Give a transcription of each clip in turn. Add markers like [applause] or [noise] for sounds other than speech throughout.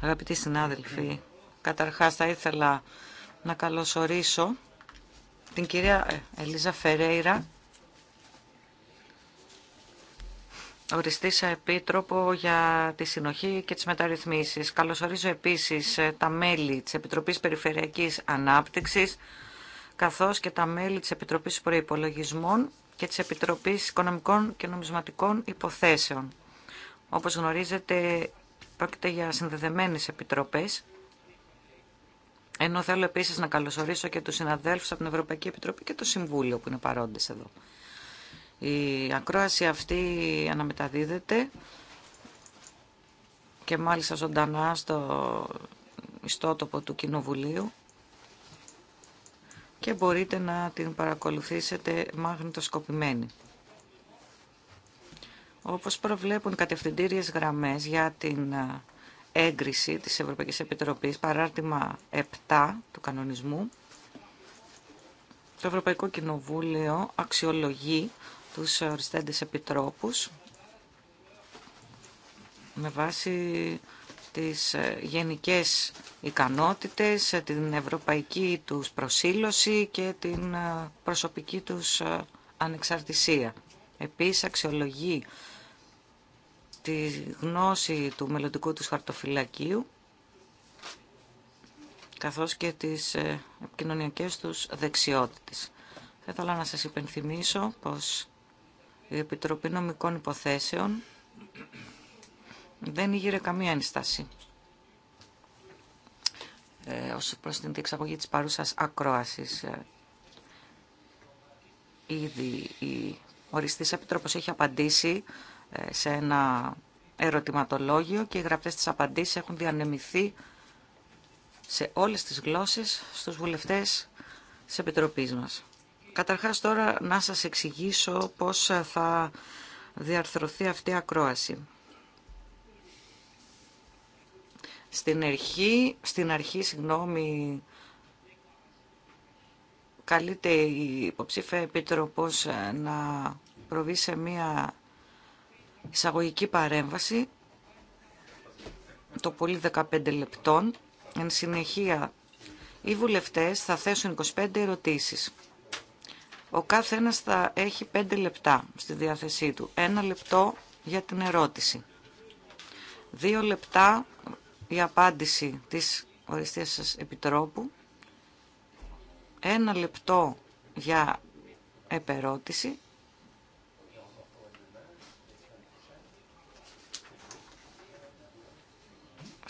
Αγαπητοί συνάδελφοι, καταρχάς θα ήθελα να καλωσορίσω την κυρία ε, Ελίζα Φερέιρα, οριστήσα επίτροπο για τη συνοχή και τις μεταρρυθμίσεις. Καλωσορίζω επίσης ε, τα μέλη της Επιτροπής Περιφερειακής Ανάπτυξης, καθώς και τα μέλη της Επιτροπής Προϋπολογισμών και της Επιτροπής Οικονομικών και Νομισματικών Υποθέσεων. Όπως γνωρίζετε, πρόκειται για συνδεδεμένες επιτροπές. Ενώ θέλω επίσης να καλωσορίσω και τους συναδέλφους από την Ευρωπαϊκή Επιτροπή και το Συμβούλιο που είναι παρόντες εδώ. Η ακρόαση αυτή αναμεταδίδεται και μάλιστα ζωντανά στο ιστότοπο του Κοινοβουλίου και μπορείτε να την παρακολουθήσετε μάγνητο όπως προβλέπουν κατευθυντήριες γραμμές για την ε, έγκριση της Ευρωπαϊκής Επιτροπής, παράρτημα 7 του κανονισμού, το Ευρωπαϊκό Κοινοβούλιο αξιολογεί τους οριστέντες επιτρόπους με βάση τις ε, γενικές ικανότητες, ε, την ευρωπαϊκή τους προσήλωση και την προσωπική τους ανεξαρτησία. Επίσης αξιολογεί τη γνώση του μελλοντικού του χαρτοφυλακίου καθώς και τις ε, επικοινωνιακές τους δεξιότητες. Θα ήθελα να σας υπενθυμίσω πως η Επιτροπή Νομικών Υποθέσεων δεν γύρε καμία ανιστάση ε, ως προς την διεξαγωγή της παρούσας ακρόασης. Ε, ήδη η οριστής Επιτρόπος έχει απαντήσει σε ένα ερωτηματολόγιο και οι γραπτές της απαντήσεις έχουν διανεμηθεί σε όλες τις γλώσσες στους βουλευτές της Επιτροπής μας. Καταρχάς τώρα να σας εξηγήσω πώς θα διαρθρωθεί αυτή η ακρόαση. Στην αρχή, στην αρχή συγγνώμη, καλείται η υποψήφια επίτροπος να προβεί σε μία εισαγωγική παρέμβαση, το πολύ 15 λεπτών. Εν συνεχεία, οι βουλευτές θα θέσουν 25 ερωτήσεις. Ο κάθε ένας θα έχει 5 λεπτά στη διάθεσή του. Ένα λεπτό για την ερώτηση. Δύο λεπτά η απάντηση της οριστίας σας επιτρόπου. Ένα λεπτό για επερώτηση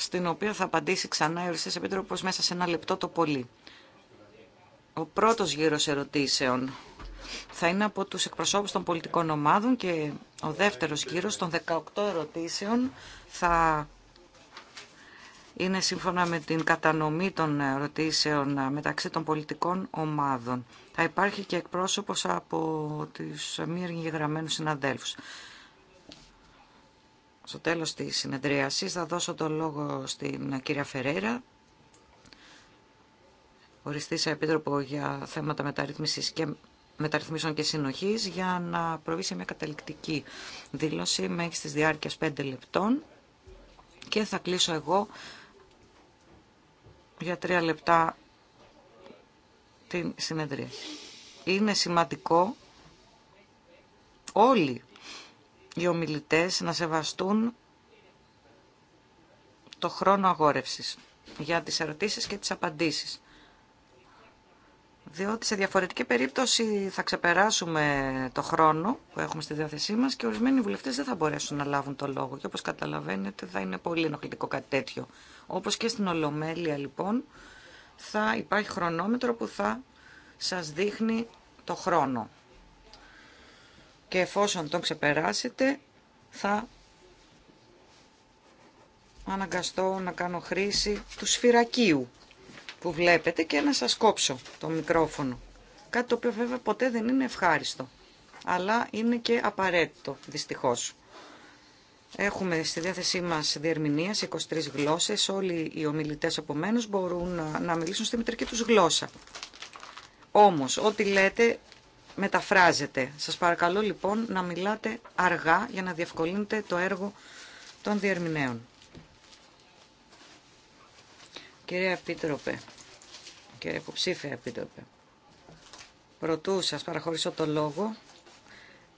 στην οποία θα απαντήσει ξανά η Οριστής Επίτροπος μέσα σε ένα λεπτό το πολύ. Ο πρώτος γύρος ερωτήσεων θα είναι από τους εκπροσώπους των πολιτικών ομάδων και ο δεύτερος γύρος των 18 ερωτήσεων θα είναι σύμφωνα με την κατανομή των ερωτήσεων μεταξύ των πολιτικών ομάδων. Θα υπάρχει και εκπρόσωπος από τους μη εργηγραμμένους συναδέλφους. Στο τέλος της συνεδρίασης θα δώσω το λόγο στην κυρία Φερέρα, οριστή σε επίτροπο για θέματα και μεταρρυθμίσεων και συνοχής για να προβεί σε μια καταληκτική δήλωση μέχρι στις διάρκειες 5 λεπτών και θα κλείσω εγώ για 3 λεπτά την συνεδρία. Είναι σημαντικό όλοι οι ομιλητές να σεβαστούν το χρόνο αγόρευσης για τις ερωτήσεις και τις απαντήσεις. Διότι σε διαφορετική περίπτωση θα ξεπεράσουμε το χρόνο που έχουμε στη διάθεσή μας και ορισμένοι βουλευτές δεν θα μπορέσουν να λάβουν το λόγο. Και όπως καταλαβαίνετε θα είναι πολύ ενοχλητικό κάτι τέτοιο. Όπως και στην Ολομέλεια λοιπόν θα υπάρχει χρονόμετρο που θα σας δείχνει το χρόνο και εφόσον τον ξεπεράσετε θα αναγκαστώ να κάνω χρήση του σφυρακίου που βλέπετε και να σας κόψω το μικρόφωνο. Κάτι το οποίο βέβαια ποτέ δεν είναι ευχάριστο, αλλά είναι και απαραίτητο δυστυχώς. Έχουμε στη διάθεσή μας διερμηνία σε 23 γλώσσες. Όλοι οι ομιλητές μένους μπορούν να, να μιλήσουν στη μητρική τους γλώσσα. Όμως, ό,τι λέτε μεταφράζεται. Σας παρακαλώ λοιπόν να μιλάτε αργά για να διευκολύνετε το έργο των διερμηνέων. Κύριε Επίτροπε, κύριε υποψήφια Επίτροπε, πρωτού σας παραχωρήσω το λόγο,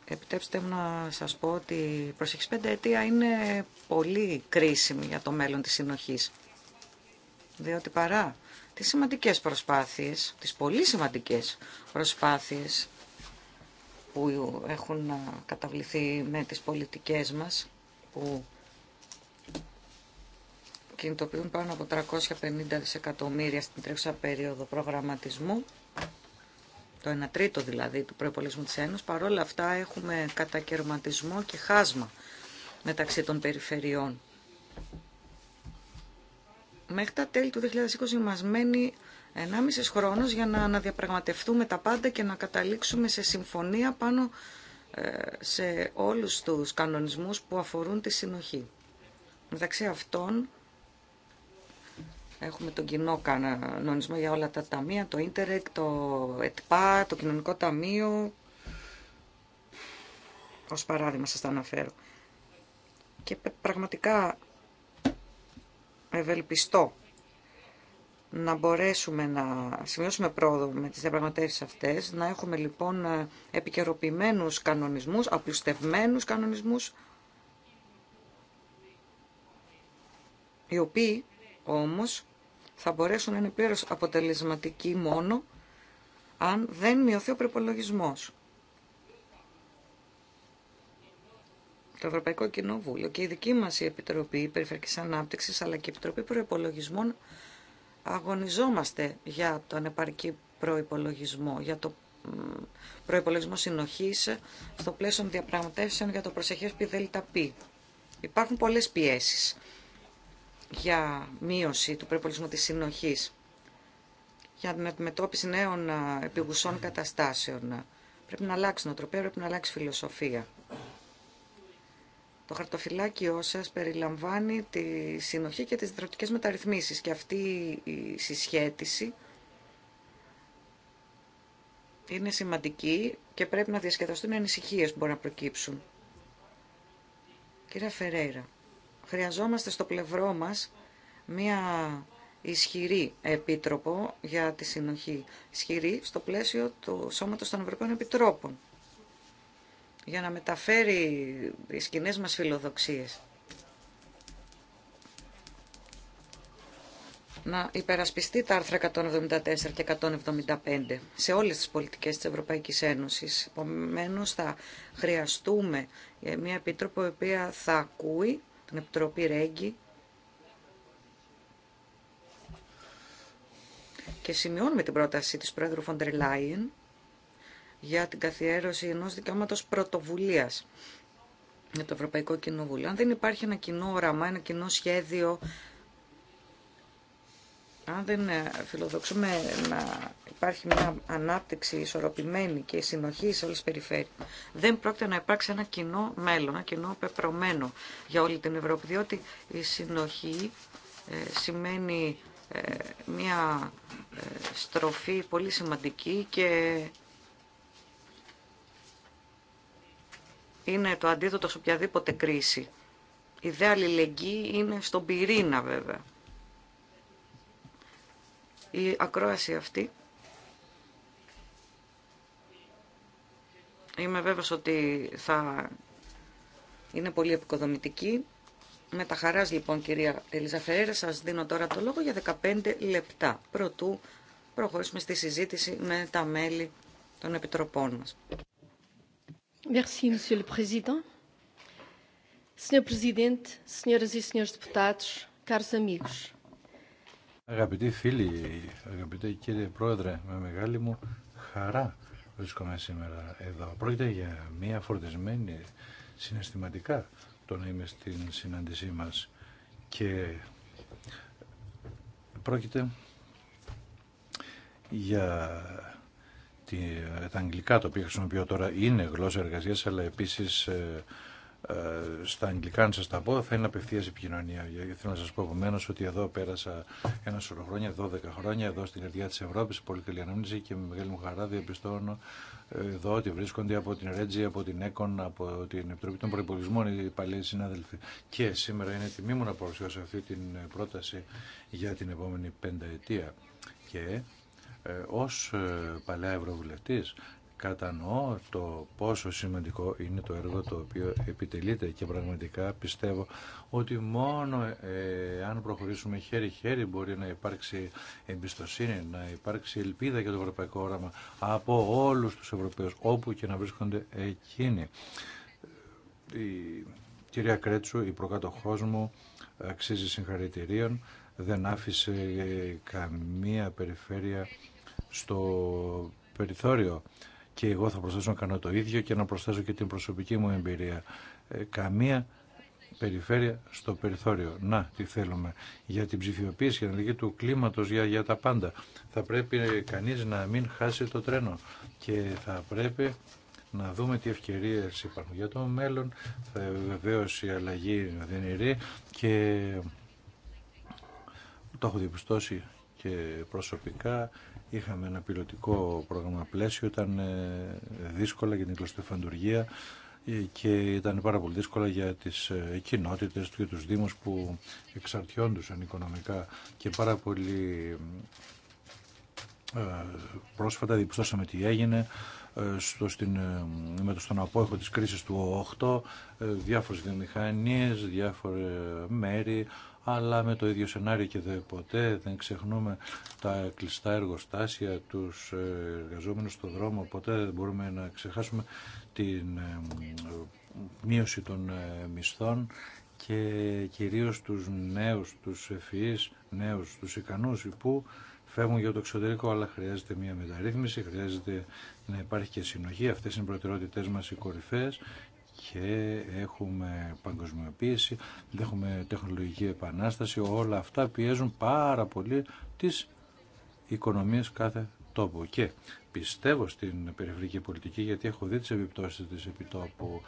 επιτρέψτε μου να σας πω ότι προσεχής πέντε αιτία είναι πολύ κρίσιμη για το μέλλον της συνοχής. Διότι παρά τις σημαντικές προσπάθειες, τις πολύ σημαντικές προσπάθειες που έχουν καταβληθεί με τις πολιτικές μας που κινητοποιούν πάνω από 350 δισεκατομμύρια στην τρέχουσα περίοδο προγραμματισμού το 1 τρίτο δηλαδή του προϋπολογισμού της Ένωσης, παρόλα αυτά έχουμε κατακαιρματισμό και χάσμα μεταξύ των περιφερειών. Μέχρι τα τέλη του 2020 μας μένει Ενάμισης χρόνος για να αναδιαπραγματευτούμε τα πάντα και να καταλήξουμε σε συμφωνία πάνω ε, σε όλους τους κανονισμούς που αφορούν τη συνοχή. Μεταξύ αυτών έχουμε τον κοινό κανονισμό για όλα τα ταμεία, το ίντερεκ, το ΕΤΠΑ, το κοινωνικό ταμείο, ως παράδειγμα σας τα αναφέρω. Και πραγματικά ευελπιστώ να μπορέσουμε να σημειώσουμε πρόοδο με τις διαπραγματεύσεις αυτές, να έχουμε λοιπόν ε, επικαιροποιημένους κανονισμούς, απλουστευμένους κανονισμούς, οι οποίοι όμως θα μπορέσουν να είναι πλήρως αποτελεσματικοί μόνο αν δεν μειωθεί ο προπολογισμό. Το Ευρωπαϊκό Κοινοβούλιο και η δική μας η Επιτροπή Περιφερειακής Ανάπτυξης αλλά και η Επιτροπή Προπολογισμών αγωνιζόμαστε για τον επαρκή προϋπολογισμό, για το προϋπολογισμό συνοχής στο πλαίσιο διαπραγματεύσεων για το προσεχές πι. Υπάρχουν πολλές πιέσεις για μείωση του προϋπολογισμού της συνοχής, για την αντιμετώπιση νέων επιγουσών καταστάσεων. Πρέπει να αλλάξει νοοτροπία, πρέπει να αλλάξει φιλοσοφία. Το χαρτοφυλάκιό σας περιλαμβάνει τη συνοχή και τις διδροτικές μεταρρυθμίσεις και αυτή η συσχέτιση είναι σημαντική και πρέπει να διασκεδαστούν οι ανησυχίες που μπορεί να προκύψουν. Κύριε Φερέιρα, χρειαζόμαστε στο πλευρό μας μία ισχυρή επίτροπο για τη συνοχή. Ισχυρή στο πλαίσιο του Σώματος των Ευρωπαϊκών Επιτρόπων για να μεταφέρει τις κοινέ μας φιλοδοξίες. να υπερασπιστεί τα άρθρα 174 και 175 σε όλες τις πολιτικές της Ευρωπαϊκής Ένωσης. Επομένω θα χρειαστούμε ε, μια επίτροπο η οποία θα ακούει την Επιτροπή Ρέγγι και σημειώνουμε την πρόταση της Πρόεδρου Φοντερ για την καθιέρωση ενός δικαιώματος πρωτοβουλίας για το Ευρωπαϊκό Κοινοβούλιο. Αν δεν υπάρχει ένα κοινό όραμα, ένα κοινό σχέδιο, αν δεν ε, φιλοδοξούμε να υπάρχει μια ανάπτυξη ισορροπημένη και συνοχή σε όλες τις περιφέρειες, δεν πρόκειται να υπάρξει ένα κοινό μέλλον, ένα κοινό πεπρωμένο για όλη την Ευρώπη, διότι η συνοχή ε, σημαίνει ε, μια στροφή πολύ σημαντική και είναι το αντίδοτο σε οποιαδήποτε κρίση. Η ιδέα αλληλεγγύη είναι στον πυρήνα βέβαια. Η ακρόαση αυτή είμαι βέβαιος ότι θα είναι πολύ επικοδομητική. Με τα χαράς λοιπόν κυρία Ελίζα Φερέρα σας δίνω τώρα το λόγο για 15 λεπτά. Πρωτού προχωρήσουμε στη συζήτηση με τα μέλη των επιτροπών μας. Merci, Monsieur le κύριε Πρόεδρε, με μεγάλη μου χαρά βρίσκομαι σήμερα εδώ. Πρόκειται για μια φορτισμένη συναισθηματικά το να είμαι στην συνάντησή και πρόκειται για ε, τα αγγλικά τα οποία χρησιμοποιώ τώρα είναι γλώσσα εργασίας αλλά επίσης ε, ε, στα αγγλικά αν σας τα πω θα είναι απευθεία επικοινωνία. Θέλω να σας πω επομένω ότι εδώ πέρασα ένα σωρό χρόνια, 12 χρόνια εδώ στην καρδιά της Ευρώπης, πολύ καλή ανάμνηση και με μεγάλη μου χαρά διαπιστώνω ε, εδώ ότι βρίσκονται από την Ρέτζη, από την ΕΚΟΝ, από την Επιτροπή των Προπολογισμών οι παλαιοί συνάδελφοι. Και σήμερα είναι τιμή μου να παρουσιάσω αυτή την πρόταση για την επόμενη πενταετία. Και ε, ως ε, παλαιά ευρωβουλευτής κατανοώ το πόσο σημαντικό είναι το έργο το οποίο επιτελείται και πραγματικά πιστεύω ότι μόνο ε, αν προχωρήσουμε χέρι-χέρι μπορεί να υπάρξει εμπιστοσύνη, να υπάρξει ελπίδα για το ευρωπαϊκό όραμα από όλους τους Ευρωπαίους όπου και να βρίσκονται εκείνοι. Η κυρία Κρέτσου, η προκατοχός μου, αξίζει συγχαρητηρίων, δεν άφησε καμία περιφέρεια στο περιθώριο και εγώ θα προσθέσω να κάνω το ίδιο και να προσθέσω και την προσωπική μου εμπειρία. Ε, καμία περιφέρεια στο περιθώριο. Να, τι θέλουμε. Για την ψηφιοποίηση, για την αλλαγή του κλίματος, για, για τα πάντα. Θα πρέπει κανείς να μην χάσει το τρένο και θα πρέπει να δούμε τι ευκαιρίες υπάρχουν για το μέλλον. Θα βεβαίω η αλλαγή δεν και το έχω διαπιστώσει και προσωπικά Είχαμε ένα πιλωτικό πρόγραμμα πλαίσιο, ήταν ε, δύσκολα για την κλωστοφαντουργία ε, και ήταν πάρα πολύ δύσκολα για τις ε, κοινότητες και τους δήμους που εξαρτιόντουσαν οικονομικά και πάρα πολύ πρόσφατα διπιστώσαμε τι έγινε στο, στην, με το στον απόϊχο της κρίσης του 8 διάφορες βιομηχανίες, διάφορες μέρη αλλά με το ίδιο σενάριο και δε ποτέ δεν ξεχνούμε τα κλειστά εργοστάσια, τους ε, εργαζόμενους στον δρόμο, ποτέ δεν μπορούμε να ξεχάσουμε την ε, μείωση των ε, μισθών και κυρίως τους νέους, τους ευφυείς νέους, τους ικανούς που φεύγουν για το εξωτερικό, αλλά χρειάζεται μια μεταρρύθμιση, χρειάζεται να υπάρχει και συνοχή. Αυτές είναι οι προτεραιότητές μας οι κορυφαίες και έχουμε παγκοσμιοποίηση, έχουμε τεχνολογική επανάσταση, όλα αυτά πιέζουν πάρα πολύ τις οικονομίες κάθε τόπου. Και πιστεύω στην περιφερειακή πολιτική γιατί έχω δει τις επιπτώσεις της επιτόπου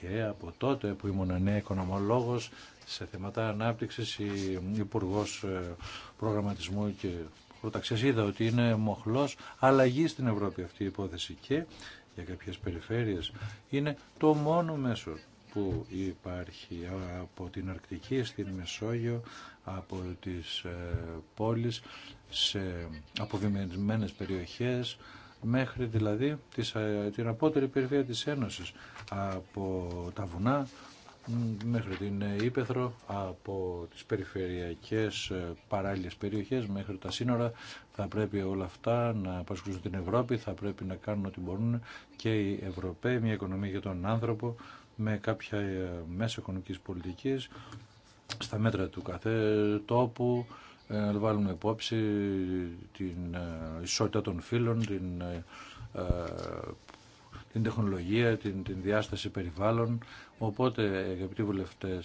και από τότε που ήμουν νέο οικονομολόγος σε θέματα ανάπτυξης ή υπουργό ε, προγραμματισμού και χρωταξίας είδα ότι είναι μοχλός αλλαγή στην Ευρώπη αυτή η υπόθεση και χρωταξιας ειδα οτι ειναι μοχλος αλλαγη στην ευρωπη αυτη η υποθεση για κάποιες περιφέρειες είναι το μόνο μέσο που υπάρχει από την Αρκτική στην Μεσόγειο, από τις ε, πόλεις σε αποβημενισμένες περιοχές μέχρι δηλαδή ε, την απότερη περιφέρεια της Ένωσης από τα βουνά μέχρι την ε, Ήπεθρο από τις περιφερειακές ε, παράλληλες περιοχές μέχρι τα σύνορα θα πρέπει όλα αυτά να απασχολούν την Ευρώπη θα πρέπει να κάνουν ό,τι μπορούν και οι Ευρωπαίοι μια οικονομία για τον άνθρωπο με κάποια ε, μέσα οικονομικής πολιτικής στα μέτρα του κάθε τόπου να βάλουμε υπόψη την ισότητα των φύλων, την την τεχνολογία, την, την διάσταση περιβάλλον. Οπότε, αγαπητοί βουλευτέ,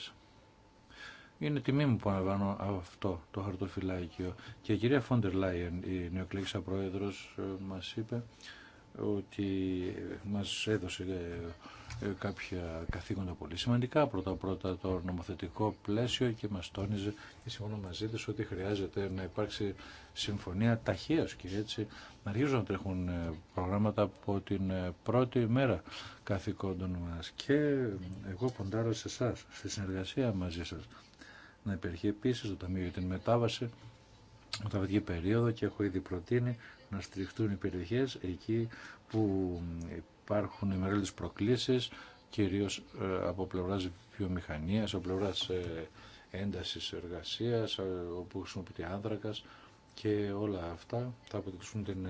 είναι τιμή μου που αναβάνω αυτό το χαρτοφυλάκιο. Και η κυρία Φόντερ Λάιεν, η νεοκλέξα πρόεδρος, ε, μα είπε ότι μας έδωσε ε, ε, κάποια καθήκοντα πολύ σημαντικά. Πρώτα-πρώτα το νομοθετικό πλαίσιο και μας τόνιζε και συμφωνώ μαζί της ότι χρειάζεται να υπάρξει συμφωνία ταχείας και έτσι να αρχίζουν να τρέχουν ε, προγράμματα από την πρώτη μέρα καθήκοντων μας. Και εγώ ποντάρω σε εσά, στη συνεργασία μαζί σας. Να υπήρχε επίσης το Ταμείο για την Μετάβαση μεταβατική περίοδο και έχω ήδη προτείνει να στριχτούν οι περιοχές εκεί που υπάρχουν οι μεγάλες προκλήσεις κυρίως ε, από πλευράς βιομηχανίας, από πλευράς ε, έντασης εργασίας, ε, όπου χρησιμοποιείται άνθρακας και όλα αυτά θα αποτελούν την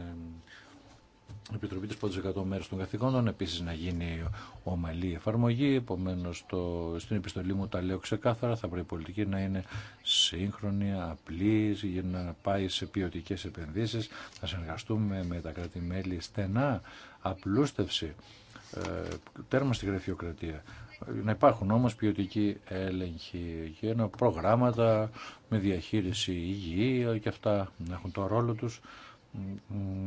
Επιτροπή της πρώτης 100 μέρες των καθηγόντων επίσης να γίνει ομαλή εφαρμογή επομένως το, στην επιστολή μου τα λέω ξεκάθαρα θα πρέπει η πολιτική να είναι σύγχρονη, απλή για να πάει σε ποιοτικέ επενδύσεις να συνεργαστούμε με τα κράτη-μέλη στενά, απλούστευση ε, τέρμα στη γραφειοκρατία να υπάρχουν όμως ποιοτικοί έλεγχοι και προγράμματα με διαχείριση υγεία και αυτά να έχουν το ρόλο τους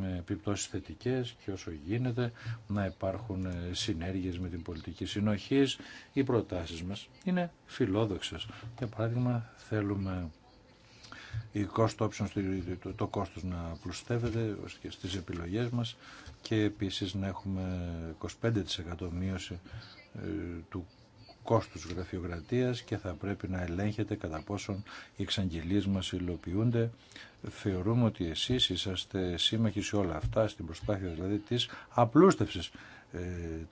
με επιπτώσεις θετικές και όσο γίνεται να υπάρχουν συνέργειες με την πολιτική συνοχή. Οι προτάσεις μας είναι φιλόδοξες. Για παράδειγμα θέλουμε η cost το κόστος να πλουστεύεται στις επιλογές μας και επίσης να έχουμε 25% μείωση ε, του κόστους γραφειοκρατίας και θα πρέπει να ελέγχετε κατά πόσον οι εξαγγελίες μας υλοποιούνται. Θεωρούμε ότι εσείς είσαστε σύμμαχοι σε όλα αυτά, στην προσπάθεια δηλαδή της απλούστευσης ε,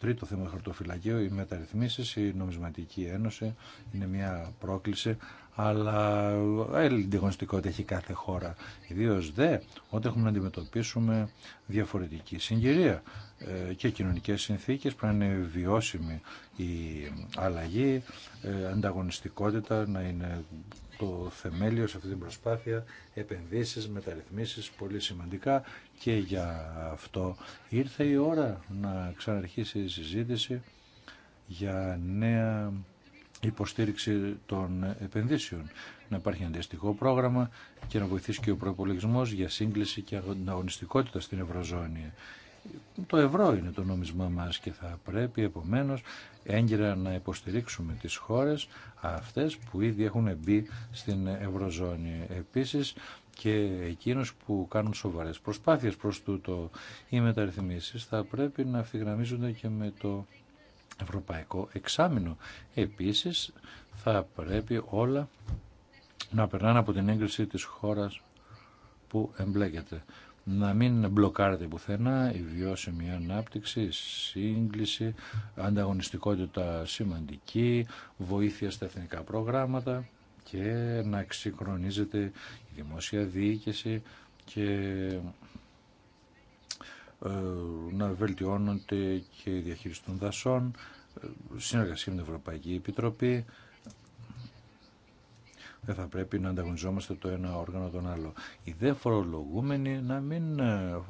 τρίτο θέμα χαρτοφυλακείο, οι μεταρρυθμίσεις, η νομισματική ένωση είναι μια πρόκληση, αλλά ε, η αντιγωνιστικότητα έχει κάθε χώρα. Ιδίω δε όταν έχουμε να αντιμετωπίσουμε διαφορετική συγκυρία ε, και κοινωνικές συνθήκες που να είναι βιώσιμη η αλλαγή, ανταγωνιστικότητα να είναι το θεμέλιο σε αυτή την προσπάθεια επενδύσεις, μεταρρυθμίσεις πολύ σημαντικά και για αυτό ήρθε η ώρα να ξαναρχίσει η συζήτηση για νέα υποστήριξη των επενδύσεων. Να υπάρχει αντιστοιχό πρόγραμμα και να βοηθήσει και ο προπολογισμό για σύγκληση και αγωνιστικότητα στην Ευρωζώνη. Το ευρώ είναι το νόμισμά μας και θα πρέπει επομένως έγκυρα να υποστηρίξουμε τις χώρες αυτές που ήδη έχουν μπει στην Ευρωζώνη. Επίσης και εκείνους που κάνουν σοβαρές προσπάθειες προς τούτο η μεταρρυθμίσεις θα πρέπει να αυθυγραμμίζονται και με το ευρωπαϊκό εξάμεινο. Επίσης θα πρέπει όλα να περνάνε από την έγκριση της χώρας που εμπλέκεται να μην μπλοκάρεται πουθενά η βιώσιμη ανάπτυξη, σύγκληση, ανταγωνιστικότητα σημαντική, βοήθεια στα εθνικά προγράμματα και να εξυγχρονίζεται η δημόσια διοίκηση και ε, να βελτιώνονται και η διαχείριση των δασών, ε, συνεργασία με την Ευρωπαϊκή Επιτροπή, δεν θα πρέπει να ανταγωνιζόμαστε το ένα όργανο τον άλλο. Οι δε φορολογούμενοι να μην ε,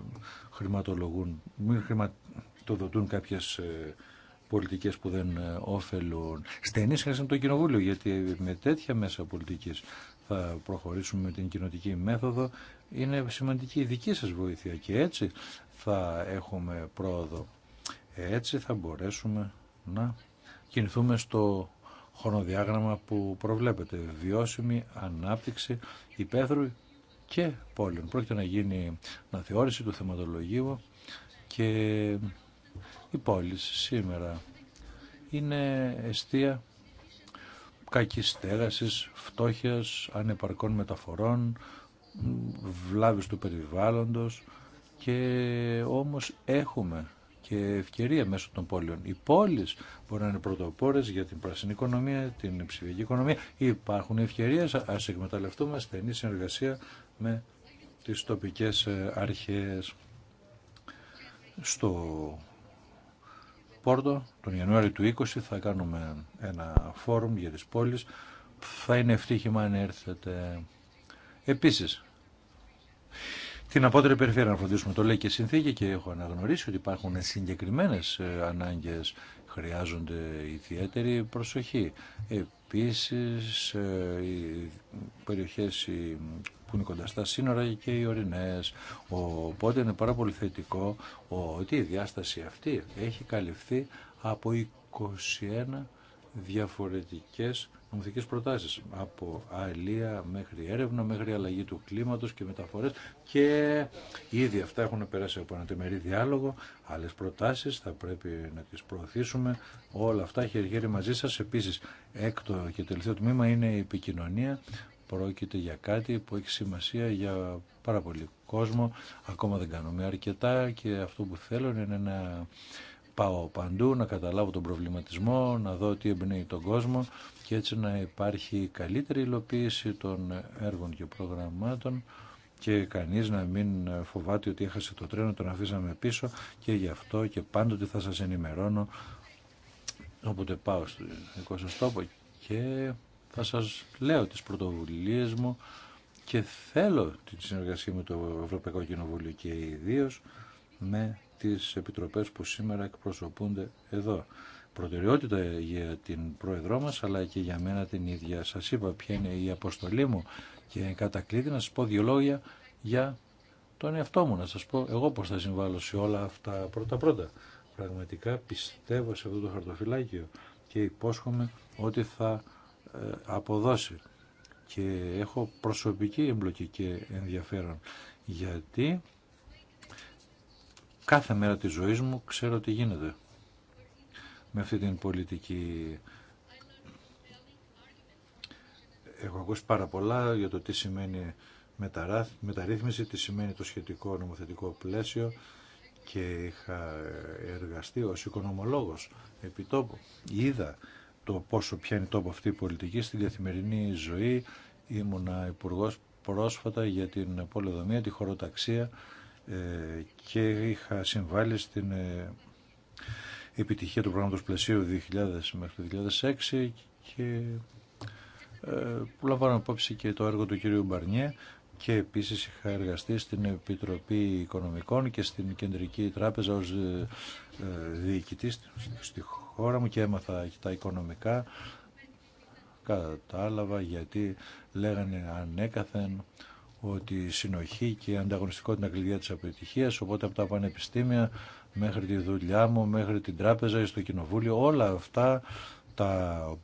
χρηματολογούν, μην χρηματοδοτούν κάποιες ε, πολιτικές που δεν όφελουν. Ε, Στενή σχέση με το Κοινοβούλιο, γιατί με τέτοια μέσα πολιτική θα προχωρήσουμε με την κοινοτική μέθοδο. Είναι σημαντική η δική σας βοήθεια και έτσι θα έχουμε πρόοδο. Έτσι θα μπορέσουμε να κινηθούμε στο χρονοδιάγραμμα που προβλέπεται. Βιώσιμη ανάπτυξη υπαίθρου και πόλεων. Πρόκειται να γίνει αναθεώρηση του θεματολογίου και η πόλη σήμερα είναι αιστεία κακής στέγασης, φτώχειας, ανεπαρκών μεταφορών, βλάβης του περιβάλλοντος και όμως έχουμε και ευκαιρία μέσω των πόλεων. Οι πόλει μπορεί να είναι πρωτοπόρε για την πράσινη οικονομία, την ψηφιακή οικονομία. Υπάρχουν ευκαιρίες, α εκμεταλλευτούμε στενή συνεργασία με τις τοπικές ε, αρχές. Στο Πόρτο, τον Ιανουάριο του 20 θα κάνουμε ένα φόρουμ για τις πόλεις. Θα είναι ευτύχημα αν έρθετε. Επίσης, την απότερη περιφέρεια να φροντίσουμε. Το λέει και η συνθήκη και έχω αναγνωρίσει ότι υπάρχουν συγκεκριμένε ε, ανάγκε. Χρειάζονται ιδιαίτερη προσοχή. Επίση, ε, οι περιοχέ που είναι κοντά στα σύνορα και οι ορεινέ. Οπότε είναι πάρα πολύ θετικό ότι η διάσταση αυτή έχει καλυφθεί από 21 διαφορετικές νομοθετικές προτάσεις από αελεία μέχρι έρευνα, μέχρι αλλαγή του κλίματος και μεταφορές και ήδη αυτά έχουν περάσει από ένα τεμερή διάλογο, άλλες προτάσεις θα πρέπει να τις προωθήσουμε, όλα αυτά μαζί σας. Επίσης, έκτο και τελευταίο τμήμα είναι η επικοινωνία, πρόκειται για κάτι που έχει σημασία για πάρα πολύ κόσμο, ακόμα δεν κάνουμε αρκετά και αυτό που θέλω είναι να πάω παντού, να καταλάβω τον προβληματισμό, να δω τι εμπνέει τον κόσμο και έτσι να υπάρχει καλύτερη υλοποίηση των έργων και προγραμμάτων και κανείς να μην φοβάται ότι έχασε το τρένο, τον αφήσαμε πίσω και γι' αυτό και πάντοτε θα σας ενημερώνω όποτε πάω στο δικό σας τόπο και θα σας λέω τις πρωτοβουλίες μου και θέλω τη συνεργασία με το Ευρωπαϊκό Κοινοβούλιο και ιδίω με τις επιτροπές που σήμερα εκπροσωπούνται εδώ προτεραιότητα για την πρόεδρό μας αλλά και για μένα την ίδια. Σας είπα ποια είναι η αποστολή μου και κλείδι να σας πω δύο λόγια για τον εαυτό μου, να σας πω εγώ πώς θα συμβάλλω σε όλα αυτά πρώτα-πρώτα. Πραγματικά πιστεύω σε αυτό το χαρτοφυλάκιο και υπόσχομαι ότι θα ε, αποδώσει και έχω προσωπική εμπλοκή και ενδιαφέρον γιατί κάθε μέρα της ζωής μου ξέρω τι γίνεται με αυτή την πολιτική. Έχω ακούσει πάρα πολλά για το τι σημαίνει μεταρρύθμιση, τι σημαίνει το σχετικό νομοθετικό πλαίσιο και είχα εργαστεί ως οικονομολόγος επί τόπου. Είδα το πόσο πιάνει τόπο αυτή η πολιτική στην καθημερινή ζωή. Ήμουνα υπουργό πρόσφατα για την πολεοδομία, τη χωροταξία ε, και είχα συμβάλει στην ε, επιτυχία του προγράμματος πλαισίου 2000 μέχρι το 2006 και ε, που λαμβάνω απόψη και το έργο του κυρίου Μπαρνιέ και επίσης είχα εργαστεί στην Επιτροπή Οικονομικών και στην Κεντρική Τράπεζα ως ε, ε, διοικητής στη χώρα μου και έμαθα τα οικονομικά κατάλαβα γιατί λέγανε ανέκαθεν ότι η συνοχή και η ανταγωνιστικότητα είναι κλειδιά της αποτυχίας οπότε από τα πανεπιστήμια μέχρι τη δουλειά μου, μέχρι την τράπεζα, στο κοινοβούλιο, όλα αυτά τα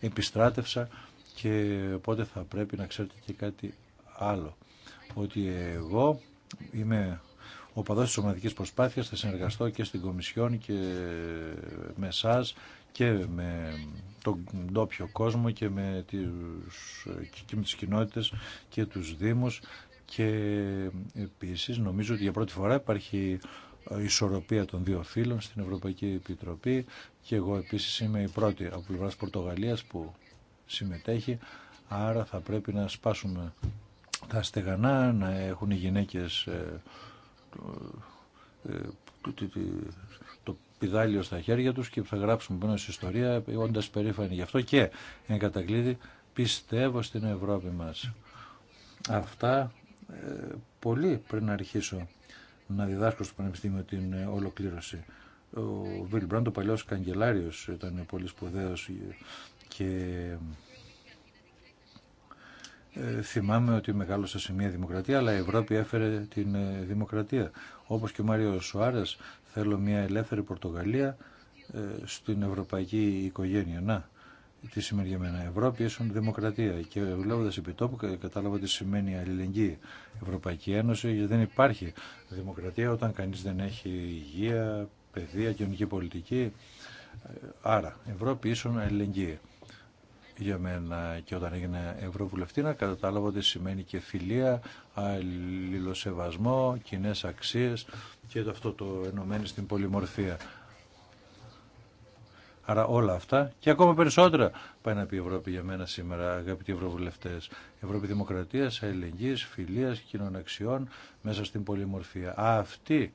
επιστράτευσα και οπότε θα πρέπει να ξέρετε και κάτι άλλο. Ότι εγώ είμαι ο παδός της ομαδικής προσπάθειας, θα συνεργαστώ και στην Κομισιόν και με εσά και με τον ντόπιο κόσμο και με τις, και με τις κοινότητες και τους δήμους και επίσης νομίζω ότι για πρώτη φορά υπάρχει ισορροπία των δύο φίλων στην Ευρωπαϊκή Επιτροπή και εγώ επίσης είμαι η πρώτη από πλευράς Πορτογαλίας που συμμετέχει άρα θα πρέπει να σπάσουμε τα στεγανά να έχουν οι γυναίκες ε, ε, το, το πιδάλιο στα χέρια τους και θα γράψουμε πάνω στην ιστορία όντας περήφανοι γι' αυτό και εν κατακλείδη πιστεύω στην Ευρώπη μας. Αυτά ε, πολύ πριν αρχίσω να διδάσκω στο Πανεπιστήμιο την ε, ολοκλήρωση. Ο Βίλ Μπραντ, ο παλιός καγκελάριος, ήταν πολύ σπουδαίος ε, και ε, θυμάμαι ότι μεγάλωσα σε μια δημοκρατία, αλλά η Ευρώπη έφερε την δημοκρατία. Όπως και ο Μάριο Σουάρες, θέλω μια ελεύθερη Πορτογαλία στην ευρωπαϊκή οικογένεια. Να, τι σημαίνει για μένα Ευρώπη ίσον δημοκρατία και βλέποντας επί τόπου κατάλαβα τι σημαίνει αλληλεγγύη Ευρωπαϊκή Ένωση γιατί δεν υπάρχει δημοκρατία όταν κανείς δεν έχει υγεία, παιδεία, κοινωνική πολιτική άρα Ευρώπη ίσον αλληλεγγύη για μένα και όταν έγινε να κατάλαβα ότι σημαίνει και φιλία, αλληλοσεβασμό, κοινέ αξίες και αυτό το ενωμένη στην πολυμορφία. Άρα όλα αυτά και ακόμα περισσότερα πάει να πει η Ευρώπη για μένα σήμερα, αγαπητοί Ευρωβουλευτέ. Ευρώπη Δημοκρατία, αλληλεγγύη, φιλία, κοινών αξιών μέσα στην πολυμορφία. αυτή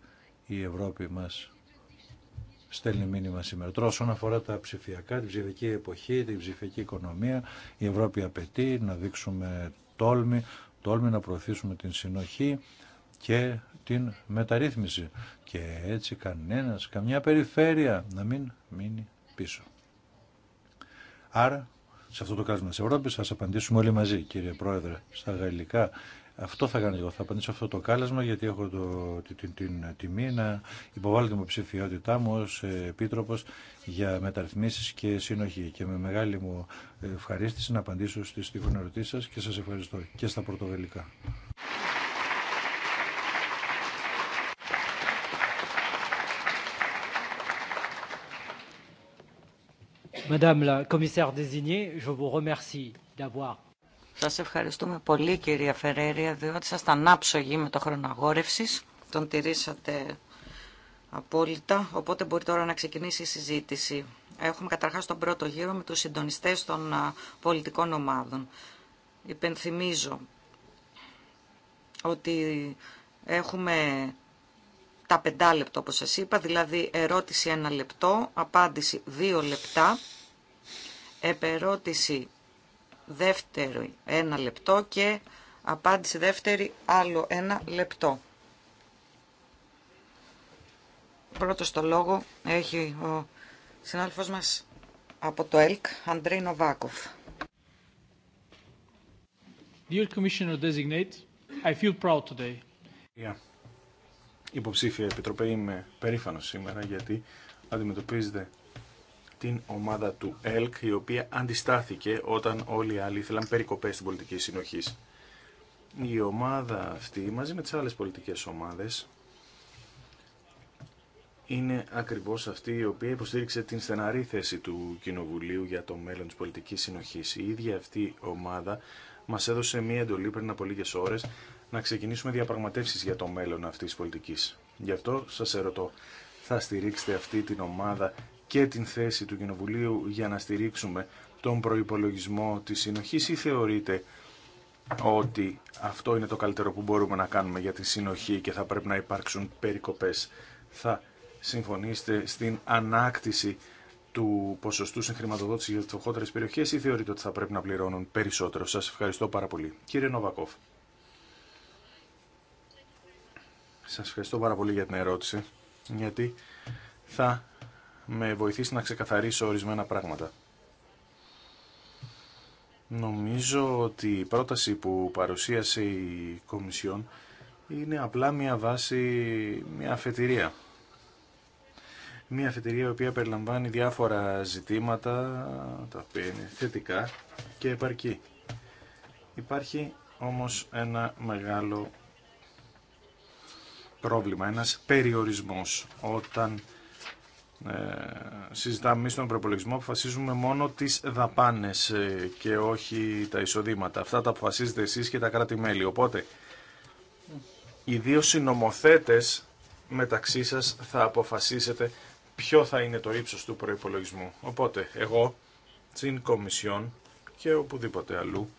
η Ευρώπη μα στέλνει μήνυμα σήμερα. Τώρα, όσον αφορά τα ψηφιακά, την ψηφιακή εποχή, την ψηφιακή οικονομία, η Ευρώπη απαιτεί να δείξουμε τόλμη, τόλμη να προωθήσουμε την συνοχή και την μεταρρύθμιση. Και έτσι κανένα, καμιά περιφέρεια να μην μείνει πίσω. Άρα, σε αυτό το κάλεσμα τη Ευρώπη, θα σας απαντήσουμε όλοι μαζί, κύριε Πρόεδρε, στα γαλλικά. Αυτό θα κάνω εγώ. Θα απαντήσω αυτό το κάλεσμα γιατί έχω το, την, την, την τιμή να υποβάλω την υποψηφιότητά μου ω επίτροπο για μεταρρυθμίσεις και συνοχή. Και με μεγάλη μου ευχαρίστηση να απαντήσω στις τυχόν ερωτήσει σας και σα ευχαριστώ και στα πορτογαλικά. Madame Σας ευχαριστούμε πολύ κυρία Φερέρια διότι ήσασταν άψογοι με το χρόνο Τον τηρήσατε απόλυτα, οπότε μπορεί τώρα να ξεκινήσει η συζήτηση. Έχουμε καταρχά τον πρώτο γύρο με του συντονιστέ των πολιτικών ομάδων. Υπενθυμίζω ότι έχουμε τα πεντάλεπτα όπως σας είπα, δηλαδή ερώτηση ένα λεπτό, απάντηση δύο λεπτά, επερώτηση δεύτερη ένα λεπτό και απάντηση δεύτερη άλλο ένα λεπτό. Πρώτος το λόγο έχει ο συνάδελφός μας από το ΕΛΚ, Αντρέι Νοβάκοφ. Dear Commissioner Designate, I feel proud today υποψήφια επιτροπέ. Είμαι περήφανο σήμερα γιατί αντιμετωπίζετε την ομάδα του ΕΛΚ η οποία αντιστάθηκε όταν όλοι οι άλλοι ήθελαν περικοπές στην πολιτική συνοχή. Η ομάδα αυτή μαζί με τις άλλες πολιτικές ομάδες είναι ακριβώς αυτή η οποία υποστήριξε την στεναρή θέση του Κοινοβουλίου για το μέλλον της πολιτικής συνοχής. Η ίδια αυτή ομάδα μας έδωσε μία εντολή πριν από λίγες ώρες να ξεκινήσουμε διαπραγματεύσει για το μέλλον αυτή τη πολιτική. Γι' αυτό σα ερωτώ, θα στηρίξετε αυτή την ομάδα και την θέση του Κοινοβουλίου για να στηρίξουμε τον προπολογισμό τη συνοχή ή θεωρείτε ότι αυτό είναι το καλύτερο που μπορούμε να κάνουμε για τη συνοχή και θα πρέπει να υπάρξουν περικοπές. Θα συμφωνήσετε στην ανάκτηση του ποσοστού συγχρηματοδότηση για τι φτωχότερε περιοχέ ή θεωρείτε ότι θα πρέπει να πληρώνουν περισσότερο. Σα ευχαριστώ πάρα πολύ. Κύριε Νοβακόφ. Σας ευχαριστώ πάρα πολύ για την ερώτηση, γιατί θα με βοηθήσει να ξεκαθαρίσω ορισμένα πράγματα. Νομίζω ότι η πρόταση που παρουσίασε η Κομισιόν είναι απλά μια βάση, μια αφετηρία. Μια αφετηρία η οποία περιλαμβάνει διάφορα ζητήματα, τα οποία είναι θετικά και επαρκή. Υπάρχει όμως ένα μεγάλο πρόβλημα, ένας περιορισμός. Όταν ε, συζητάμε εμείς τον προπολογισμό αποφασίζουμε μόνο τις δαπάνες ε, και όχι τα εισοδήματα. Αυτά τα αποφασίζετε εσείς και τα κράτη-μέλη. Οπότε, οι δύο συνομοθέτες μεταξύ σας θα αποφασίσετε ποιο θα είναι το ύψος του προϋπολογισμού. Οπότε, εγώ, στην Κομισιόν και οπουδήποτε αλλού,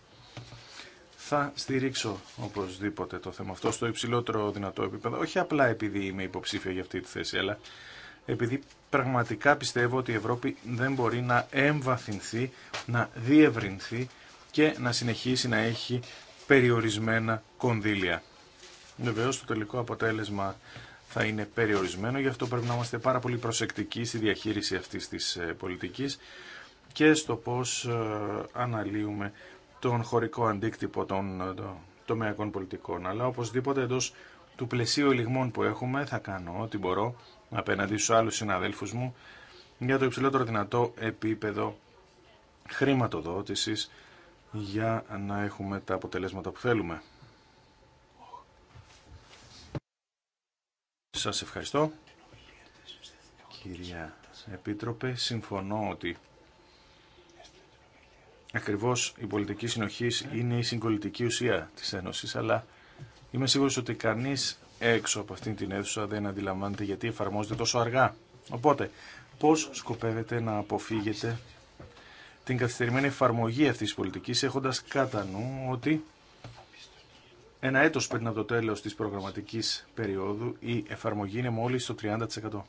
θα στηρίξω οπωσδήποτε το θέμα αυτό στο υψηλότερο δυνατό επίπεδο. Όχι απλά επειδή είμαι υποψήφια για αυτή τη θέση, αλλά επειδή πραγματικά πιστεύω ότι η Ευρώπη δεν μπορεί να εμβαθυνθεί, να διευρυνθεί και να συνεχίσει να έχει περιορισμένα κονδύλια. Βεβαίω το τελικό αποτέλεσμα θα είναι περιορισμένο, γι' αυτό πρέπει να είμαστε πάρα πολύ προσεκτικοί στη διαχείριση αυτής της ε, πολιτικής και στο πώς ε, αναλύουμε τον χωρικό αντίκτυπο των ε, τομεακών πολιτικών. Αλλά οπωσδήποτε εντό του πλαισίου ελιγμών που έχουμε θα κάνω ό,τι μπορώ απέναντι στους άλλους συναδέλφους μου για το υψηλότερο δυνατό επίπεδο χρηματοδότησης για να έχουμε τα αποτελέσματα που θέλουμε. Σας ευχαριστώ. Κυρία Επίτροπε, συμφωνώ ότι Ακριβώς η πολιτική συνοχής είναι η συγκολητική ουσία της Ένωση, αλλά είμαι σίγουρο ότι κανείς έξω από αυτήν την αίθουσα δεν αντιλαμβάνεται γιατί εφαρμόζεται τόσο αργά. Οπότε, πώς σκοπεύετε να αποφύγετε την καθυστερημένη εφαρμογή αυτή τη πολιτική έχοντας κατά νου ότι ένα έτος πριν από το τέλος της προγραμματικής περίοδου η εφαρμογή είναι μόλις στο 30%.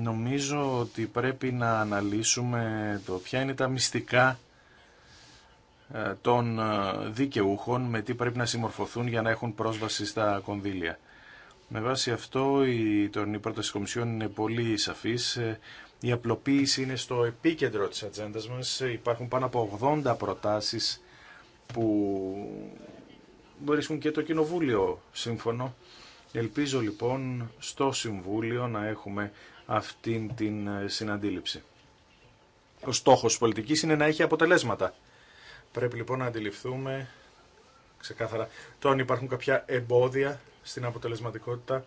Νομίζω ότι πρέπει να αναλύσουμε το ποια είναι τα μυστικά ε, των ε, δικαιούχων, με τι πρέπει να συμμορφωθούν για να έχουν πρόσβαση στα κονδύλια. Με βάση αυτό η τωρινή πρόταση της Κομισιόν είναι πολύ σαφής. Ε, η απλοποίηση είναι στο επίκεντρο της ατζέντα μας. Υπάρχουν πάνω από 80 προτάσεις που βρίσκουν και το Κοινοβούλιο σύμφωνο. Ελπίζω λοιπόν στο Συμβούλιο να έχουμε αυτήν την ε, συναντήληψη. Ο στόχος πολιτικής είναι να έχει αποτελέσματα. Πρέπει λοιπόν να αντιληφθούμε ξεκάθαρα το αν υπάρχουν κάποια εμπόδια στην αποτελεσματικότητα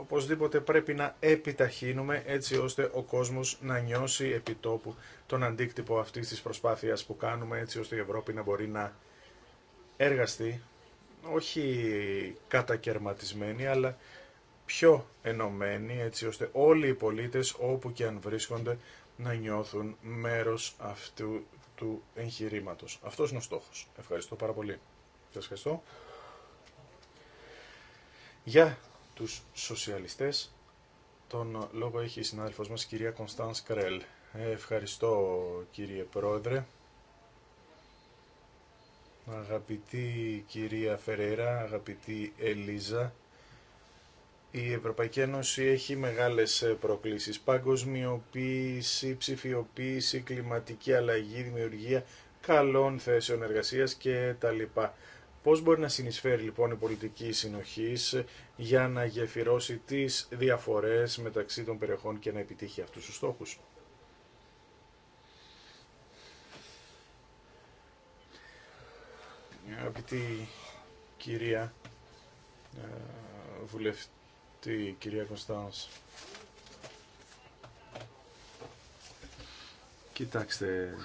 οπωσδήποτε πρέπει να επιταχύνουμε έτσι ώστε ο κόσμος να νιώσει επιτόπου τον αντίκτυπο αυτής της προσπάθειας που κάνουμε έτσι ώστε η Ευρώπη να μπορεί να εργαστεί όχι κατακαιρματισμένη αλλά πιο ενωμένοι έτσι ώστε όλοι οι πολίτες όπου και αν βρίσκονται να νιώθουν μέρος αυτού του εγχειρήματος. Αυτός είναι ο στόχος. Ευχαριστώ πάρα πολύ. Σας ευχαριστώ. Για τους σοσιαλιστές τον λόγο έχει η συνάδελφός μας κυρία Κωνσταντς Κρέλ. Ευχαριστώ κύριε Πρόεδρε. Αγαπητή κυρία Φερέρα, αγαπητή Ελίζα, η Ευρωπαϊκή Ένωση έχει μεγάλες ε, προκλήσεις. Παγκοσμιοποίηση, ψηφιοποίηση, κλιματική αλλαγή, δημιουργία καλών θέσεων εργασίας και τα λοιπά. Πώς μπορεί να συνεισφέρει λοιπόν η πολιτική συνοχής για να γεφυρώσει τις διαφορές μεταξύ των περιοχών και να επιτύχει αυτούς τους στόχους. Αγαπητή κυρία ε, βουλευτή, τι, κυρία Κωνσταντίνος. Κοιτάξτε,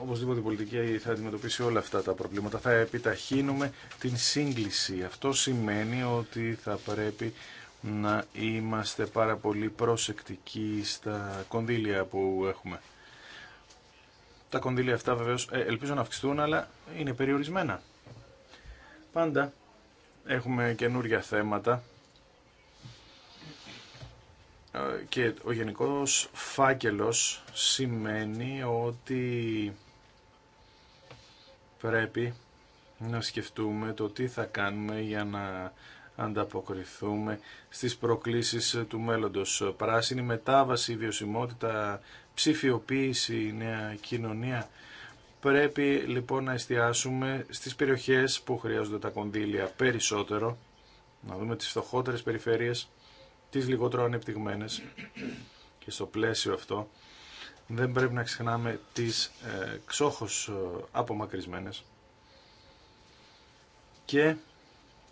οπωσδήποτε η πολιτική θα αντιμετωπίσει όλα αυτά τα προβλήματα. Θα επιταχύνουμε την σύγκληση. Αυτό σημαίνει ότι θα πρέπει να είμαστε πάρα πολύ προσεκτικοί στα κονδύλια που έχουμε. Τα κονδύλια αυτά βεβαίως ε, ελπίζω να αυξηθούν, αλλά είναι περιορισμένα. Πάντα έχουμε καινούργια θέματα ε, και ο γενικός φάκελος σημαίνει ότι πρέπει να σκεφτούμε το τι θα κάνουμε για να ανταποκριθούμε στις προκλήσεις του μέλλοντος. Πράσινη μετάβαση, βιωσιμότητα, ψηφιοποίηση, νέα κοινωνία Πρέπει λοιπόν να εστιάσουμε στις περιοχές που χρειάζονται τα κονδύλια περισσότερο, να δούμε τις φτωχότερες περιφέρειες, τις λιγότερο ανεπτυγμένες και στο πλαίσιο αυτό δεν πρέπει να ξεχνάμε τις ε, ξόχως ε, απομακρυσμένες και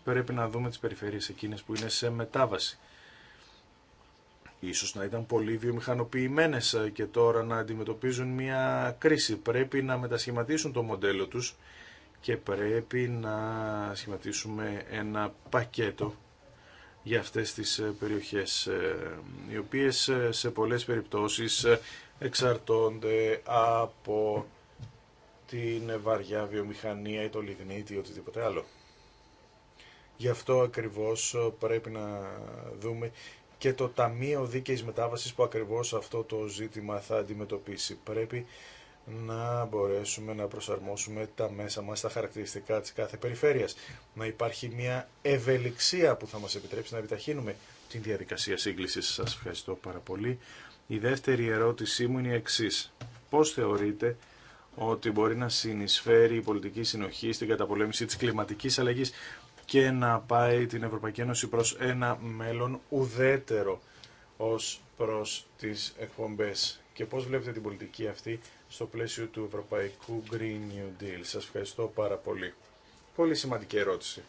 πρέπει να δούμε τις περιφέρειες εκείνες που είναι σε μετάβαση ίσως να ήταν πολύ βιομηχανοποιημένες ε, και τώρα να αντιμετωπίζουν μια κρίση. Πρέπει να μετασχηματίσουν το μοντέλο τους και πρέπει να σχηματίσουμε ένα πακέτο για αυτές τις ε, περιοχές, ε, οι οποίες σε πολλές περιπτώσεις εξαρτώνται από την βαριά βιομηχανία ή το λιγνίτη ή οτιδήποτε άλλο. Γι' αυτό ακριβώς πρέπει να δούμε και το Ταμείο Δίκαιης Μετάβασης που ακριβώς αυτό το ζήτημα θα αντιμετωπίσει. Πρέπει να μπορέσουμε να προσαρμόσουμε τα μέσα μας στα χαρακτηριστικά της κάθε περιφέρειας. Να υπάρχει μια ευελιξία που θα μας επιτρέψει να επιταχύνουμε την διαδικασία σύγκλησης. Σας ευχαριστώ πάρα πολύ. Η δεύτερη ερώτησή μου είναι η εξή. Πώς θεωρείτε ότι μπορεί να συνεισφέρει η πολιτική συνοχή στην καταπολέμηση της κλιματικής αλλαγής και να πάει την Ευρωπαϊκή Ένωση προς ένα μέλλον ουδέτερο ως προς τις εκπομπές. Και πώς βλέπετε την πολιτική αυτή στο πλαίσιο του Ευρωπαϊκού Green New Deal. Σας ευχαριστώ πάρα πολύ. Πολύ σημαντική ερώτηση.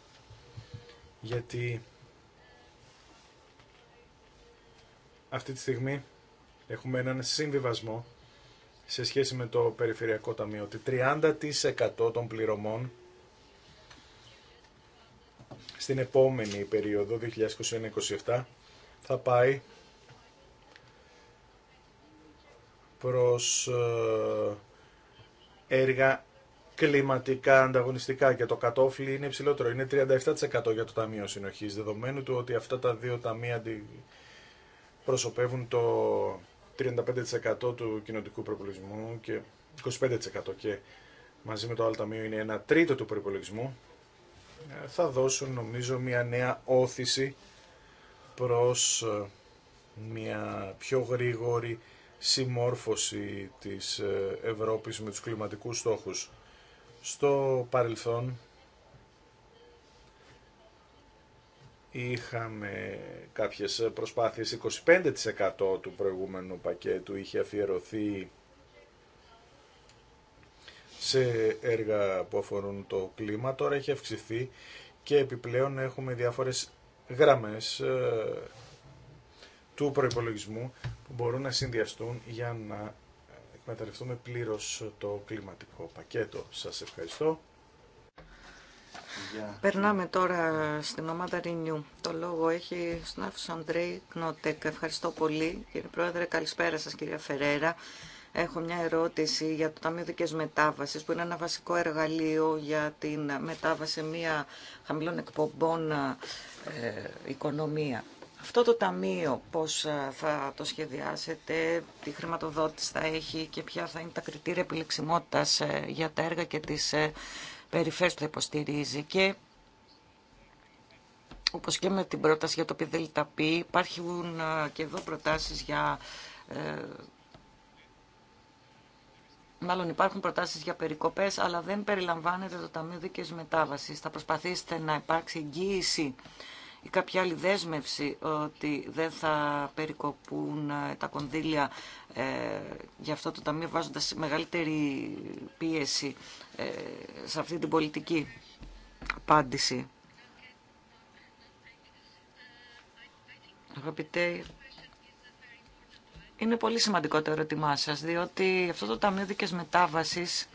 Γιατί αυτή τη στιγμή έχουμε έναν συμβιβασμό σε σχέση με το Περιφερειακό Ταμείο ότι 30% των πληρωμών στην επόμενη περίοδο 2021-2027 θα πάει προς ε, έργα κλιματικά ανταγωνιστικά και το κατόφλι είναι υψηλότερο, είναι 37% για το Ταμείο Συνοχής, δεδομένου του ότι αυτά τα δύο ταμεία προσωπεύουν το 35% του κοινοτικού προπολογισμού και 25% και μαζί με το άλλο ταμείο είναι ένα τρίτο του προπολογισμού. Ε, θα δώσουν νομίζω μια νέα όθηση προς ε, μια πιο γρήγορη συμμόρφωση της ε, Ευρώπης με τους κλιματικούς στόχους. Στο παρελθόν είχαμε κάποιες προσπάθειες, 25% του προηγούμενου πακέτου είχε αφιερωθεί σε έργα που αφορούν το κλίμα. Τώρα έχει αυξηθεί και επιπλέον έχουμε διάφορες γραμμές ε, του προϋπολογισμού που μπορούν να συνδυαστούν για να εκμεταλλευτούμε πλήρως το κλιματικό πακέτο. Σας ευχαριστώ. Περνάμε τώρα στην ομάδα Renew. Το λόγο έχει στον Άφης Αντρέη Κνότεκ. Ευχαριστώ πολύ κύριε Πρόεδρε. Καλησπέρα σας κυρία Φερέρα. Έχω μια ερώτηση για το Ταμείο Δικές Μετάβασης, που είναι ένα βασικό εργαλείο για την μετάβαση μια χαμηλών εκπομπών ε, οικονομία. Αυτό το ταμείο πώς ε, θα το σχεδιάσετε, τι χρηματοδότηση θα έχει και ποια θα είναι τα κριτήρια επιλεξιμότητας ε, για τα έργα και τις περιφέρειες που θα υποστηρίζει και όπως και με την πρόταση για το ΠΙΔΕΛΤΑΠΗ, υπάρχουν και εδώ προτάσεις για Μάλλον υπάρχουν προτάσεις για περικοπές, αλλά δεν περιλαμβάνεται το Ταμείο Δίκαιης Μετάβασης. Θα προσπαθήσετε να υπάρξει εγγύηση ή κάποια άλλη δέσμευση ότι δεν θα περικοπούν ε, τα κονδύλια ε, για αυτό το Ταμείο βάζοντας μεγαλύτερη πίεση ε, σε αυτή την πολιτική απάντηση. Αγαπητέ είναι πολύ σημαντικό το ερώτημά σα, διότι αυτό το Ταμείο Δίκαιες Μετάβασης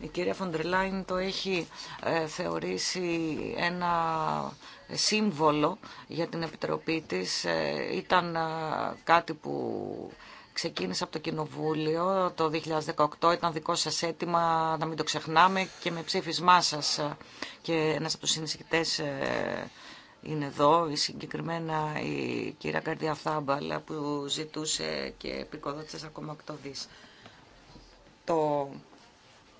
η κυρία Φοντρελάιν το έχει ε, θεωρήσει ένα σύμβολο για την Επιτροπή της. Ε, ήταν ε, κάτι που ξεκίνησε από το Κοινοβούλιο το 2018. Ήταν δικό σας αίτημα, να μην το ξεχνάμε, και με ψήφισμά σας και ένας από τους συνεισηγητές είναι εδώ, η συγκεκριμένα η κυρία Καρδιά Θάμπαλα που ζητούσε και επικοδότησε ακόμα Το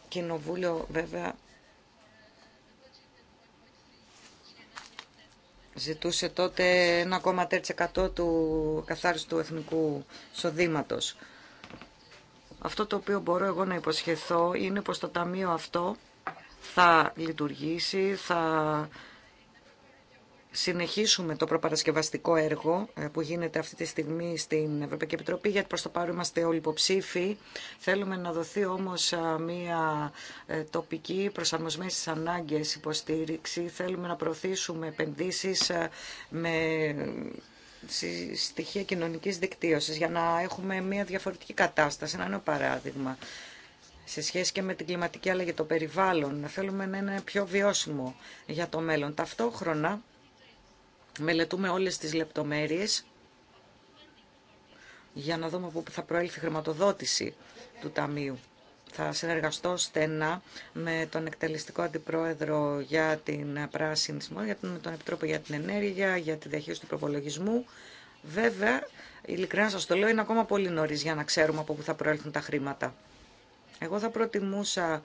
κοινοβούλιο βέβαια ζητούσε τότε 1,3% του καθάριστου εθνικού σοδήματος. Αυτό το οποίο μπορώ εγώ να υποσχεθώ είναι πως το ταμείο αυτό θα λειτουργήσει, θα συνεχίσουμε το προπαρασκευαστικό έργο ε, που γίνεται αυτή τη στιγμή στην Ευρωπαϊκή Επιτροπή, γιατί προς το παρόν είμαστε όλοι υποψήφοι. Θέλουμε να δοθεί όμως μια ε, τοπική προσαρμοσμένη στις ανάγκες υποστήριξη. Θέλουμε να προωθήσουμε επενδύσεις με στοιχεία κοινωνικής δικτύωσης για να έχουμε μια διαφορετική κατάσταση, ένα νέο παράδειγμα σε σχέση και με την κλιματική αλλαγή το περιβάλλον. Θέλουμε να είναι πιο βιώσιμο για το μέλλον. Ταυτόχρονα Μελετούμε όλες τις λεπτομέρειες για να δούμε πού θα προέλθει η χρηματοδότηση του Ταμείου. Θα συνεργαστώ στενά με τον εκτελεστικό αντιπρόεδρο για την πράσινη με τον Επιτρόπο για την Ενέργεια, για τη διαχείριση του προπολογισμού. Βέβαια, ειλικρινά σας το λέω, είναι ακόμα πολύ νωρίς για να ξέρουμε από πού θα προέλθουν τα χρήματα. Εγώ θα προτιμούσα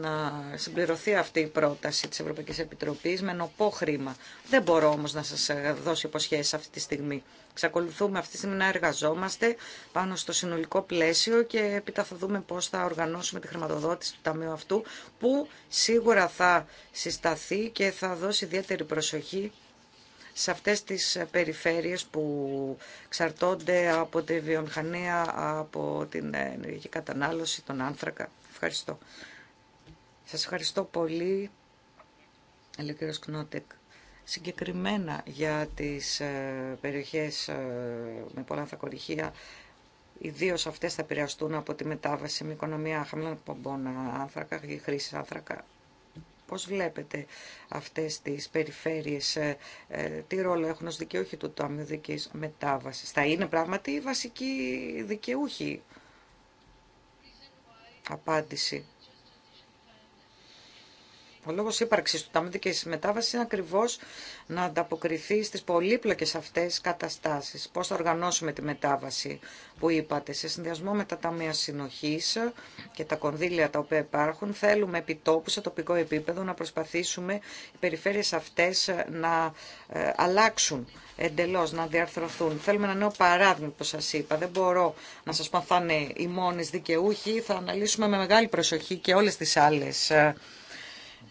να συμπληρωθεί αυτή η πρόταση της Ευρωπαϊκής Επιτροπής με νοπό χρήμα. Δεν μπορώ όμως να σας δώσω υποσχέσεις αυτή τη στιγμή. Ξακολουθούμε αυτή τη στιγμή να εργαζόμαστε πάνω στο συνολικό πλαίσιο και έπειτα θα δούμε πώς θα οργανώσουμε τη χρηματοδότηση του Ταμείου αυτού που σίγουρα θα συσταθεί και θα δώσει ιδιαίτερη προσοχή σε αυτές τις περιφέρειες που εξαρτώνται από τη βιομηχανία, από την ενεργική κατανάλωση, τον άνθρακα. Ευχαριστώ. Σας ευχαριστώ πολύ, λέει ο συγκεκριμένα για τις ε, περιοχές ε, με πολλά ανθακοριχεία, Ιδίω αυτέ θα επηρεαστούν από τη μετάβαση με οικονομία χαμηλών πομπών άνθρακα και χρήση άνθρακα. Πώ βλέπετε αυτέ τι περιφέρειε, ε, τι ρόλο έχουν ω δικαιούχοι του Ταμείου Δική Μετάβαση, θα είναι πράγματι οι βασικοί δικαιούχοι. Απάντηση. Ο λόγο ύπαρξη του Ταμείου δικαιοσύνη μετάβαση είναι ακριβώ να ανταποκριθεί στις πολύπλοκε αυτέ καταστάσει πώ θα οργανώσουμε τη μετάβαση που είπατε. Σε συνδυασμό με τα Ταμεία συνοχή και τα κονδύλια τα οποία υπάρχουν, θέλουμε επιτόπου σε τοπικό επίπεδο να προσπαθήσουμε οι περιφέρειε αυτέ να ε, αλλάξουν εντελώ να διαρθρωθούν. Θέλουμε ένα νέο παράδειγμα που σα είπα. Δεν μπορώ να σα πω αν θα είναι οι μόνε δικαιούχοι. Θα αναλύσουμε με μεγάλη προσοχή και όλες τις άλλες ε,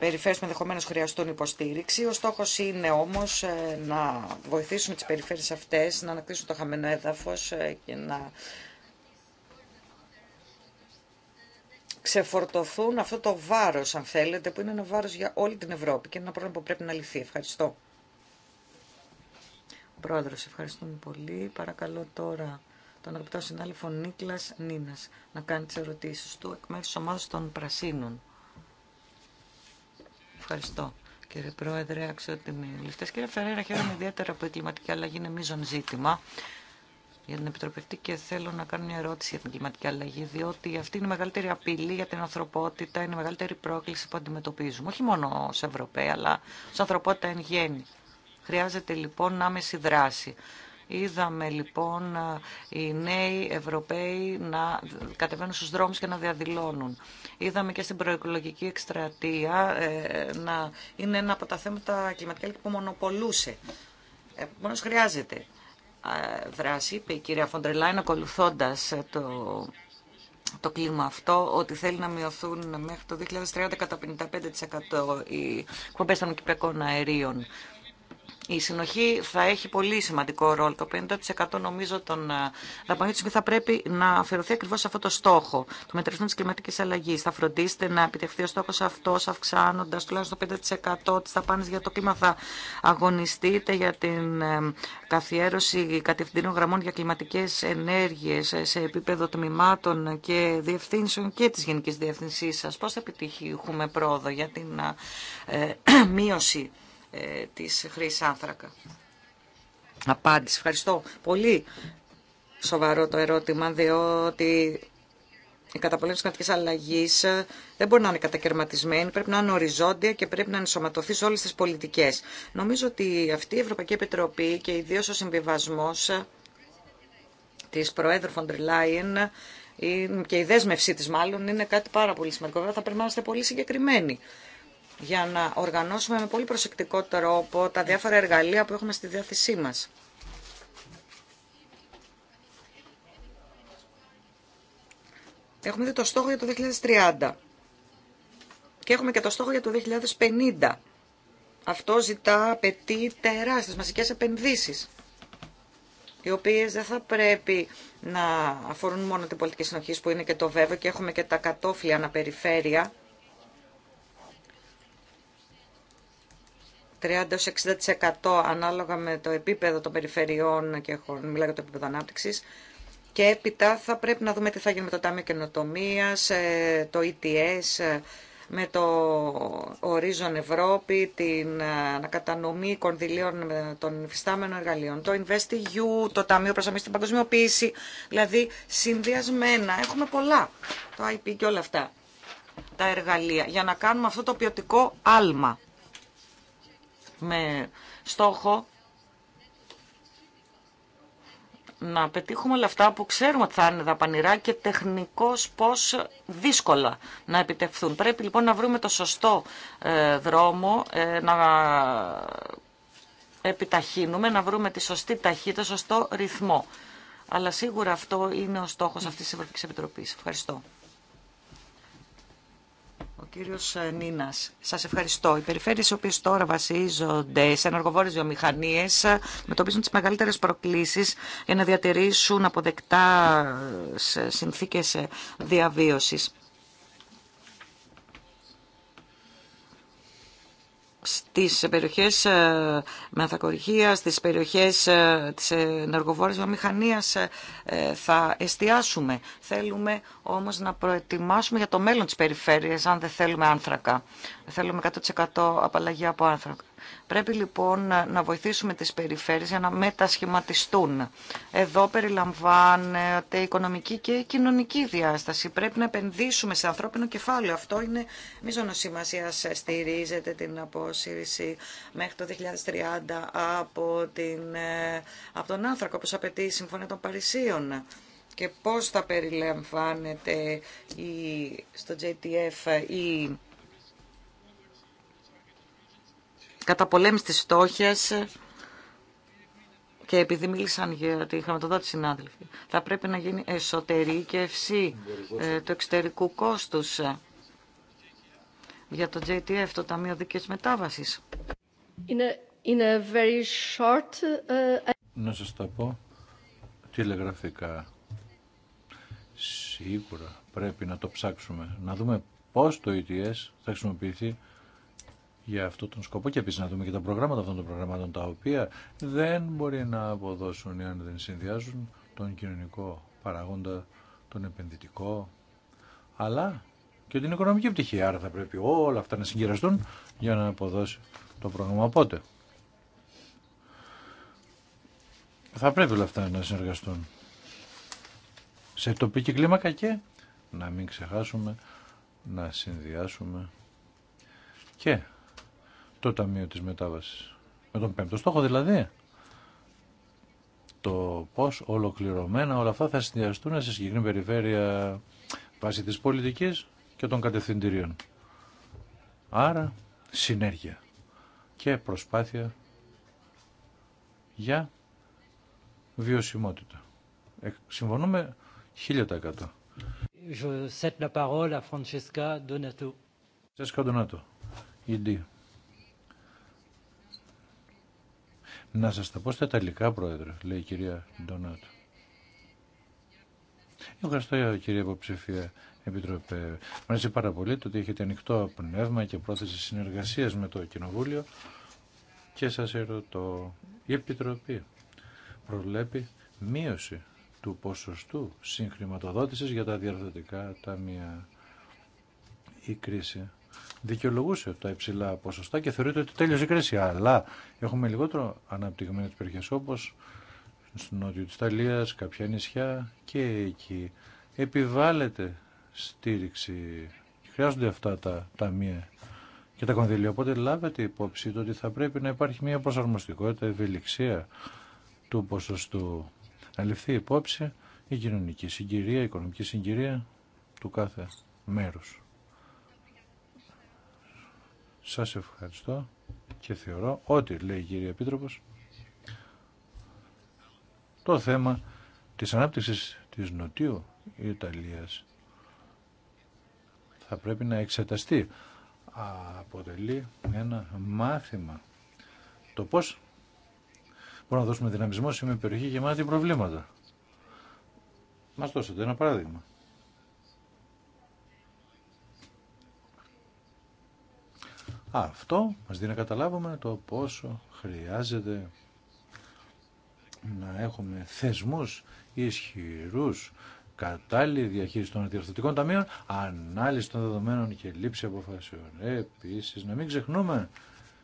περιφέρειες που ενδεχομένω χρειαστούν υποστήριξη. Ο στόχο είναι όμως ε, να βοηθήσουμε τις περιφέρειες αυτές να ανακτήσουν το χαμένο έδαφο ε, και να ξεφορτωθούν αυτό το βάρος, αν θέλετε, που είναι ένα βάρος για όλη την Ευρώπη και είναι ένα πρόβλημα που πρέπει να λυθεί. Ευχαριστώ. Ο πρόεδρος, ευχαριστούμε πολύ. Παρακαλώ τώρα τον αγαπητό συνάδελφο Νίκλα Νίνας να κάνει τι ερωτήσει του εκ μέρου της ομάδας των Πρασίνων. Ευχαριστώ. Κύριε Πρόεδρε, αξιότιμοι βουλευτέ. Κύριε Φεραίρα, χαίρομαι ιδιαίτερα που η κλιματική αλλαγή είναι μείζον ζήτημα για την Επιτροπευτή και θέλω να κάνω μια ερώτηση για την κλιματική αλλαγή, διότι αυτή είναι η μεγαλύτερη απειλή για την ανθρωπότητα, είναι η μεγαλύτερη πρόκληση που αντιμετωπίζουμε, όχι μόνο ω Ευρωπαίοι, αλλά ω ανθρωπότητα εν γέννη. Χρειάζεται λοιπόν άμεση δράση. Είδαμε λοιπόν οι νέοι Ευρωπαίοι να κατεβαίνουν στους δρόμους και να διαδηλώνουν. Είδαμε και στην προεκλογική εκστρατεία ε, να είναι ένα από τα θέματα κλιματικά που μονοπολούσε. Ε, μόνος χρειάζεται ε, δράση, είπε η κυρία Φοντρελάιν, ακολουθώντα το το κλίμα αυτό, ότι θέλει να μειωθούν μέχρι το 2030 κατά 55% οι εκπομπέ των κυπριακών αερίων η συνοχή θα έχει πολύ σημαντικό ρόλο. Το 50% νομίζω των ε, δαπανών του θα πρέπει να αφαιρωθεί ακριβώ σε αυτό το στόχο, το μετρησμό τη κλιματική αλλαγή. Θα φροντίσετε να επιτευχθεί ο στόχο αυτό, αυξάνοντα τουλάχιστον το 5% τη δαπάνη για το κλίμα. Θα αγωνιστείτε για την ε, καθιέρωση κατευθυντήριων γραμμών για κλιματικέ ενέργειε ε, σε επίπεδο τμήματων και διευθύνσεων και τη Γενική Διευθυνσή σα. Πώ θα επιτύχουμε πρόοδο για την [clears throat] μείωση ε, της χρήσης άνθρακα. Απάντηση. Ευχαριστώ πολύ σοβαρό το ερώτημα, διότι η καταπολέμηση κλιματικής αλλαγή ε, δεν μπορεί να είναι κατακαιρματισμένη, πρέπει να είναι οριζόντια και πρέπει να ενσωματωθεί σε όλε τι πολιτικέ. Νομίζω ότι αυτή η Ευρωπαϊκή Επιτροπή και ιδίως ο συμβιβασμό ε, της Προέδρου Φοντρι ε, και η δέσμευσή της μάλλον είναι κάτι πάρα πολύ σημαντικό. Βέβαια θα πρέπει να πολύ συγκεκριμένοι για να οργανώσουμε με πολύ προσεκτικό τρόπο τα διάφορα εργαλεία που έχουμε στη διάθεσή μας. Έχουμε δει το στόχο για το 2030 και έχουμε και το στόχο για το 2050. Αυτό ζητά, απαιτεί τεράστιες μαζικές επενδύσεις, οι οποίες δεν θα πρέπει να αφορούν μόνο την πολιτική συνοχή που είναι και το βέβαιο και έχουμε και τα κατόφλια αναπεριφέρεια 30-60% ανάλογα με το επίπεδο των περιφερειών και χωρών, μιλάω για το επίπεδο ανάπτυξης. Και έπειτα θα πρέπει να δούμε τι θα γίνει με το Τάμιο Καινοτομία, ε, το ETS, ε, με το Horizon Ευρώπη, την ε, ανακατανομή κονδυλίων των υφιστάμενων εργαλείων, το InvestEU, το Ταμείο Προσαρμογή στην Παγκοσμιοποίηση, δηλαδή συνδυασμένα. Έχουμε πολλά, το IP και όλα αυτά τα εργαλεία, για να κάνουμε αυτό το ποιοτικό άλμα με στόχο να πετύχουμε όλα αυτά που ξέρουμε ότι θα είναι δαπανηρά και τεχνικώς πώς δύσκολα να επιτευχθούν. Πρέπει λοιπόν να βρούμε το σωστό ε, δρόμο, ε, να επιταχύνουμε, να βρούμε τη σωστή ταχύτητα, σωστό ρυθμό. Αλλά σίγουρα αυτό είναι ο στόχος αυτής της Ευρωπαϊκής Επιτροπής. Ευχαριστώ κύριος ε, Νίνας. Σας ευχαριστώ. Οι περιφέρειες οι οποίες τώρα βασίζονται σε ενεργοβόρες βιομηχανίες ε, μετωπίζουν τις μεγαλύτερες προκλήσεις για να διατηρήσουν αποδεκτά ε, συνθήκες διαβίωσης. στις περιοχές ε, με ανθακοριχεία, στις περιοχές ε, της ενεργοβόρης βιομηχανίας ε, θα εστιάσουμε. Θέλουμε όμως να προετοιμάσουμε για το μέλλον της περιφέρειας, αν δεν θέλουμε άνθρακα. Θέλουμε 100% απαλλαγή από άνθρακα. Πρέπει λοιπόν να βοηθήσουμε τις περιφέρειες για να μετασχηματιστούν. Εδώ περιλαμβάνεται οικονομική και κοινωνική διάσταση. Πρέπει να επενδύσουμε σε ανθρώπινο κεφάλαιο. Αυτό είναι μείζονο σημασία. Στηρίζεται την απόσυρση μέχρι το 2030 από, την, ε, από τον άνθρακα, όπως απαιτεί η Συμφωνία των Παρισίων και πώς θα περιλαμβάνεται στο JTF η καταπολέμηση της φτώχειας και επειδή μίλησαν για τη χρηματοδότηση συνάδελφοι, θα πρέπει να γίνει εσωτερήκευση ε, του εξωτερικού κόστους ε, για το JTF, το Ταμείο Δίκαιης Μετάβασης. In a, very short, ε, Να σας τα πω τηλεγραφικά. Σίγουρα πρέπει να το ψάξουμε, να δούμε πώς το ETS θα χρησιμοποιηθεί για αυτό τον σκοπό και επίσης να δούμε και τα προγράμματα αυτών των προγραμμάτων τα οποία δεν μπορεί να αποδώσουν ή αν δεν συνδυάζουν τον κοινωνικό παράγοντα, τον επενδυτικό, αλλά και την οικονομική πτυχή. Άρα θα πρέπει όλα αυτά να συγκεραστούν για να αποδώσει το πρόγραμμα. Οπότε θα πρέπει όλα αυτά να συνεργαστούν σε τοπική κλίμακα και να μην ξεχάσουμε να συνδυάσουμε και το Ταμείο της Μετάβασης. Με τον πέμπτο στόχο δηλαδή. Το πώς ολοκληρωμένα όλα αυτά θα συνδυαστούν σε συγκεκριμένη περιφέρεια βάση της πολιτικής και των κατευθυντηρίων. Άρα συνέργεια και προσπάθεια για βιωσιμότητα. Ε, συμφωνούμε 1000%. Je cède la parole à Francesca Donato. Francesca Donato, Να σας τα πω στα Ιταλικά, Πρόεδρε, λέει η κυρία Ντονάτ. Ευχαριστώ, κύριε υποψηφία Επιτροπέ. Μου αρέσει πάρα πολύ το ότι έχετε ανοιχτό πνεύμα και πρόθεση συνεργασίας με το Κοινοβούλιο και σας ερωτώ, η Επιτροπή προβλέπει μείωση του ποσοστού συγχρηματοδότησης για τα διαρθρωτικά ταμεία. Η κρίση δικαιολογούσε τα υψηλά ποσοστά και θεωρείται ότι τέλειωσε η κρίση. Αλλά έχουμε λιγότερο αναπτυγμένες περιοχές όπω στο νότιο τη Ιταλία, κάποια νησιά και εκεί επιβάλλεται στήριξη. Χρειάζονται αυτά τα ταμεία και τα κονδύλια. Οπότε λάβετε υπόψη ότι θα πρέπει να υπάρχει μια προσαρμοστικότητα, ευελιξία του ποσοστού. Να ληφθεί υπόψη η κοινωνική συγκυρία, η οικονομική συγκυρία του κάθε μέρους. Σας ευχαριστώ και θεωρώ ότι, λέει η κυρία Επίτροπος, το θέμα της ανάπτυξης της Νοτιού Ιταλίας θα πρέπει να εξεταστεί. Αποτελεί ένα μάθημα το πώς μπορούμε να δώσουμε δυναμισμό σε μια περιοχή γεμάτη προβλήματα. Μας δώσετε ένα παράδειγμα. Αυτό μας δίνει να καταλάβουμε το πόσο χρειάζεται να έχουμε θεσμούς ισχυρούς κατάλληλη διαχείριση των αντιορθωτικών ταμείων, ανάλυση των δεδομένων και λήψη αποφασιών. Επίσης, να μην ξεχνούμε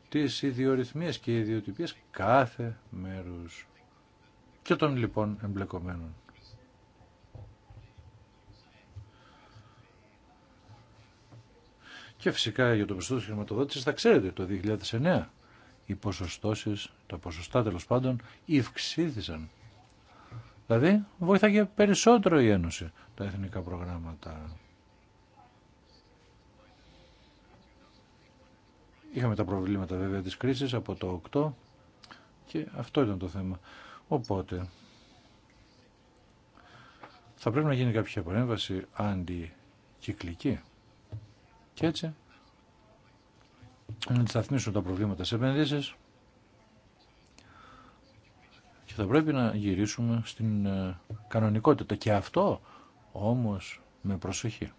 τις ιδιορυθμίες και ιδιοτυπίες κάθε μέρους και των λοιπόν εμπλεκομένων. Και φυσικά για το ποσοστό τη χρηματοδότηση θα ξέρετε το 2009 οι ποσοστώσεις, τα ποσοστά τέλο πάντων, ευξήθησαν. Δηλαδή βοηθάγε περισσότερο η Ένωση τα εθνικά προγράμματα. Είχαμε τα προβλήματα βέβαια της κρίσης από το 8 και αυτό ήταν το θέμα. Οπότε θα πρέπει να γίνει κάποια παρέμβαση αντικυκλική. Και έτσι να αντισταθμίσουν τα προβλήματα σε επενδύσεις και θα πρέπει να γυρίσουμε στην ε, κανονικότητα. Και αυτό όμως με προσοχή.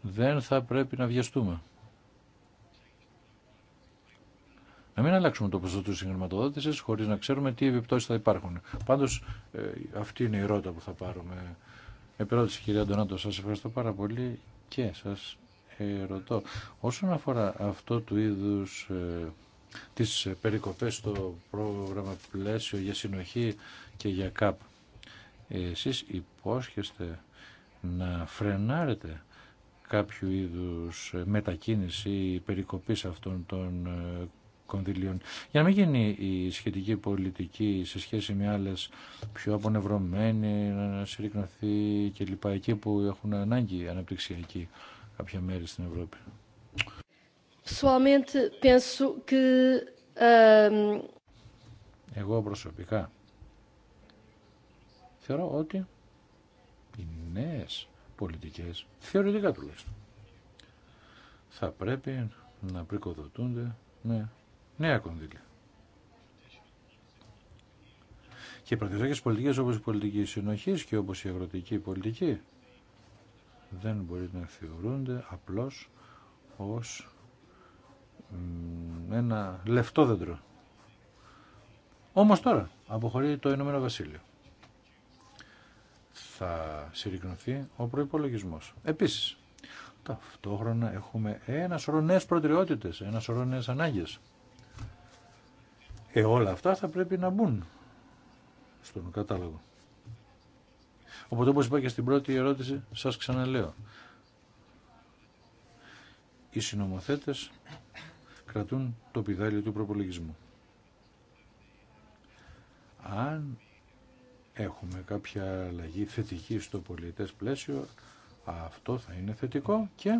Δεν θα πρέπει να βιαστούμε. Να μην αλλάξουμε το ποσοστό τη συγχρηματοδότηση χωρί να ξέρουμε τι επιπτώσει θα υπάρχουν. Πάντω, ε, αυτή είναι η ρότα που θα πάρουμε. Επιρώτηση κυρία Ντονάτο, σα ευχαριστώ πάρα πολύ και σας ρωτώ, όσον αφορά αυτό του είδους ε, τις περικοπές στο πρόγραμμα πλαίσιο για συνοχή και για ΚΑΠ, εσείς υπόσχεστε να φρενάρετε κάποιο είδους μετακίνηση ή περικοπής αυτών των ε, κονδυλίων. Για να μην γίνει η σχετική πολιτική σε σχέση με άλλε πιο απονευρωμένη, να συρρυκνωθεί κλπ. Εκεί που έχουν ανάγκη αναπτυξιακή κάποια μέρη στην Ευρώπη. Ehm, Εγώ προσωπικά θεωρώ ότι οι νέε πολιτικέ. θεωρητικά τουλάχιστον, θα πρέπει να πρικοδοτούνται με νέα κονδύλια. Και οι πρακτικέ πολιτικές όπως η πολιτική συνοχή και όπως η αγροτική πολιτική δεν μπορεί να θεωρούνται απλώς ως ένα λεφτό δέντρο. Όμως τώρα αποχωρεί το Ηνωμένο Βασίλειο. Θα συρρυκνωθεί ο προπολογισμό. Επίσης, ταυτόχρονα έχουμε ένα σωρό νέες προτεραιότητες, ένα σωρό νέες ανάγκες. Ε, όλα αυτά θα πρέπει να μπουν στον κατάλογο. Οπότε όπως είπα και στην πρώτη ερώτηση, σας ξαναλέω. Οι συνομοθέτες κρατούν το πιδάλιο του προπολογισμού. Αν έχουμε κάποια αλλαγή θετική στο πολιτές πλαίσιο, αυτό θα είναι θετικό και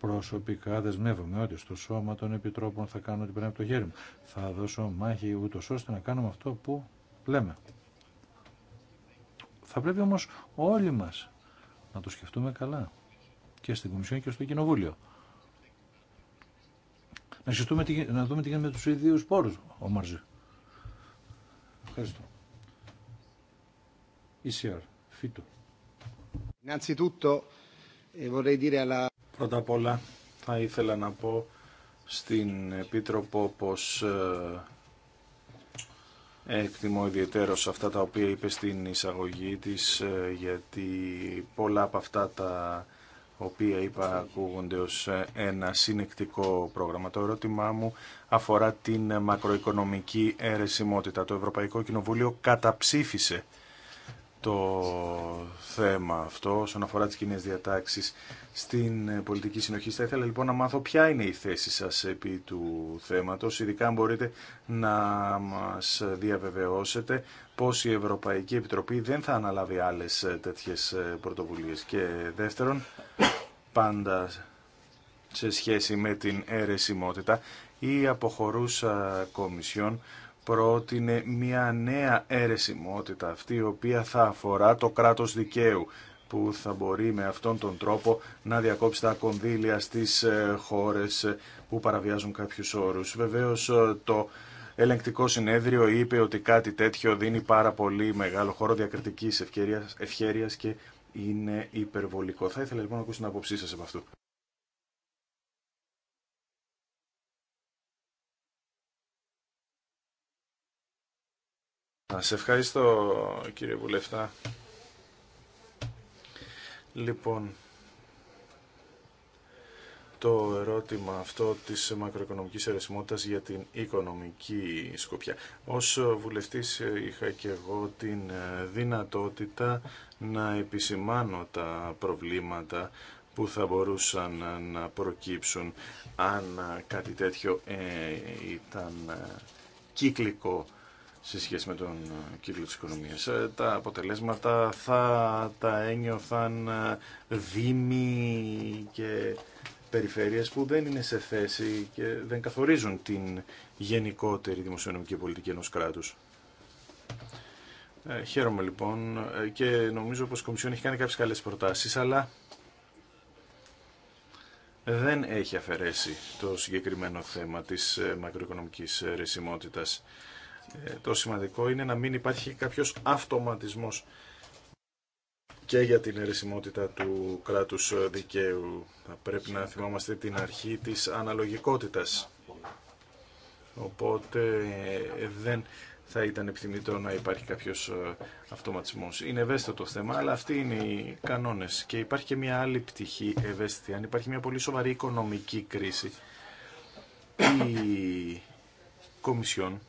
προσωπικά δεσμεύομαι ότι στο σώμα των επιτρόπων θα κάνω ό,τι πρέπει από το χέρι μου. Θα δώσω μάχη ούτω ώστε να κάνουμε αυτό που λέμε. Θα πρέπει όμως όλοι μας να το σκεφτούμε καλά και στην Κομισιόν και στο Κοινοβούλιο. Να, σκεφτούμε, να δούμε τι γίνεται με τους ιδίους πόρους, ο Μαρζή. Ευχαριστώ. φίτο. Πρώτα απ' όλα θα ήθελα να πω στην Επίτροπο πως ε, εκτιμώ ιδιαίτερως αυτά τα οποία είπε στην εισαγωγή της ε, γιατί πολλά από αυτά τα οποία είπα ακούγονται ως ε, ένα συνεκτικό πρόγραμμα. Το ερώτημά μου αφορά την μακροοικονομική αιρεσιμότητα. Το Ευρωπαϊκό Κοινοβούλιο καταψήφισε το θέμα αυτό όσον αφορά τις κοινέ διατάξεις στην ε, πολιτική συνοχή. Θα ήθελα λοιπόν να μάθω ποια είναι η θέση σας επί του θέματος, ειδικά αν μπορείτε να μας διαβεβαιώσετε πως η Ευρωπαϊκή Επιτροπή δεν θα αναλάβει άλλες ε, τέτοιες ε, πρωτοβουλίες. Και δεύτερον, πάντα σε σχέση με την αιρεσιμότητα, η αποχωρούσα κομισιόν πρότεινε μια νέα αίρεσιμότητα αυτή η οποία θα αφορά το κράτος δικαίου που θα μπορεί με αυτόν τον τρόπο να διακόψει τα κονδύλια στις ε, χώρες που παραβιάζουν κάποιους όρους. Βεβαίως ε, το ελεγκτικό συνέδριο είπε ότι κάτι τέτοιο δίνει πάρα πολύ μεγάλο χώρο διακριτικής ευχέρειας και είναι υπερβολικό. Θα ήθελα λοιπόν να ακούσω την άποψή σας από αυτού. Σε ευχαριστώ κύριε Βουλευτά. Λοιπόν, το ερώτημα αυτό της μακροοικονομικής αιρεσιμότητας για την οικονομική σκοπιά. Ως βουλευτής είχα και εγώ την ε, δυνατότητα να επισημάνω τα προβλήματα που θα μπορούσαν να προκύψουν αν κάτι τέτοιο ε, ήταν ε, κύκλικο σε σχέση με τον ε, κύκλο της οικονομίας. Ε, τα αποτελέσματα θα τα ένιωθαν ε, δήμοι και περιφέρειες που δεν είναι σε θέση και δεν καθορίζουν την γενικότερη δημοσιονομική πολιτική ενός κράτους. Χαίρομαι λοιπόν και νομίζω πως η Κομισιόν έχει κάνει κάποιες καλές προτάσεις, αλλά δεν έχει αφαιρέσει το συγκεκριμένο θέμα της μακροοικονομικής ρεσιμότητας. Ε, το σημαντικό είναι να μην υπάρχει κάποιος αυτοματισμός και για την αιρεσιμότητα του κράτους ε, δικαίου. Θα πρέπει να θυμάμαστε την αρχή της αναλογικότητας. Οπότε ε, δεν θα ήταν επιθυμητό να υπάρχει κάποιος αυτοματισμός. Είναι ευαίσθητο το θέμα, αλλά αυτοί είναι οι κανόνες. Και υπάρχει και μια άλλη πτυχή ευαίσθητη. Αν υπάρχει μια πολύ σοβαρή οικονομική κρίση, η Κομισιόν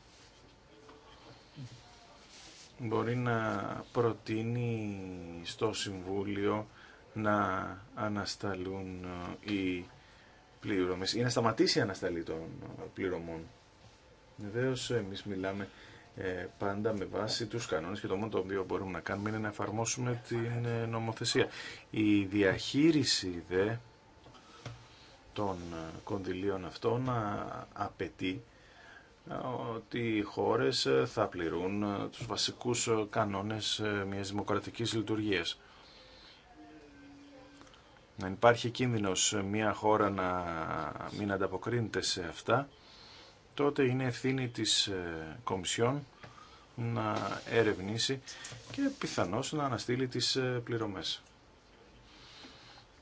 μπορεί να προτείνει στο Συμβούλιο να ανασταλούν ε, οι πληρωμές ή να σταματήσει η ανασταλή των ε, πληρωμών. Βεβαίω εμείς μιλάμε ε, πάντα με βάση τους κανόνες και το μόνο το οποίο μπορούμε να κάνουμε είναι να εφαρμόσουμε την νομοθεσία. Η διαχείριση δε των κονδυλίων αυτών απαιτεί ότι οι χώρες ε, θα πληρούν ε, τους βασικούς ε, κανόνες μιας δημοκρατικής λειτουργίας. Να υπάρχει κίνδυνος μια χώρα να μην ανταποκρίνεται σε αυτά, τότε είναι ευθύνη της Κομισιόν να ερευνήσει και πιθανώς να αναστείλει τις πληρωμές.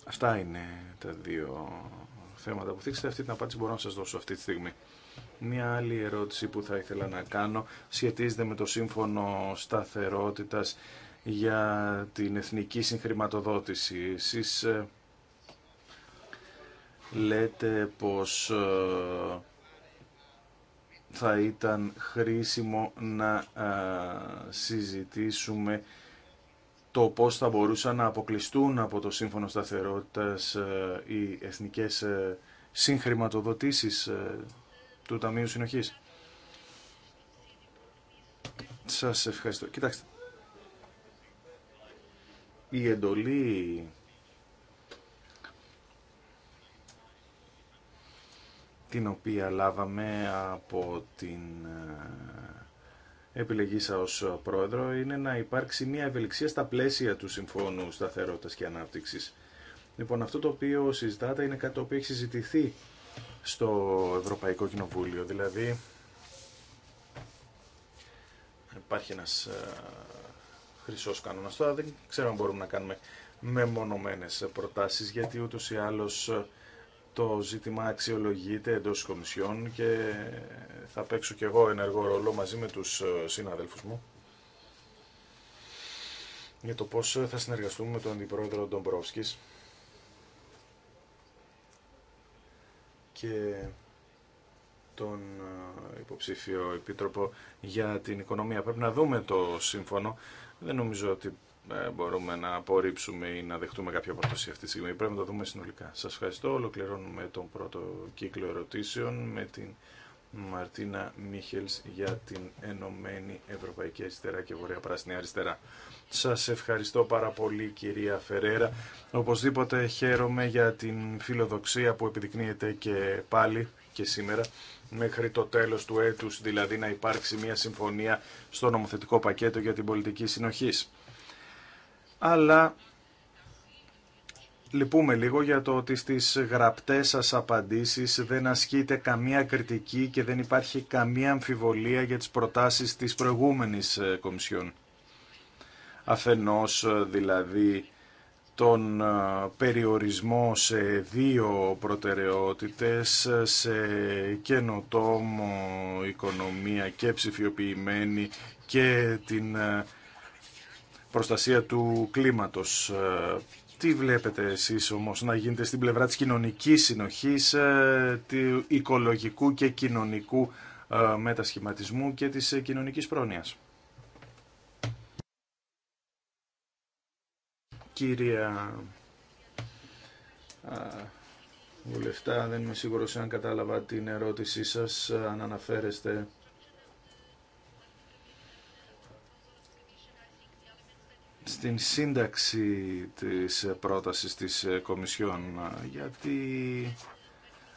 Αυτά είναι τα δύο θέματα που θίξετε, αυτή την απάντηση μπορώ να σας δώσω αυτή τη στιγμή. Μία άλλη ερώτηση που θα ήθελα να κάνω σχετίζεται με το Σύμφωνο Σταθερότητας για την Εθνική Συγχρηματοδότηση. Εσείς ε, λέτε πως ε, θα ήταν χρήσιμο να ε, συζητήσουμε το πώς θα μπορούσαν να αποκλειστούν από το Σύμφωνο Σταθερότητας ε, οι εθνικές ε, συγχρηματοδοτήσεις ε, του Ταμείου Συνοχής. Σας ευχαριστώ. Κοιτάξτε, η εντολή την οποία λάβαμε από την επιλεγήσα ως πρόεδρο είναι να υπάρξει μια ευελιξία στα πλαίσια του Συμφώνου Σταθερότητας και Ανάπτυξης. Λοιπόν, αυτό το οποίο συζητάτε είναι κάτι το οποίο έχει συζητηθεί στο Ευρωπαϊκό Κοινοβούλιο. Δηλαδή, υπάρχει ένας ε, χρυσός κανόνας. Τώρα δεν ξέρω αν μπορούμε να κάνουμε μεμονωμένες προτάσεις, γιατί ούτως ή άλλως το ζήτημα αξιολογείται εντός Κομισιόν και θα παίξω και εγώ ενεργό ρόλο μαζί με τους ε, συναδέλφους μου για το πώς θα συνεργαστούμε με τον Αντιπρόεδρο Ντομπρόφσκης και τον ε, υποψήφιο επίτροπο για την οικονομία. Πρέπει να δούμε το σύμφωνο. Δεν νομίζω ότι ε, μπορούμε να απορρίψουμε ή να δεχτούμε κάποια πρόταση αυτή τη στιγμή. Πρέπει να το δούμε συνολικά. Σας ευχαριστώ. Ολοκληρώνουμε τον πρώτο κύκλο ερωτήσεων με την Μαρτίνα Μίχελς για την Ενωμένη Ευρωπαϊκή Αριστερά και Βορεια Πράσινη Αριστερά. Σας ευχαριστώ πάρα πολύ κυρία Φερέρα. Οπωσδήποτε χαίρομαι για την φιλοδοξία που επιδεικνύεται και πάλι και σήμερα μέχρι το τέλος του έτους, δηλαδή να υπάρξει μια συμφωνία στο νομοθετικό πακέτο για την πολιτική συνοχής αλλά λυπούμε λίγο για το ότι στις γραπτές σας απαντήσεις δεν ασκείται καμία κριτική και δεν υπάρχει καμία αμφιβολία για τις προτάσεις της προηγούμενης ε, Κομισιόν. Αφενός ε, δηλαδή τον ε, περιορισμό σε δύο προτεραιότητες, σε καινοτόμο οικονομία και ψηφιοποιημένη και την προστασία του κλίματος. Ε, τι βλέπετε εσείς όμως να γίνεται στην πλευρά της κοινωνικής συνοχής, ε, του οικολογικού και κοινωνικού ε, μετασχηματισμού και της κοινωνικής πρόνοιας. Κύρια Βουλευτά, δεν είμαι σίγουρος αν κατάλαβα την ερώτησή σας, αν αναφέρεστε στην σύνταξη της πρότασης της Κομισιόν, γιατί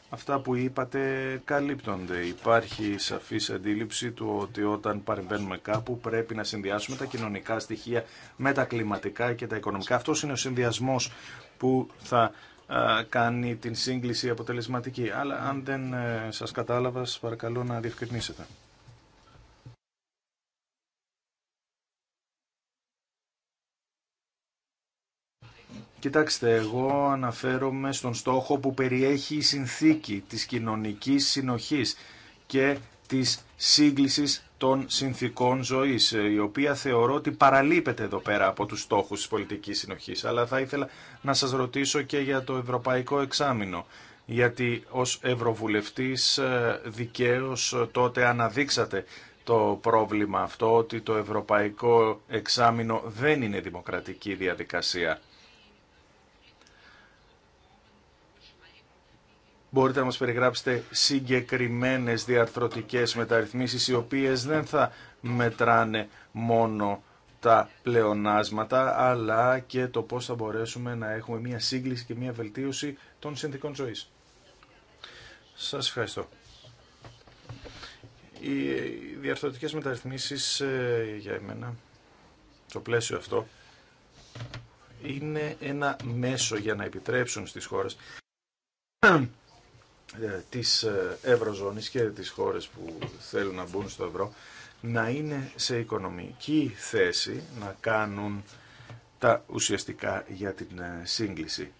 αυτά που είπατε καλύπτονται. Υπάρχει σαφής αντίληψη του ότι όταν παρεμβαίνουμε κάπου πρέπει να συνδυάσουμε τα κοινωνικά στοιχεία με τα κλιματικά και τα οικονομικά. Αυτό είναι ο συνδυασμός που θα κάνει την σύγκληση αποτελεσματική. Αλλά αν δεν ε, σας κατάλαβα, σας παρακαλώ να διευκρινίσετε. Κοιτάξτε, εγώ αναφέρομαι στον στόχο που περιέχει η συνθήκη της κοινωνικής συνοχής και της σύγκλησης των συνθήκων ζωής, ε, η οποία θεωρώ ότι παραλείπεται εδώ πέρα από τους στόχους της πολιτικής συνοχής. Αλλά θα ήθελα να σας ρωτήσω και για το Ευρωπαϊκό Εξάμεινο, γιατί ως Ευρωβουλευτής ε, δικαίως ε, τότε αναδείξατε το πρόβλημα αυτό, ότι το Ευρωπαϊκό Εξάμεινο δεν είναι δημοκρατική διαδικασία. Μπορείτε να μας περιγράψετε συγκεκριμένες διαρθρωτικές μεταρρυθμίσεις οι οποίες δεν θα μετράνε μόνο τα πλεονάσματα αλλά και το πώς θα μπορέσουμε να έχουμε μια σύγκληση και μια βελτίωση των συνθήκων ζωής. Σας ευχαριστώ. Οι διαρθρωτικές μεταρρυθμίσεις ε, για εμένα, το πλαίσιο αυτό, είναι ένα μέσο για να επιτρέψουν στις χώρες ε, της ε, Ευρωζώνης και τις χώρες που θέλουν να μπουν στο ευρώ να είναι σε οικονομική θέση να κάνουν τα ουσιαστικά για την ε, σύγκληση.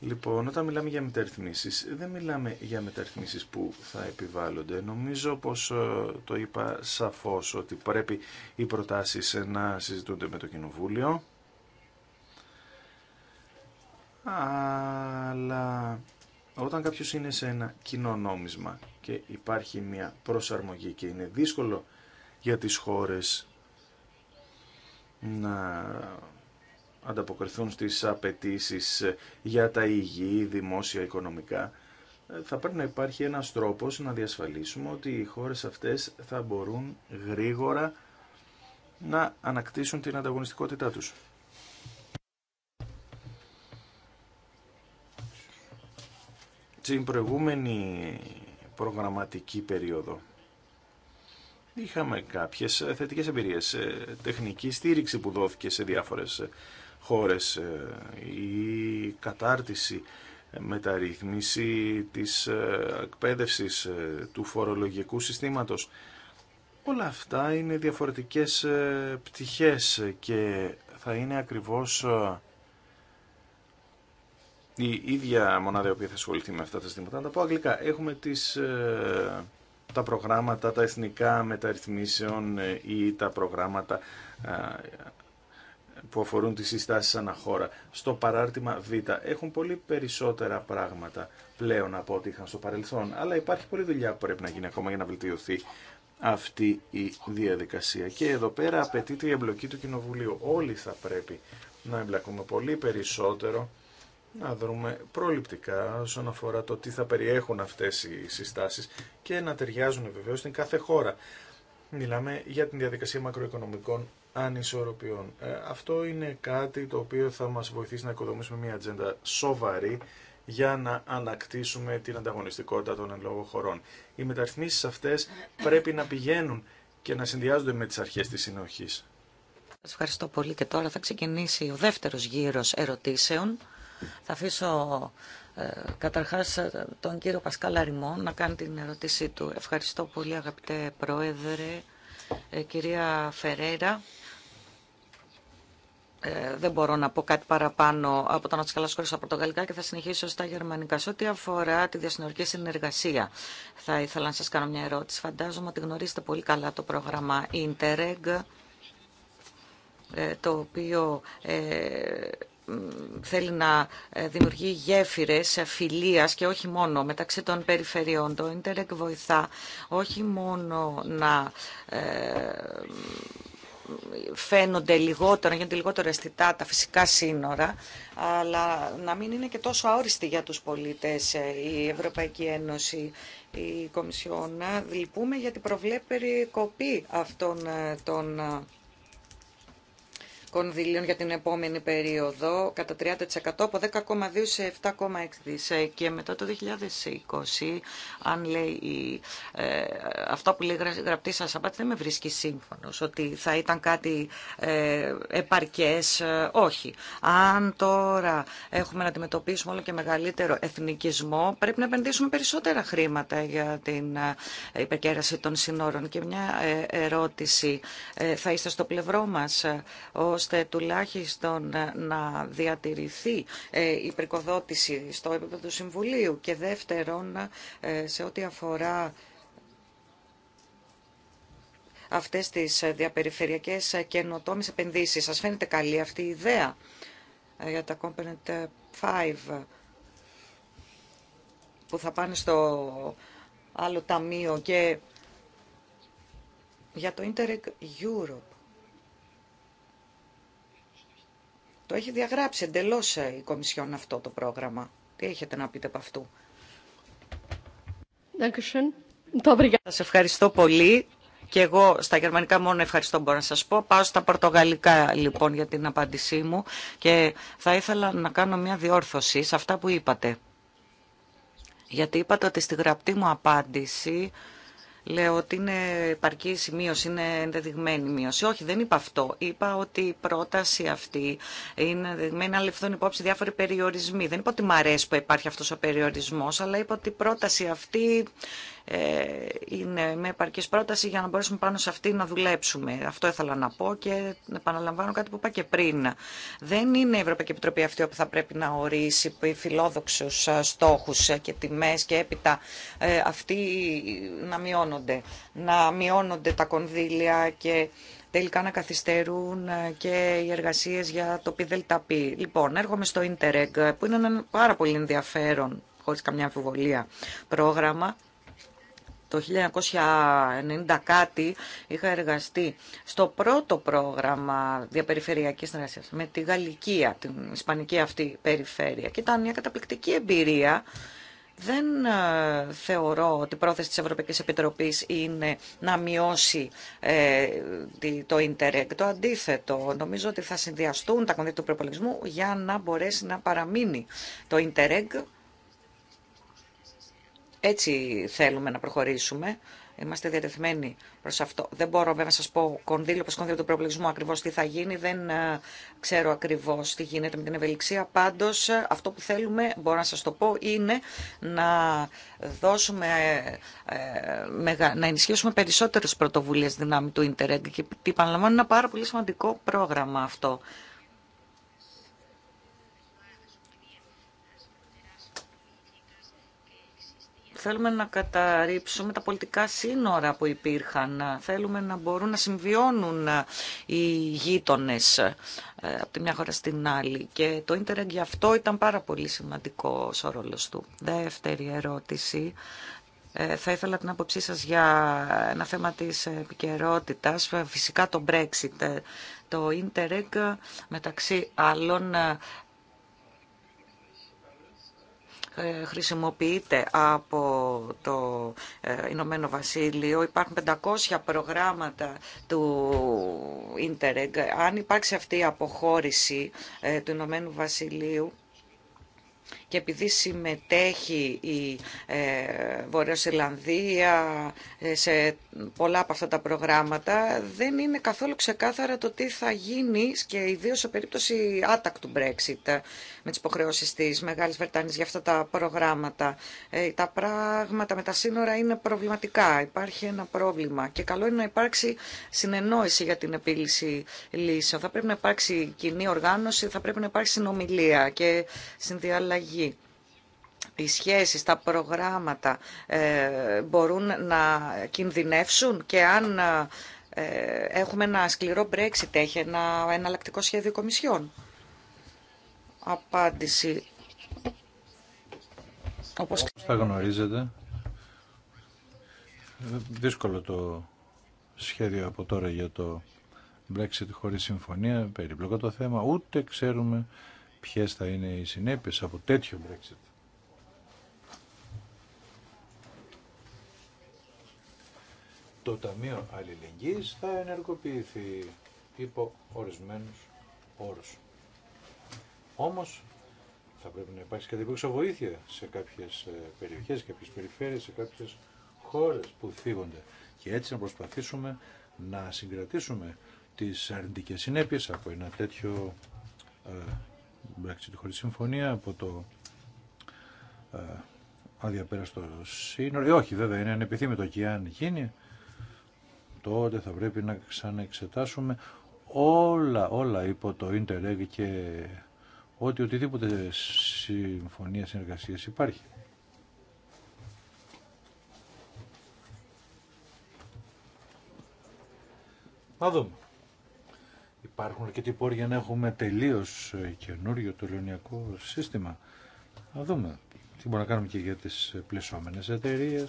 Λοιπόν, όταν μιλάμε για μεταρρυθμίσεις, δεν μιλάμε για μεταρρυθμίσεις που θα επιβάλλονται. Νομίζω πως το είπα σαφώς ότι πρέπει οι προτάσεις να συζητούνται με το Κοινοβούλιο. Αλλά όταν κάποιο είναι σε ένα κοινό και υπάρχει μια προσαρμογή και είναι δύσκολο για τις χώρες να ανταποκριθούν στις απαιτήσει για τα υγιή, δημόσια, οικονομικά, θα πρέπει να υπάρχει ένας τρόπος να διασφαλίσουμε ότι οι χώρες αυτές θα μπορούν γρήγορα να ανακτήσουν την ανταγωνιστικότητά τους. Στην προηγούμενη προγραμματική περίοδο είχαμε κάποιες θετικές εμπειρίες. Ε, τεχνική στήριξη που δόθηκε σε διάφορες ε, χώρες, ε, η κατάρτιση, μεταρρύθμιση της εκπαίδευσης του φορολογικού συστήματος. Όλα αυτά είναι διαφορετικές πτυχές και θα είναι ακριβώς η ίδια μονάδα η οποία θα ασχοληθεί με αυτά τα ζητήματα. Να τα πω αγγλικά. Έχουμε τις, ε, τα προγράμματα, τα εθνικά μεταρρυθμίσεων ε, ή τα προγράμματα ε, που αφορούν τις συστάσεις χώρα Στο παράρτημα Β έχουν πολύ περισσότερα πράγματα πλέον από ό,τι είχαν στο παρελθόν, αλλά υπάρχει πολλή δουλειά που πρέπει να γίνει ακόμα για να βελτιωθεί αυτή η διαδικασία. Και εδώ πέρα απαιτείται η εμπλοκή του Κοινοβουλίου. Όλοι θα πρέπει να εμπλακούμε πολύ περισσότερο να δούμε προληπτικά όσον αφορά το τι θα περιέχουν αυτές οι συστάσεις και να ταιριάζουν βεβαίως στην κάθε χώρα. Μιλάμε για την διαδικασία μακροοικονομικών ανισορροπιών. Ε, αυτό είναι κάτι το οποίο θα μας βοηθήσει να οικοδομήσουμε μια ατζέντα σοβαρή για να ανακτήσουμε την ανταγωνιστικότητα των εν λόγω χωρών. Οι μεταρρυθμίσεις αυτές πρέπει να πηγαίνουν και να συνδυάζονται με τις αρχές της συνοχής. Σας ευχαριστώ πολύ και τώρα θα ξεκινήσει ο δεύτερος γύρος ερωτήσεων. Θα αφήσω ε, καταρχάς ε, τον κύριο Πασκάλα Ριμό να κάνει την ερώτησή του. Ευχαριστώ πολύ αγαπητέ Πρόεδρε, ε, κυρία Φερέρα, Ε, δεν μπορώ να πω κάτι παραπάνω από το να του χωρίς στα πορτογαλικά και θα συνεχίσω στα γερμανικά. Σε ό,τι αφορά τη διασυνορική συνεργασία, θα ήθελα να σας κάνω μια ερώτηση. Φαντάζομαι ότι γνωρίζετε πολύ καλά το πρόγραμμα Interreg, το οποίο θέλει να ε, δημιουργεί γέφυρες φιλίας και όχι μόνο μεταξύ των περιφερειών. Το Ιντερεκ βοηθά όχι μόνο να ε, φαίνονται λιγότερο, γίνονται λιγότερο αισθητά τα φυσικά σύνορα, αλλά να μην είναι και τόσο αόριστη για τους πολίτες ε, η Ευρωπαϊκή Ένωση, η Κομισιόνα. Λυπούμε την προβλέπερη κοπή αυτών των κονδυλίων για την επόμενη περίοδο κατά 30% από 10,2 σε 7,6 ε, Και μετά το 2020, αν λέει ε, αυτό που λέει γραπτή σας απάτη, δεν με βρίσκει σύμφωνος ότι θα ήταν κάτι ε, επαρκές. Ε, όχι. Αν τώρα έχουμε να αντιμετωπίσουμε όλο και μεγαλύτερο εθνικισμό, πρέπει να επενδύσουμε περισσότερα χρήματα για την υπερκέραση των συνόρων. Και μια ερώτηση, θα είστε στο πλευρό μας ώστε τουλάχιστον ε, να διατηρηθεί ε, η πρικοδότηση στο επίπεδο του Συμβουλίου και δεύτερον ε, σε ό,τι αφορά αυτές τις διαπεριφερειακές καινοτόμες επενδύσεις. Σας φαίνεται καλή αυτή η ιδέα για τα Component 5 που θα πάνε στο άλλο ταμείο και για το Interreg Europe Το έχει διαγράψει εντελώ ε, η Κομισιόν αυτό το πρόγραμμα. Τι έχετε να πείτε από αυτού. Σα ευχαριστώ πολύ. Και εγώ στα γερμανικά μόνο ευχαριστώ μπορώ να σας πω. Πάω στα πορτογαλικά λοιπόν για την απάντησή μου και θα ήθελα να κάνω μια διόρθωση σε αυτά που είπατε. Γιατί είπατε ότι στη γραπτή μου απάντηση Λέω ότι είναι επαρκή η είναι ενδεδειγμένη μείωση. Όχι, δεν είπα αυτό. Είπα ότι η πρόταση αυτή είναι ενδεδειγμένη, αλλά ληφθούν υπόψη διάφοροι περιορισμοί. Δεν είπα ότι μ' αρέσει που υπάρχει αυτό ο περιορισμό, αλλά είπα ότι η πρόταση αυτή ε, είναι με επαρκή πρόταση για να μπορέσουμε πάνω σε αυτή να δουλέψουμε. Αυτό ήθελα να πω και επαναλαμβάνω κάτι που είπα και πριν. Δεν είναι η Ευρωπαϊκή Επιτροπή αυτή που θα πρέπει να ορίσει φιλόδοξου ε, στόχου ε, και τιμέ, και έπειτα αυτοί να μειώνονται. Να μειώνονται τα κονδύλια και τελικά να καθυστερούν και οι εργασίες για το ΠΔΠ. Λοιπόν, έρχομαι στο Interreg που είναι ένα πάρα πολύ ενδιαφέρον χωρίς καμιά αμφιβολία πρόγραμμα το 1990 κάτι είχα εργαστεί στο πρώτο πρόγραμμα διαπεριφερειακής συνεργασίας με τη Γαλλικία, την ισπανική αυτή περιφέρεια και ήταν μια καταπληκτική εμπειρία δεν ε, θεωρώ ότι η πρόθεση της Ευρωπαϊκής Επιτροπής είναι να μειώσει ε, το ίντερεκ. Το αντίθετο, νομίζω ότι θα συνδυαστούν τα κονδύλια του προπολογισμού για να μπορέσει να παραμείνει το ίντερεκ έτσι θέλουμε να προχωρήσουμε. Είμαστε διατεθειμένοι προ αυτό. Δεν μπορώ βέβαια να σα πω κονδύλιο προ κονδύλιο του προπολογισμού ακριβώ τι θα γίνει. Δεν ε, ξέρω ακριβώ τι γίνεται με την ευελιξία. Πάντω, ε, αυτό που θέλουμε, μπορώ να σα το πω, είναι να δώσουμε, ε, να ενισχύσουμε περισσότερε πρωτοβουλίε δυνάμει του Ιντερνετ. Και επαναλαμβάνω, είναι ένα πάρα πολύ σημαντικό πρόγραμμα αυτό. Θέλουμε να καταρρύψουμε τα πολιτικά σύνορα που υπήρχαν. Θέλουμε να μπορούν να συμβιώνουν οι γείτονε ε, από τη μια χώρα στην άλλη. Και το ίντερνετ γι' αυτό ήταν πάρα πολύ σημαντικό ο του. Δεύτερη ερώτηση. Ε, θα ήθελα την άποψή σας για ένα θέμα της επικαιρότητα, φυσικά το Brexit. Ε, το Interreg μεταξύ άλλων ε, χρησιμοποιείται από το ε, Ηνωμένο Βασίλειο. Υπάρχουν 500 προγράμματα του Ιντερεγ. Αν υπάρξει αυτή η αποχώρηση ε, του Ηνωμένου Βασιλείου, και επειδή συμμετέχει η ε, Βόρειος ε, σε πολλά από αυτά τα προγράμματα, δεν είναι καθόλου ξεκάθαρα το τι θα γίνει και ιδίω σε περίπτωση άτακτου Brexit ε, με τις υποχρεώσεις της Μεγάλης Βερτανής για αυτά τα προγράμματα. Ε, τα πράγματα με τα σύνορα είναι προβληματικά, υπάρχει ένα πρόβλημα και καλό είναι να υπάρξει συνεννόηση για την επίλυση λύσεων. Θα πρέπει να υπάρξει κοινή οργάνωση, θα πρέπει να υπάρξει συνομιλία και συνδιαλλαγή αλλαγή. Οι σχέσεις, τα προγράμματα ε, μπορούν να κινδυνεύσουν και αν ε, έχουμε ένα σκληρό Brexit, έχει ένα εναλλακτικό σχέδιο κομισιών. Απάντηση. Όπως τα γνωρίζετε, δύσκολο το σχέδιο από τώρα για το Brexit χωρίς συμφωνία, περίπλοκο το θέμα, ούτε ξέρουμε ποιες θα είναι οι συνέπειες από τέτοιο Brexit. Το Ταμείο Αλληλεγγύης θα ενεργοποιηθεί υπό ορισμένους όρους. Όμως θα πρέπει να υπάρξει κατεπίξω βοήθεια σε κάποιες ε, περιοχές, σε κάποιες περιφέρειες, σε κάποιες χώρες που θίγονται. Και έτσι να προσπαθήσουμε να συγκρατήσουμε τις αρνητικές συνέπειες από ένα τέτοιο ε, Brexit χωρίς συμφωνία από το ε, αδιαπέραστο σύνορο. Ε, όχι βέβαια, είναι ανεπιθύμητο και αν γίνει τότε θα πρέπει να ξαναεξετάσουμε όλα, όλα υπό το Interreg και ό,τι οτιδήποτε συμφωνία συνεργασίας υπάρχει. Να δούμε υπάρχουν αρκετοί πόροι για να έχουμε τελείω ε, καινούριο το ελληνικό σύστημα. Να δούμε τι μπορούμε να κάνουμε και για τι ε, πλησόμενε εταιρείε.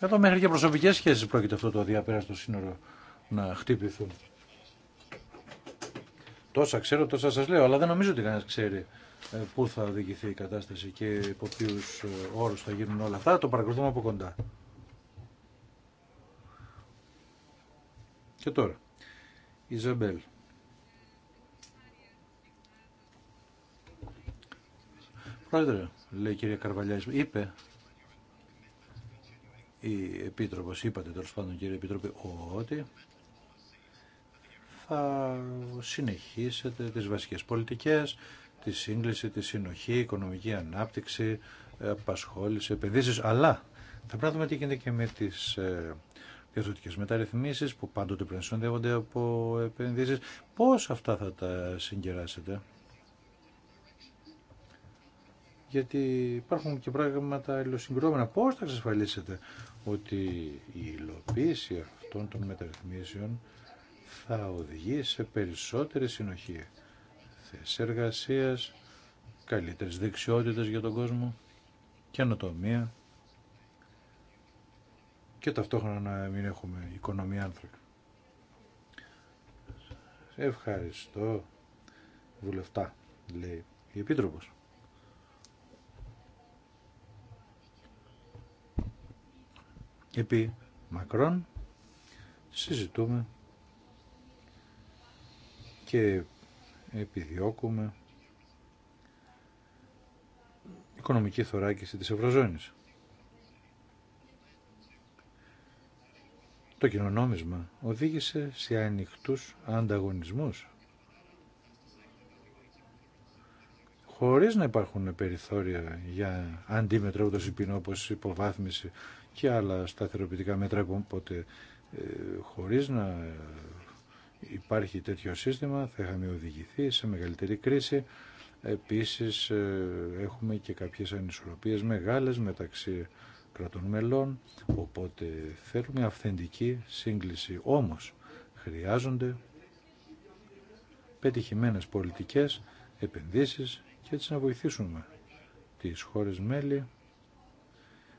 Εδώ μέχρι και προσωπικές σχέσεις πρόκειται αυτό το αδιαπέραστο σύνορο να χτύπηθουν. Τόσα ξέρω, τόσα σας λέω, αλλά δεν νομίζω ότι κανένα ξέρει ε, πού θα οδηγηθεί η κατάσταση και υπό ποιου όρου θα γίνουν όλα αυτά. Το παρακολουθούμε από κοντά. Και τώρα. Ιζαμπέλ. Πρόεδρε, λέει η κυρία Καρβαλιά, είπε η Επίτροπο, είπατε τέλο πάντων κύριε Επίτροπε, ότι θα συνεχίσετε τις βασικές πολιτικές, τη σύγκληση, τη συνοχή, οικονομική ανάπτυξη, απασχόληση, επενδύσεις, αλλά θα πράγματι τι γίνεται και με τις ε, διαδοτικές μεταρρυθμίσεις που πάντοτε πρέπει να συνοδεύονται από επενδύσει. Πώ αυτά θα τα συγκεράσετε. Γιατί υπάρχουν και πράγματα αλληλοσυγκρόμενα. Πώς θα εξασφαλίσετε ότι η υλοποίηση αυτών των μεταρρυθμίσεων θα οδηγεί σε περισσότερη συνοχή θέση εργασίας, καλύτερες δεξιότητες για τον κόσμο, καινοτομία και ταυτόχρονα να μην έχουμε οικονομία άνθρωπη. Ευχαριστώ βουλευτά, λέει η Επίτροπος. Επί Μακρόν συζητούμε και επιδιώκουμε οικονομική θωράκιση της Ευρωζώνης. Το κοινωνόμισμα οδήγησε σε ανοιχτούς ανταγωνισμούς. Χωρίς να υπάρχουν περιθώρια για αντίμετρα ούτως όπως υποβάθμιση και άλλα σταθεροποιητικά μέτρα, οπότε ε, χωρίς να υπάρχει τέτοιο σύστημα θα είχαμε οδηγηθεί σε μεγαλύτερη κρίση. Επίσης ε, έχουμε και κάποιες ανισορροπίες μεγάλες μεταξύ κρατών μελών, οπότε θέλουμε αυθεντική σύγκληση. Όμως χρειάζονται πετυχημένες πολιτικές επενδύσεις και έτσι να βοηθήσουμε τις χώρες μέλη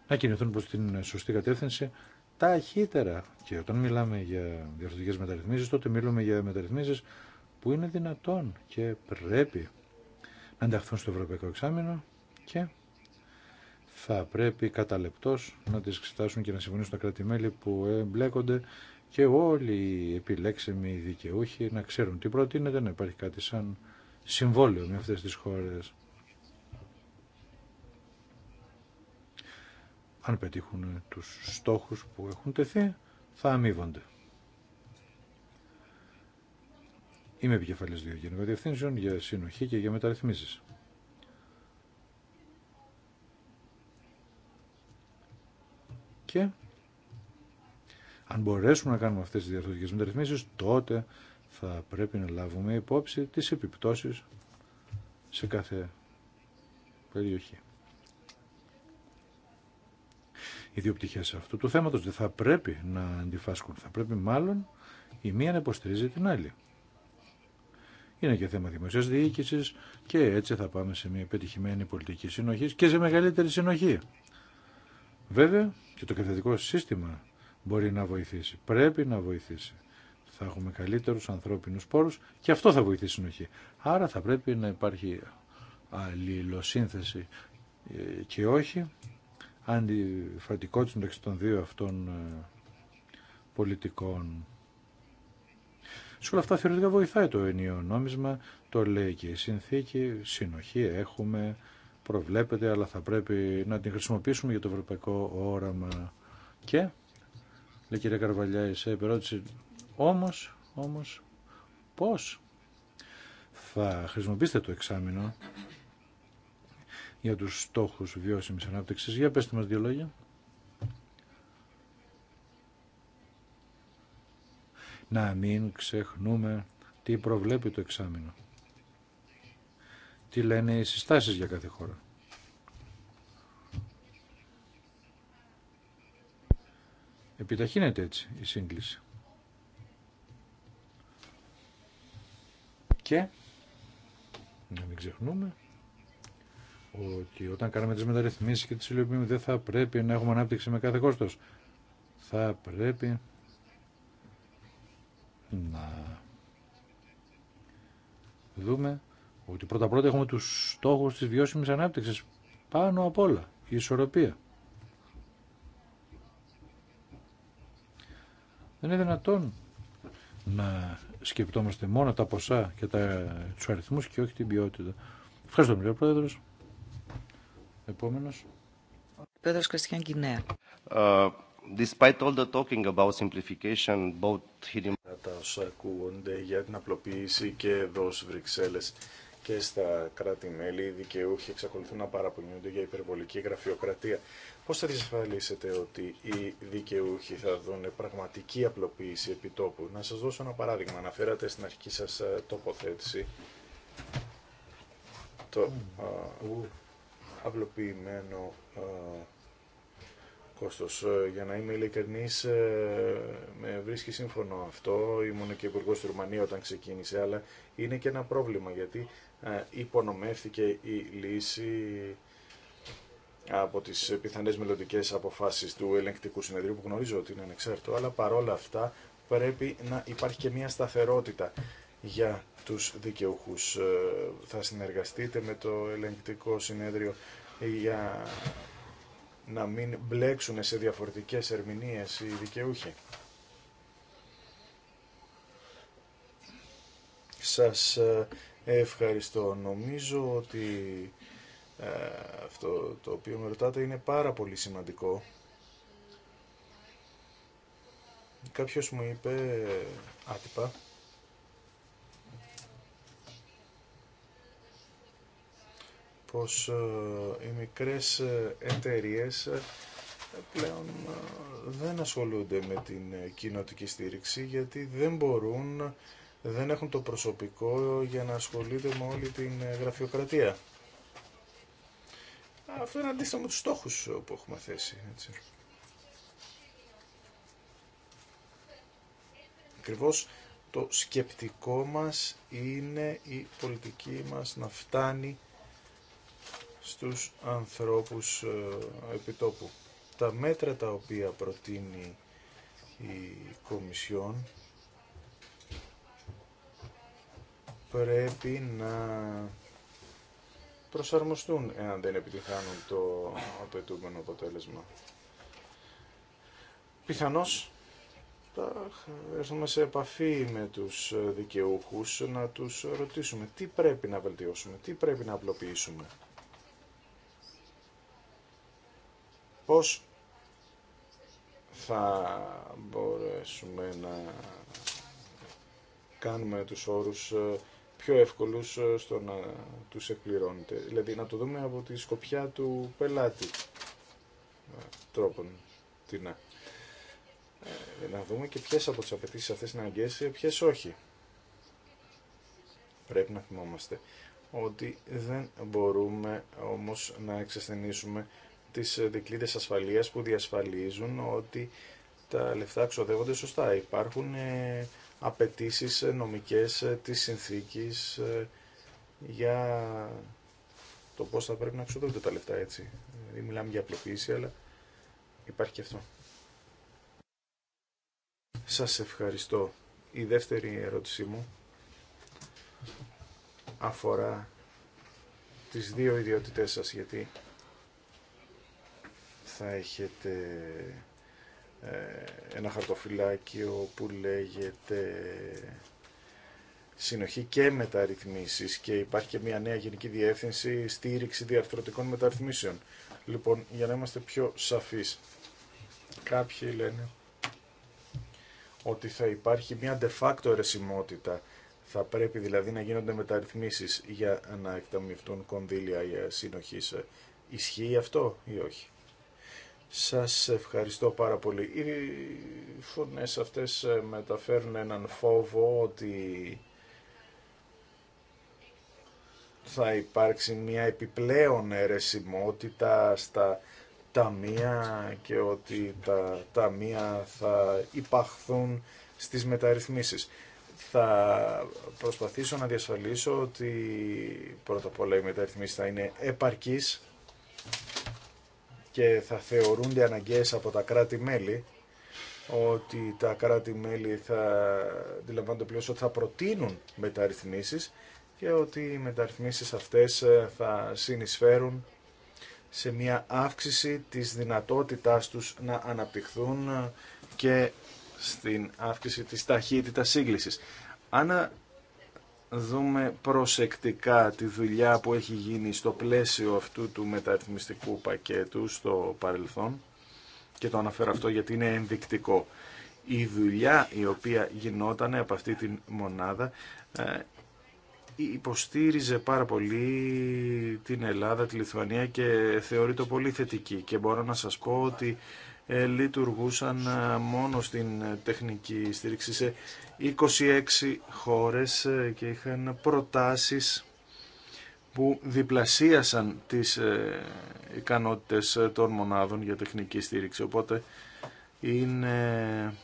να κινηθούν προς την σωστή κατεύθυνση ταχύτερα. Και όταν μιλάμε για διορθωτικές μεταρρυθμίσεις, τότε μιλούμε για μεταρρυθμίσεις που είναι δυνατόν και πρέπει να ενταχθούν στο Ευρωπαϊκό Εξάμεινο και θα πρέπει κατά να τις εξετάσουν και να συμφωνήσουν τα κράτη-μέλη που εμπλέκονται και όλοι οι επιλέξιμοι δικαιούχοι να ξέρουν τι προτείνεται, να υπάρχει κάτι σαν συμβόλαιο με αυτές τις χώρες. Αν πετύχουν τους στόχους που έχουν τεθεί, θα αμείβονται. Είμαι επικεφαλής δύο γενικών διευθύνσεων για συνοχή και για μεταρρυθμίσεις. Και αν μπορέσουμε να κάνουμε αυτές τις διαρθρωτικές μεταρρυθμίσεις, τότε θα πρέπει να λάβουμε υπόψη τις επιπτώσεις σε κάθε περιοχή. Οι δύο πτυχές αυτού του θέματος δεν θα πρέπει να αντιφάσκουν. Θα πρέπει μάλλον η μία να υποστηρίζει την άλλη. Είναι και θέμα δημοσία διοίκηση και έτσι θα πάμε σε μια πετυχημένη πολιτική συνοχή και σε μεγαλύτερη συνοχή. Βέβαια και το εκπαιδευτικό σύστημα μπορεί να βοηθήσει. Πρέπει να βοηθήσει. Θα έχουμε καλύτερους ανθρώπινους πόρους και αυτό θα βοηθήσει συνοχή. Άρα θα πρέπει να υπάρχει αλληλοσύνθεση ε, και όχι αντιφατικότητα μεταξύ των δύο αυτών ε, πολιτικών. Σε όλα αυτά θεωρητικά βοηθάει το ενίο νόμισμα, το λέει και η συνθήκη, συνοχή έχουμε, προβλέπεται, αλλά θα πρέπει να την χρησιμοποιήσουμε για το ευρωπαϊκό όραμα. Και, λέει κυρία Καρβαλιά, σε επερώτηση, όμως, όμως, πώς θα χρησιμοποιήσετε το εξάμεινο για τους στόχους βιώσιμης ανάπτυξης. Για πέστε μας δύο λόγια. Να μην ξεχνούμε τι προβλέπει το εξάμεινο τι λένε οι συστάσεις για κάθε χώρα. Επιταχύνεται έτσι η σύγκληση. Και να μην ξεχνούμε ότι όταν κάνουμε τις μεταρρυθμίσεις και τις υλοποιούμε δεν θα πρέπει να έχουμε ανάπτυξη με κάθε κόστος. Θα πρέπει να δούμε ότι πρώτα πρώτα έχουμε τους στόχους της βιώσιμης ανάπτυξης πάνω απ' όλα, η ισορροπία. Δεν είναι δυνατόν να σκεπτόμαστε μόνο τα ποσά και τα, τους αριθμούς και όχι την ποιότητα. Ευχαριστώ, κύριε Πρόεδρος. Επόμενος. Πρόεδρος Κριστιαν Κινέα. Ε, despite all the talking about simplification, both Τα όσα ακούγονται για την απλοποίηση και εδώ στις Βρυξέλλες και στα κράτη-μέλη οι δικαιούχοι εξακολουθούν να παραπονιούνται για υπερβολική γραφειοκρατία. Πώς θα διασφαλίσετε ότι οι δικαιούχοι θα δουν πραγματική απλοποίηση επιτόπου. Να σας δώσω ένα παράδειγμα. Αναφέρατε στην αρχική σας ε, τοποθέτηση το ε, απλοποιημένο ε, κόστος. Για να είμαι ειλικρινής, με βρίσκει σύμφωνο αυτό. Ήμουν και υπουργό στη Ρουμανία όταν ξεκίνησε, αλλά είναι και ένα πρόβλημα γιατί ε, υπονομεύθηκε η λύση από τις πιθανές μελλοντικέ αποφάσεις του ελεγκτικού συνεδρίου που γνωρίζω ότι είναι ανεξάρτητο, αλλά παρόλα αυτά πρέπει να υπάρχει και μια σταθερότητα για τους δικαιούχους. Ε, θα συνεργαστείτε με το ελεγκτικό συνέδριο για να μην μπλέξουν σε διαφορετικές ερμηνείες οι δικαιούχοι. Σας ε, Ευχαριστώ. Νομίζω ότι ε, αυτό το οποίο με ρωτάτε είναι πάρα πολύ σημαντικό. Κάποιος μου είπε άτυπα πως ε, οι μικρές ε, εταιρείες πλέον δεν ασχολούνται με την κοινωτική στήριξη γιατί δεν μπορούν δεν έχουν το προσωπικό για να ασχολείται με όλη την ε, γραφειοκρατία. Αυτό είναι αντίστοιχο με τους στόχους ε, που έχουμε θέσει. Έτσι. Ακριβώς το σκεπτικό μας είναι η πολιτική μας να φτάνει στους ανθρώπους ε, επιτόπου. Τα μέτρα τα οποία προτείνει η Κομισιόν πρέπει να προσαρμοστούν εάν δεν επιτυχάνουν το απαιτούμενο αποτέλεσμα. Πιθανώς θα έρθουμε σε επαφή με τους δικαιούχους να τους ρωτήσουμε τι πρέπει να βελτιώσουμε, τι πρέπει να απλοποιήσουμε. Πώς θα μπορέσουμε να κάνουμε τους όρους ε, πιο εύκολους ε, στο να τους εκπληρώνετε. Δηλαδή να το δούμε από τη σκοπιά του πελάτη ε, τρόπον τι ε, να δούμε και ποιες από τις απαιτήσει αυτές είναι αγκαίες και ποιες όχι. Πρέπει να θυμόμαστε ότι δεν μπορούμε όμως να εξασθενήσουμε τις δικλείδες ασφαλείας που διασφαλίζουν ότι τα λεφτά ξοδεύονται σωστά. Υπάρχουν απαιτήσει ε, νομικές ε, της συνθήκης ε, για το πώς θα πρέπει να ξοδεύονται τα λεφτά έτσι. Δεν δηλαδή, μιλάμε για απλοποίηση, αλλά υπάρχει και αυτό. Σας ευχαριστώ. Η δεύτερη ερώτησή μου αφορά τις δύο ιδιότητές σας, γιατί θα έχετε ε, ένα χαρτοφυλάκιο που λέγεται συνοχή και μεταρρυθμίσεις και υπάρχει και μια νέα γενική διεύθυνση στήριξη διαρθρωτικών μεταρρυθμίσεων. Λοιπόν, για να είμαστε πιο σαφείς, κάποιοι λένε ότι θα υπάρχει μια de facto αιρεσιμότητα. Θα πρέπει δηλαδή να γίνονται μεταρρυθμίσεις για να εκταμιευτούν κονδύλια συνοχής. Ε, ισχύει αυτό ή όχι. Σας ευχαριστώ πάρα πολύ. Οι φωνές αυτές ε, μεταφέρουν έναν φόβο ότι θα υπάρξει μια επιπλέον αιρεσιμότητα στα ταμεία και ότι τα ταμεία θα υπαχθούν στις μεταρρυθμίσεις. Θα προσπαθήσω να διασφαλίσω ότι πρώτα απ' όλα οι μεταρρυθμίσεις θα είναι επαρκείς και θα θεωρούνται αναγκαίες από τα κράτη-μέλη, ότι τα κράτη-μέλη θα αντιλαμβάνονται πλέον θα προτείνουν μεταρρυθμίσεις και ότι οι μεταρρυθμίσεις αυτές ε, θα συνεισφέρουν σε μια αύξηση της δυνατότητάς τους να αναπτυχθούν ε, και στην αύξηση της ταχύτητας σύγκλησης. Άνα δούμε προσεκτικά τη δουλειά που έχει γίνει στο πλαίσιο αυτού του μεταρρυθμιστικού πακέτου στο παρελθόν και το αναφέρω αυτό γιατί είναι ενδεικτικό. Η δουλειά η οποία γινόταν από αυτή την μονάδα ε, υποστήριζε πάρα πολύ την Ελλάδα, τη Λιθουανία και θεωρείται το πολύ θετική και μπορώ να σας πω ότι ε, λειτουργούσαν ε, μόνο στην τεχνική στήριξη 26 χώρες ε, και είχαν προτάσεις που διπλασίασαν τις ε, ικανότητες ε, των μονάδων για τεχνική στήριξη. Οπότε είναι...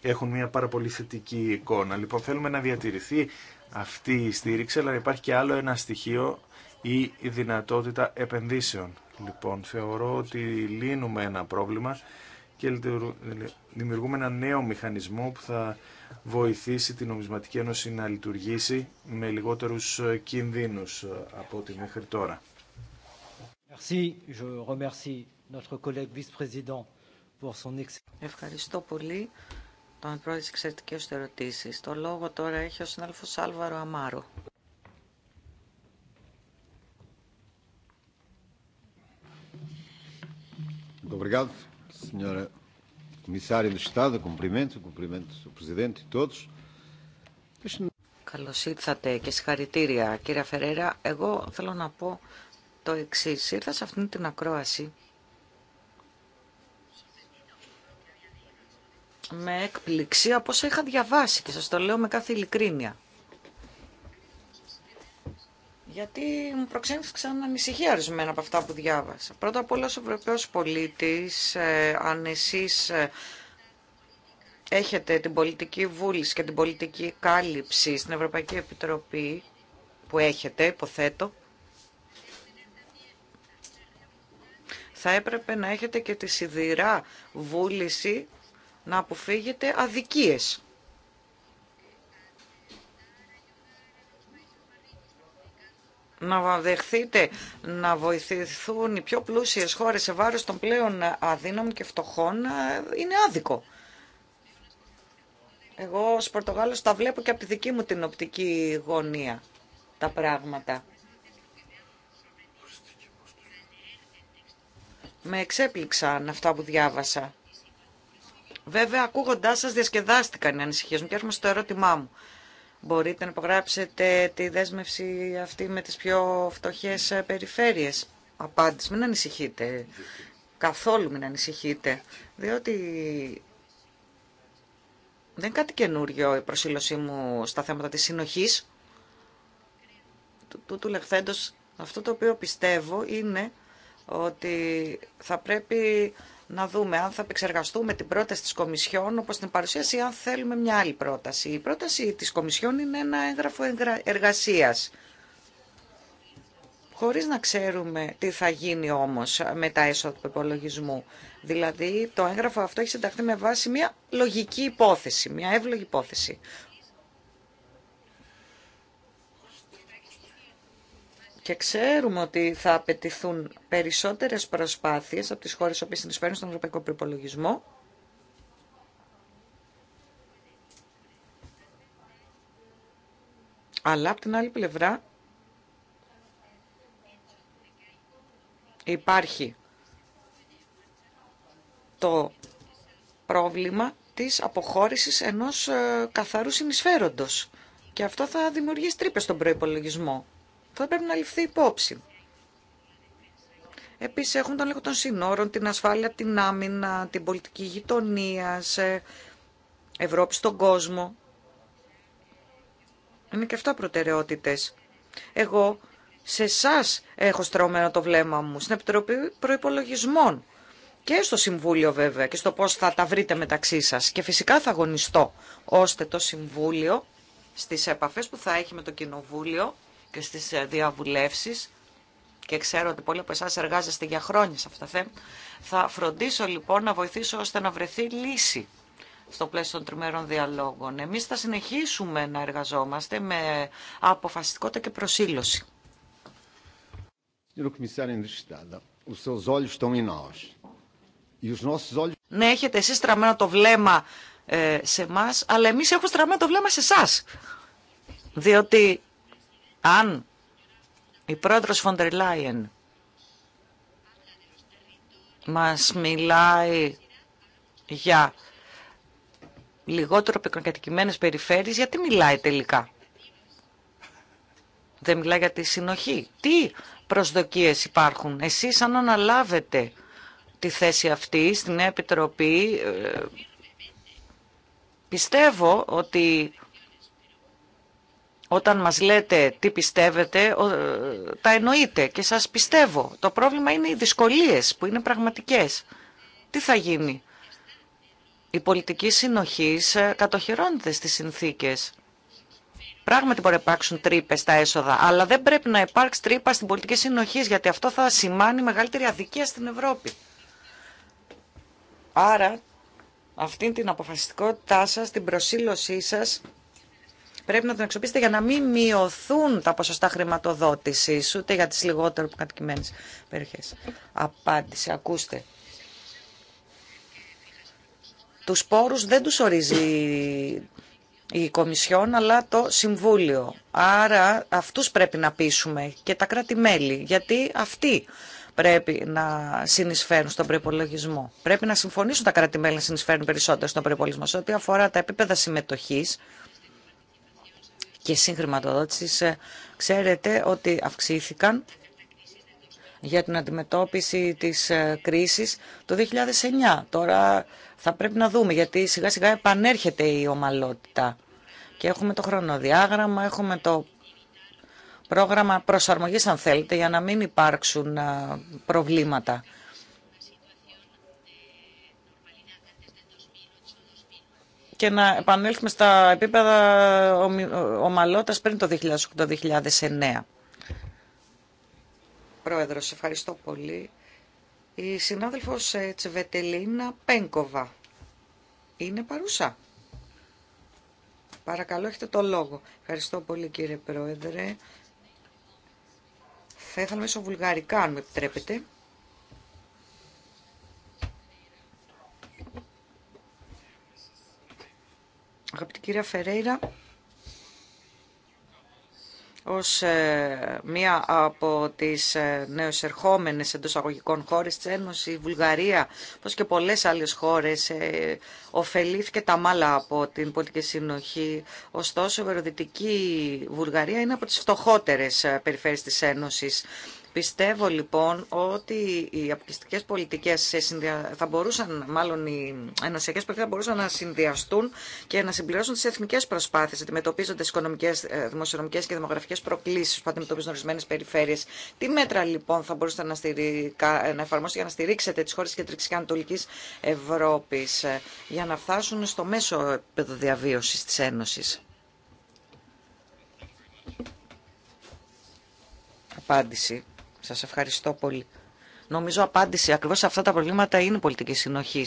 έχουν μια πάρα πολύ θετική εικόνα. Λοιπόν, θέλουμε να διατηρηθεί αυτή η στήριξη, αλλά υπάρχει και άλλο ένα στοιχείο, η δυνατότητα επενδύσεων. Λοιπόν, θεωρώ ότι λύνουμε ένα πρόβλημα και δημιουργούμε ένα νέο μηχανισμό που θα βοηθήσει την νομισματική ένωση να λειτουργήσει με λιγότερους ε, κινδύνους ε, από ό,τι μέχρι τώρα. Ευχαριστώ πολύ τον πρόεδρο εξαιρετικέ ερωτήσει. Το λόγο τώρα έχει ο συνάδελφος Άλβαρο Αμάρο. Ευχαριστώ. Senhora Comissária do Estado, cumprimento, cumprimento Presidente e todos. Καλώς ήρθατε και συγχαρητήρια κύριε Φερέρα. Εγώ θέλω να πω το εξή. Ήρθα σε αυτήν την ακρόαση με έκπληξη από όσα είχα διαβάσει και σας το λέω με κάθε ειλικρίνεια γιατί μου προξένησαν ανησυχία ορισμένα από αυτά που διάβασα. Πρώτα απ' όλα, ως Ευρωπαίος πολίτης, ε, αν εσείς ε, έχετε την πολιτική βούληση και την πολιτική κάλυψη στην Ευρωπαϊκή Επιτροπή που έχετε, υποθέτω, θα έπρεπε να έχετε και τη σιδηρά βούληση να αποφύγετε αδικίες. να δεχθείτε να βοηθηθούν οι πιο πλούσιες χώρες σε βάρος των πλέον αδύναμων και φτωχών ε, είναι άδικο. Εγώ ως Πορτογάλος τα βλέπω και από τη δική μου την οπτική γωνία τα πράγματα. Με εξέπληξαν αυτά που διάβασα. Βέβαια, ακούγοντάς σας διασκεδάστηκαν οι ανησυχίες μου και έρχομαι στο ερώτημά μου. Μπορείτε να υπογράψετε τη δέσμευση αυτή με τις πιο φτωχές περιφέρειες. Απάντηση, μην ανησυχείτε. Καθόλου μην ανησυχείτε. Διότι δεν είναι κάτι καινούριο η προσήλωσή μου στα θέματα της συνοχής. Του, του, του λεχθέντος αυτό το οποίο πιστεύω είναι ότι θα πρέπει να δούμε αν θα επεξεργαστούμε την πρόταση της Κομισιόν όπως την παρουσίαση ή αν θέλουμε μια άλλη πρόταση. Η πρόταση της Κομισιόν είναι ένα έγγραφο εργασίας. Χωρίς να ξέρουμε τι θα γίνει όμως με τα έσοδα του υπολογισμού. Δηλαδή το έγγραφο αυτό έχει συνταχθεί με βάση μια λογική υπόθεση, μια εύλογη υπόθεση. Και ξέρουμε ότι θα απαιτηθούν περισσότερες προσπάθειες από τις χώρες που συνεισφέρουν στον ευρωπαϊκό προπολογισμό. Αλλά από την άλλη πλευρά υπάρχει το πρόβλημα της αποχώρησης ενός ε, καθαρού συνεισφέροντος. Και αυτό θα δημιουργήσει τρύπες στον προϋπολογισμό θα πρέπει να ληφθεί υπόψη. Επίσης έχουν τον λόγο των συνόρων, την ασφάλεια, την άμυνα, την πολιτική γειτονία, ε, Ευρώπη στον κόσμο. Είναι και αυτά προτεραιότητες. Εγώ σε εσά έχω στρωμένο το βλέμμα μου, στην Επιτροπή Προϋπολογισμών και στο Συμβούλιο βέβαια και στο πώς θα τα βρείτε μεταξύ σας. Και φυσικά θα αγωνιστώ ώστε το Συμβούλιο στις επαφές που θα έχει με το Κοινοβούλιο και στις ε, διαβουλεύσεις και ξέρω ότι πολλοί από εσάς εργάζεστε για χρόνια σε αυτά τα θέματα, θα φροντίσω λοιπόν να βοηθήσω ώστε να βρεθεί λύση στο πλαίσιο των τριμερών διαλόγων. Εμείς θα συνεχίσουμε να εργαζόμαστε με αποφασιστικότητα και προσήλωση. E ναι, έχετε εσείς στραμμένο το βλέμμα ε, σε εμά, αλλά εμείς έχουμε στραμμένο το βλέμμα σε εσά. Διότι αν η πρόεδρος Φοντερ Λάιεν μας μιλάει για λιγότερο πικροκατοικημένες περιφέρειες, γιατί μιλάει τελικά. Δεν μιλάει για τη συνοχή. Τι προσδοκίες υπάρχουν. Εσείς αν αναλάβετε τη θέση αυτή στην Επιτροπή, ε, πιστεύω ότι όταν μας λέτε τι πιστεύετε, ε, τα εννοείτε και σας πιστεύω. Το πρόβλημα είναι οι δυσκολίες που είναι πραγματικές. Τι θα γίνει. Η πολιτική συνοχή ε, κατοχυρώνεται στις συνθήκες. Πράγματι μπορεί να υπάρξουν τρύπε στα έσοδα, αλλά δεν πρέπει να υπάρξει τρύπα στην πολιτική συνοχή, γιατί αυτό θα σημάνει μεγαλύτερη αδικία στην Ευρώπη. Άρα, αυτή την αποφασιστικότητά σας, την προσήλωσή σας, πρέπει να τον αξιοποιήσετε για να μην μειωθούν τα ποσοστά χρηματοδότηση ούτε για τι λιγότερο κατοικημένε περιοχέ. Απάντηση, ακούστε. Του πόρου δεν του ορίζει η Κομισιόν, αλλά το Συμβούλιο. Άρα αυτούς πρέπει να πείσουμε και τα κράτη-μέλη, γιατί αυτοί πρέπει να συνεισφέρουν στον προπολογισμό. Πρέπει να συμφωνήσουν τα κράτη-μέλη να συνεισφέρουν περισσότερο στον προπολογισμό. Σε ό,τι αφορά τα επίπεδα συμμετοχής, και συγχρηματοδότησης, ε, ξέρετε ότι αυξήθηκαν για την αντιμετώπιση της ε, κρίσης το 2009. Τώρα θα πρέπει να δούμε, γιατί σιγά σιγά επανέρχεται η ομαλότητα. Και έχουμε το χρονοδιάγραμμα, έχουμε το πρόγραμμα προσαρμογής, αν θέλετε, για να μην υπάρξουν ε, προβλήματα. και να επανέλθουμε στα επίπεδα ομαλότητας πριν το 2008-2009. Πρόεδρος, ευχαριστώ πολύ. Η συνάδελφος ε, Τσεβετελίνα Πένκοβα είναι παρούσα. Παρακαλώ, έχετε το λόγο. Ευχαριστώ πολύ κύριε Πρόεδρε. Θα ήθελα μέσω βουλγαρικά, αν με επιτρέπετε. Αγαπητή κυρία Φερέιρα, ως ε, μία από τις ε, νέες ερχόμενες εντός αγωγικών χώρες της Ένωσης, η Βουλγαρία, όπως και πολλές άλλες χώρες, ε, ωφελήθηκε τα μάλα από την πολιτική συνοχή. Ωστόσο, η Βεροδυτική Βουλγαρία είναι από τις φτωχότερες ε, περιφέρειες της Ένωσης Πιστεύω λοιπόν ότι οι πολιτικέ πολιτικές θα μπορούσαν, μάλλον οι ενωσιακέ πολιτικέ μπορούσαν να συνδυαστούν και να συμπληρώσουν τις εθνικές προσπάθειες, αντιμετωπίζοντα οικονομικέ ε, δημοσιονομικέ και δημογραφικές προκλήσεις που αντιμετωπίζουν ορισμένε περιφέρειες. Τι μέτρα λοιπόν θα μπορούσατε να, να εφαρμόσετε για να στηρίξετε τις χώρες κεντρική και ανατολική Ευρώπης ε, για να φτάσουν στο μέσο επίπεδο διαβίωση τη Ένωση. Απάντηση. Σας ευχαριστώ πολύ. Νομίζω απάντηση ακριβώς σε αυτά τα προβλήματα είναι πολιτική συνοχή.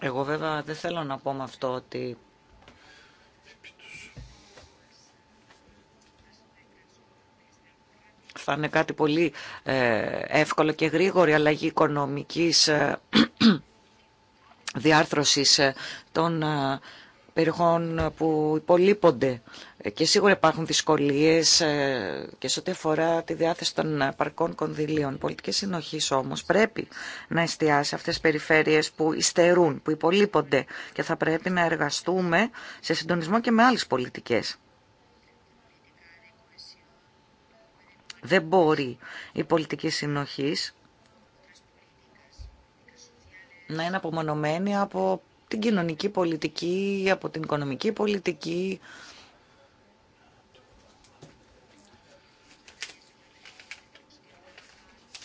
Εγώ βέβαια δεν θέλω να πω με αυτό ότι θα είναι κάτι πολύ ε, εύκολο και γρήγορη αλλαγή οικονομικής ε, [clears throat] διάρθρωσης ε, των περιοχών που υπολείπονται και σίγουρα υπάρχουν δυσκολίες ε, και σε ό,τι αφορά τη διάθεση των παρκών κονδυλίων. Η πολιτικές συνοχής όμως πρέπει να εστιάσει αυτές τις περιφέρειες που υστερούν, που υπολείπονται και θα πρέπει να εργαστούμε σε συντονισμό και με άλλες πολιτικές. Δεν μπορεί η πολιτική συνοχής να είναι απομονωμένη από την κοινωνική πολιτική, από την οικονομική πολιτική.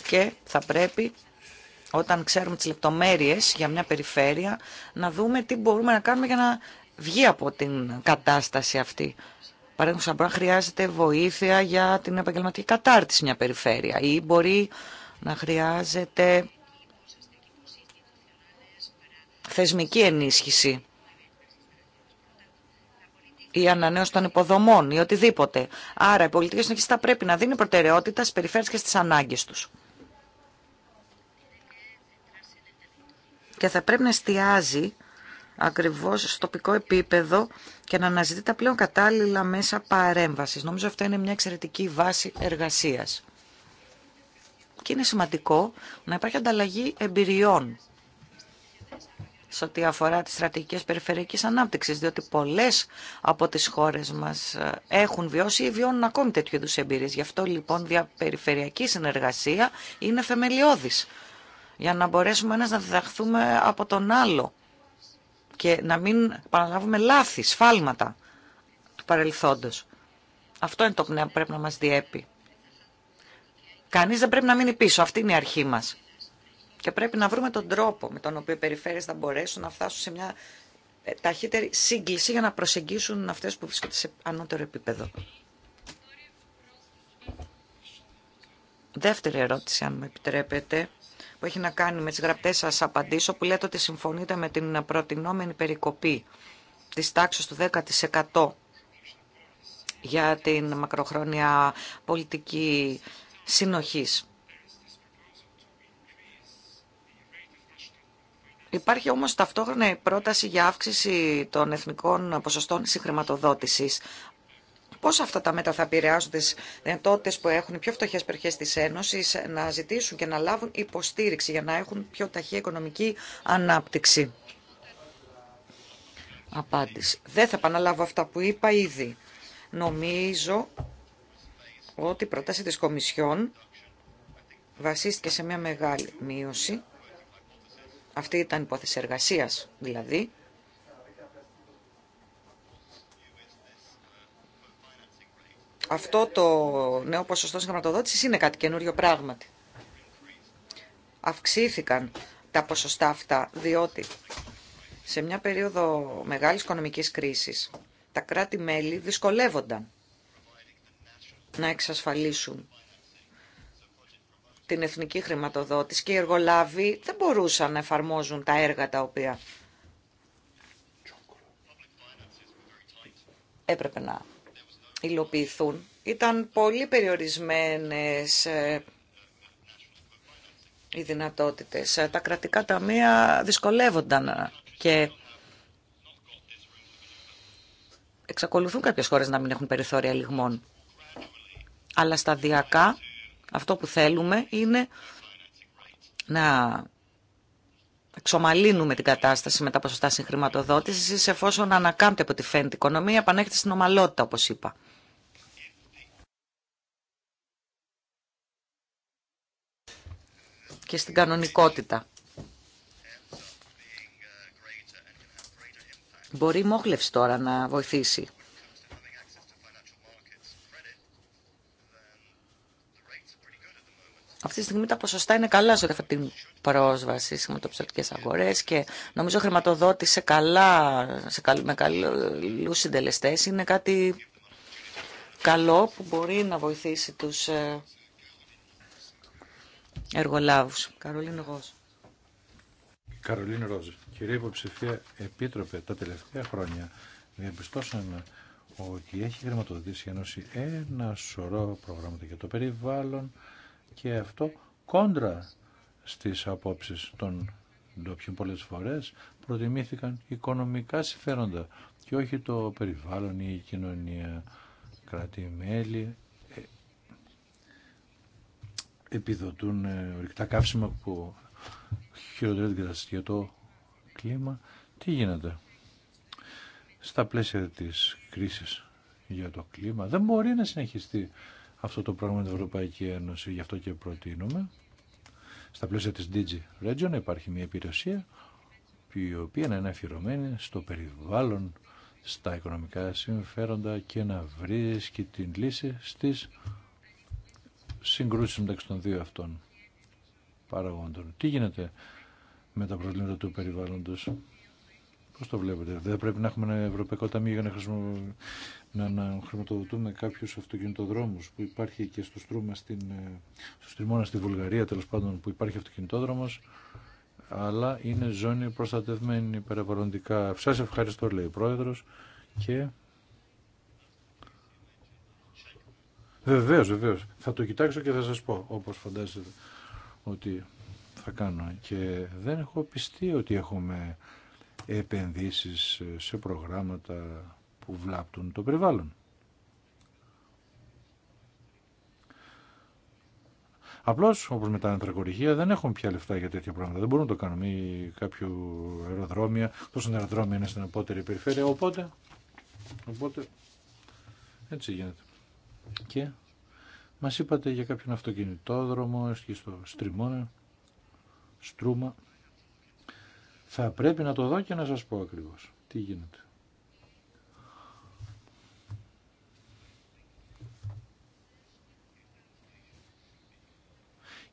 Και θα πρέπει όταν ξέρουμε τις λεπτομέρειες για μια περιφέρεια να δούμε τι μπορούμε να κάνουμε για να βγει από την κατάσταση αυτή. Παραδείγματος αν χρειάζεται βοήθεια για την επαγγελματική κατάρτιση μια περιφέρεια ή μπορεί να χρειάζεται θεσμική ενίσχυση ή ανανέωση των υποδομών ή οτιδήποτε. Άρα η πολιτική συνοχή θα πρέπει να δίνει προτεραιότητα στις περιφέρειες και στις ανάγκες τους. Και θα πρέπει να εστιάζει ακριβώς στο τοπικό επίπεδο και να αναζητεί τα πλέον κατάλληλα μέσα παρέμβασης. Νομίζω αυτό είναι μια εξαιρετική βάση εργασίας. Και είναι σημαντικό να υπάρχει ανταλλαγή εμπειριών σε ό,τι αφορά τις στρατηγικές περιφερειακής ανάπτυξης, διότι πολλές από τις χώρες μας ε, έχουν βιώσει ή βιώνουν ακόμη τέτοιου είδους εμπειρίες. Γι' αυτό λοιπόν διαπεριφερειακή συνεργασία είναι θεμελιώδης, για να μπορέσουμε ένας να διδαχθούμε από τον άλλο και να μην παραλάβουμε λάθη, σφάλματα του παρελθόντος. Αυτό είναι το πνεύμα που πρέπει να μας διέπει. Κανείς δεν πρέπει να μείνει πίσω, αυτή είναι η αρχή μας. Και πρέπει να βρούμε τον τρόπο με τον οποίο οι περιφέρειες θα μπορέσουν να φτάσουν σε μια ε, ταχύτερη σύγκληση για να προσεγγίσουν αυτές που βρίσκονται σε ανώτερο επίπεδο. Δεύτερη ερώτηση, αν μου επιτρέπετε, που έχει να κάνει με τις γραπτές σας απαντήσω, που λέτε ότι συμφωνείτε με την προτινόμενη περικοπή της τάξης του 10% για την μακροχρόνια πολιτική συνοχής. Υπάρχει όμως ταυτόχρονα η πρόταση για αύξηση των εθνικών ποσοστών συγχρηματοδότησης. Πώς αυτά τα μέτρα θα επηρεάζουν τις που έχουν οι πιο φτωχές περιοχές της Ένωσης να ζητήσουν και να λάβουν υποστήριξη για να έχουν πιο ταχύ οικονομική ανάπτυξη. Απάντηση. Δεν θα επαναλάβω αυτά που είπα ήδη. Νομίζω ότι η πρόταση της Κομισιόν βασίστηκε σε μια μεγάλη μείωση αυτή ήταν υπόθεση εργασία, δηλαδή. Αυτό το νέο ποσοστό συγχρηματοδότηση είναι κάτι καινούριο πράγματι. Αυξήθηκαν τα ποσοστά αυτά, διότι σε μια περίοδο μεγάλης οικονομικής κρίσης τα κράτη-μέλη δυσκολεύονταν να εξασφαλίσουν την εθνική χρηματοδότηση και οι εργολάβοι δεν μπορούσαν να εφαρμόζουν τα έργα τα οποία έπρεπε να υλοποιηθούν. Ήταν πολύ περιορισμένες ε, οι δυνατότητες. Τα κρατικά ταμεία δυσκολεύονταν και εξακολουθούν κάποιες χώρες να μην έχουν περιθώρια λιγμών. Αλλά σταδιακά αυτό που θέλουμε είναι να εξομαλύνουμε την κατάσταση με τα ποσοστά συγχρηματοδότηση, εφόσον ανακάμπτει από τη φαίνεται η οικονομία, επανέχεται στην ομαλότητα όπως είπα. και στην κανονικότητα. Μπορεί η μόχλευση τώρα να βοηθήσει Αυτή τη στιγμή τα ποσοστά είναι καλά σε αυτή την πρόσβαση στι χρηματοπιστωτικέ αγορέ και νομίζω χρηματοδότηση καλά, σε καλ, με καλού συντελεστέ. Είναι κάτι καλό που μπορεί να βοηθήσει του ε, εργολάβου. Καρολίν Ροζ. Καρολίν Ροζ. Κυρία υποψηφία επίτροπε, τα τελευταία χρόνια διαπιστώσαμε ότι έχει χρηματοδοτήσει η Ένωση ένα σωρό προγράμματα για το περιβάλλον, και αυτό κόντρα στις απόψεις των ντόπιων πολλές φορές προτιμήθηκαν οικονομικά συμφέροντα και όχι το περιβάλλον ή η κοινωνία κράτη-μέλη ε, επιδοτούν ε, ορυκτά καύσιμα που χειροτερεύει την κατάσταση για το κλίμα. Τι γίνεται στα πλαίσια της κρίσης για το κλίμα. Δεν μπορεί να συνεχιστεί αυτό το πράγμα πρόγραμμα την Ευρωπαϊκή Ένωση. Γι' αυτό και προτείνουμε στα πλαίσια της Digi Region υπάρχει μια υπηρεσία η οποία να είναι αφιερωμένη στο περιβάλλον, στα οικονομικά συμφέροντα και να βρίσκει την λύση στις συγκρούσεις μεταξύ των δύο αυτών παραγόντων. Τι γίνεται με τα προβλήματα του περιβάλλοντος. Πώς το βλέπετε, δεν πρέπει να έχουμε ένα ευρωπαϊκό ταμείο για να, χρησιμο... να, να χρηματοδοτούμε κάποιους αυτοκινητοδρόμους που υπάρχει και στο Στρούμα, στην... Ε, στο Στριμώνα στη Βουλγαρία, τέλος πάντων, που υπάρχει αυτοκινητόδρομος, αλλά είναι ζώνη προστατευμένη περιβαλλοντικά. Σας ευχαριστώ, λέει ο Πρόεδρος, και... Βεβαίως, βεβαίως. Θα το κοιτάξω και θα σας πω, όπως φαντάζεστε, ότι θα κάνω. Και δεν έχω πιστεί ότι έχουμε επενδύσεις σε προγράμματα που βλάπτουν το περιβάλλον. Απλώς, όπως με τα ανθρακοριχεία, δεν έχουμε πια λεφτά για τέτοια πράγματα. Δεν μπορούμε να το κάνουμε ή κάποιο αεροδρόμια. Τόσο αεροδρόμια είναι στην απότερη περιφέρεια. Οπότε, οπότε έτσι γίνεται. Και μας είπατε για κάποιον αυτοκινητόδρομο, και στο Στριμώνα, Στρούμα. Θα πρέπει να το δω και να σας πω ακριβώς τι γίνεται.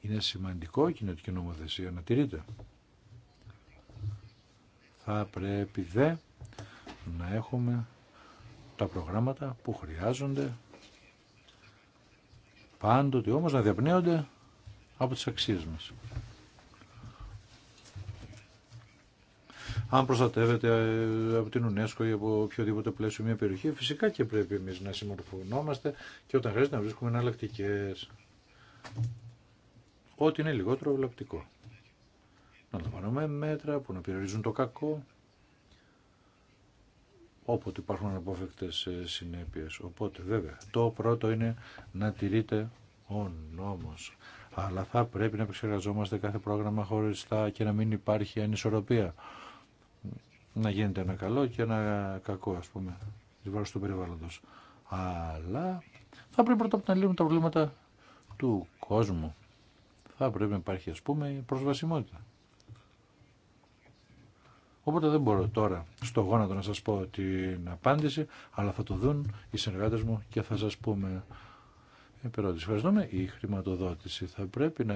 Είναι σημαντικό η κοινωτική νομοθεσία να τηρείται. Θα πρέπει δε να έχουμε τα προγράμματα που χρειάζονται πάντοτε όμως να διαπνέονται από τις αξίες μας. αν προστατεύεται ε, από την UNESCO ή από οποιοδήποτε πλαίσιο μια περιοχή, φυσικά και πρέπει εμεί να συμμορφωνόμαστε και όταν χρειάζεται να βρίσκουμε εναλλακτικέ. Ό,τι είναι λιγότερο βλαπτικό. Να λαμβάνουμε μέτρα που να περιορίζουν το κακό, όποτε υπάρχουν απόφεκτες ε, συνέπειε. Οπότε βέβαια το πρώτο είναι να τηρείται ο νόμος. Αλλά θα πρέπει να επεξεργαζόμαστε κάθε πρόγραμμα χωριστά και να μην υπάρχει ανισορροπία να γίνεται ένα καλό και ένα κακό, ας πούμε, τη βάρος του περιβάλλοντος. Αλλά θα πρέπει πρώτα να λύνουμε τα προβλήματα του κόσμου. Θα πρέπει να υπάρχει, ας πούμε, προσβασιμότητα. Οπότε δεν μπορώ τώρα στο γόνατο να σας πω την απάντηση, αλλά θα το δουν οι συνεργάτες μου και θα σας πούμε Ευχαριστούμε. Η χρηματοδότηση θα πρέπει να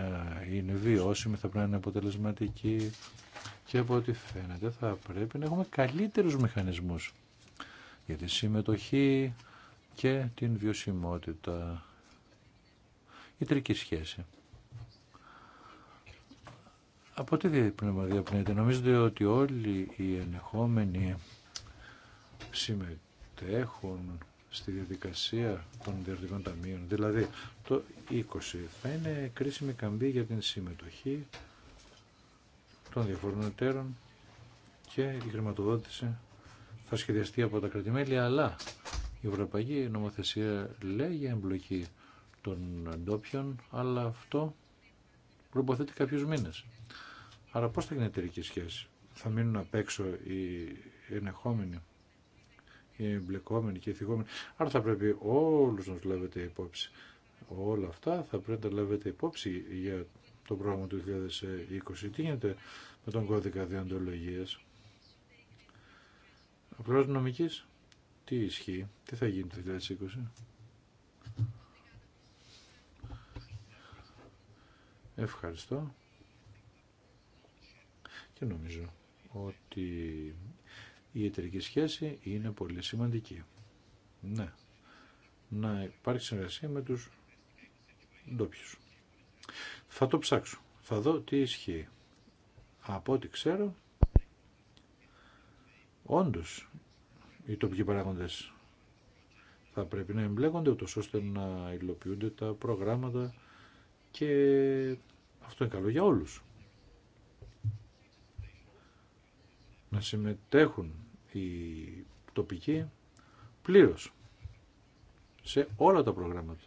είναι βιώσιμη, θα πρέπει να είναι αποτελεσματική και από ό,τι φαίνεται θα πρέπει να έχουμε καλύτερους μηχανισμούς για τη συμμετοχή και την βιωσιμότητα. η τρική σχέση. Από τι πνεύμα διαπνέεται. Νομίζετε ότι όλοι οι ενεχόμενοι συμμετέχουν στη διαδικασία των ιδιωτικών ταμείων. Δηλαδή το 20 θα είναι κρίσιμη καμπή για την συμμετοχή των διαφορών εταίρων και η χρηματοδότηση θα σχεδιαστεί από τα κρατημέλη, αλλά η Ευρωπαϊκή Νομοθεσία λέει για εμπλοκή των ντόπιων, αλλά αυτό προποθέτει κάποιους μήνες. Άρα πώς θα γίνει εταιρική σχέση. Θα μείνουν απ' έξω οι ενεχόμενοι οι εμπλεκόμενοι και οι θυγόμενοι. Άρα θα πρέπει όλους να τους λάβετε υπόψη. Όλα αυτά θα πρέπει να λάβετε υπόψη για το πρόγραμμα του 2020. Τι γίνεται με τον κώδικα διοντολογίας. Απλώς νομικής, τι ισχύει, τι θα γίνει το 2020. Ευχαριστώ. Και νομίζω ότι η εταιρική σχέση είναι πολύ σημαντική. Ναι. Να υπάρχει συνεργασία με τους ντόπιου. Θα το ψάξω. Θα δω τι ισχύει. Από ό,τι ξέρω, όντως οι τοπικοί παράγοντες θα πρέπει να εμπλέκονται ούτως ώστε να υλοποιούνται τα προγράμματα και αυτό είναι καλό για όλους. να συμμετέχουν οι τοπικοί πλήρως σε όλα τα προγράμματα.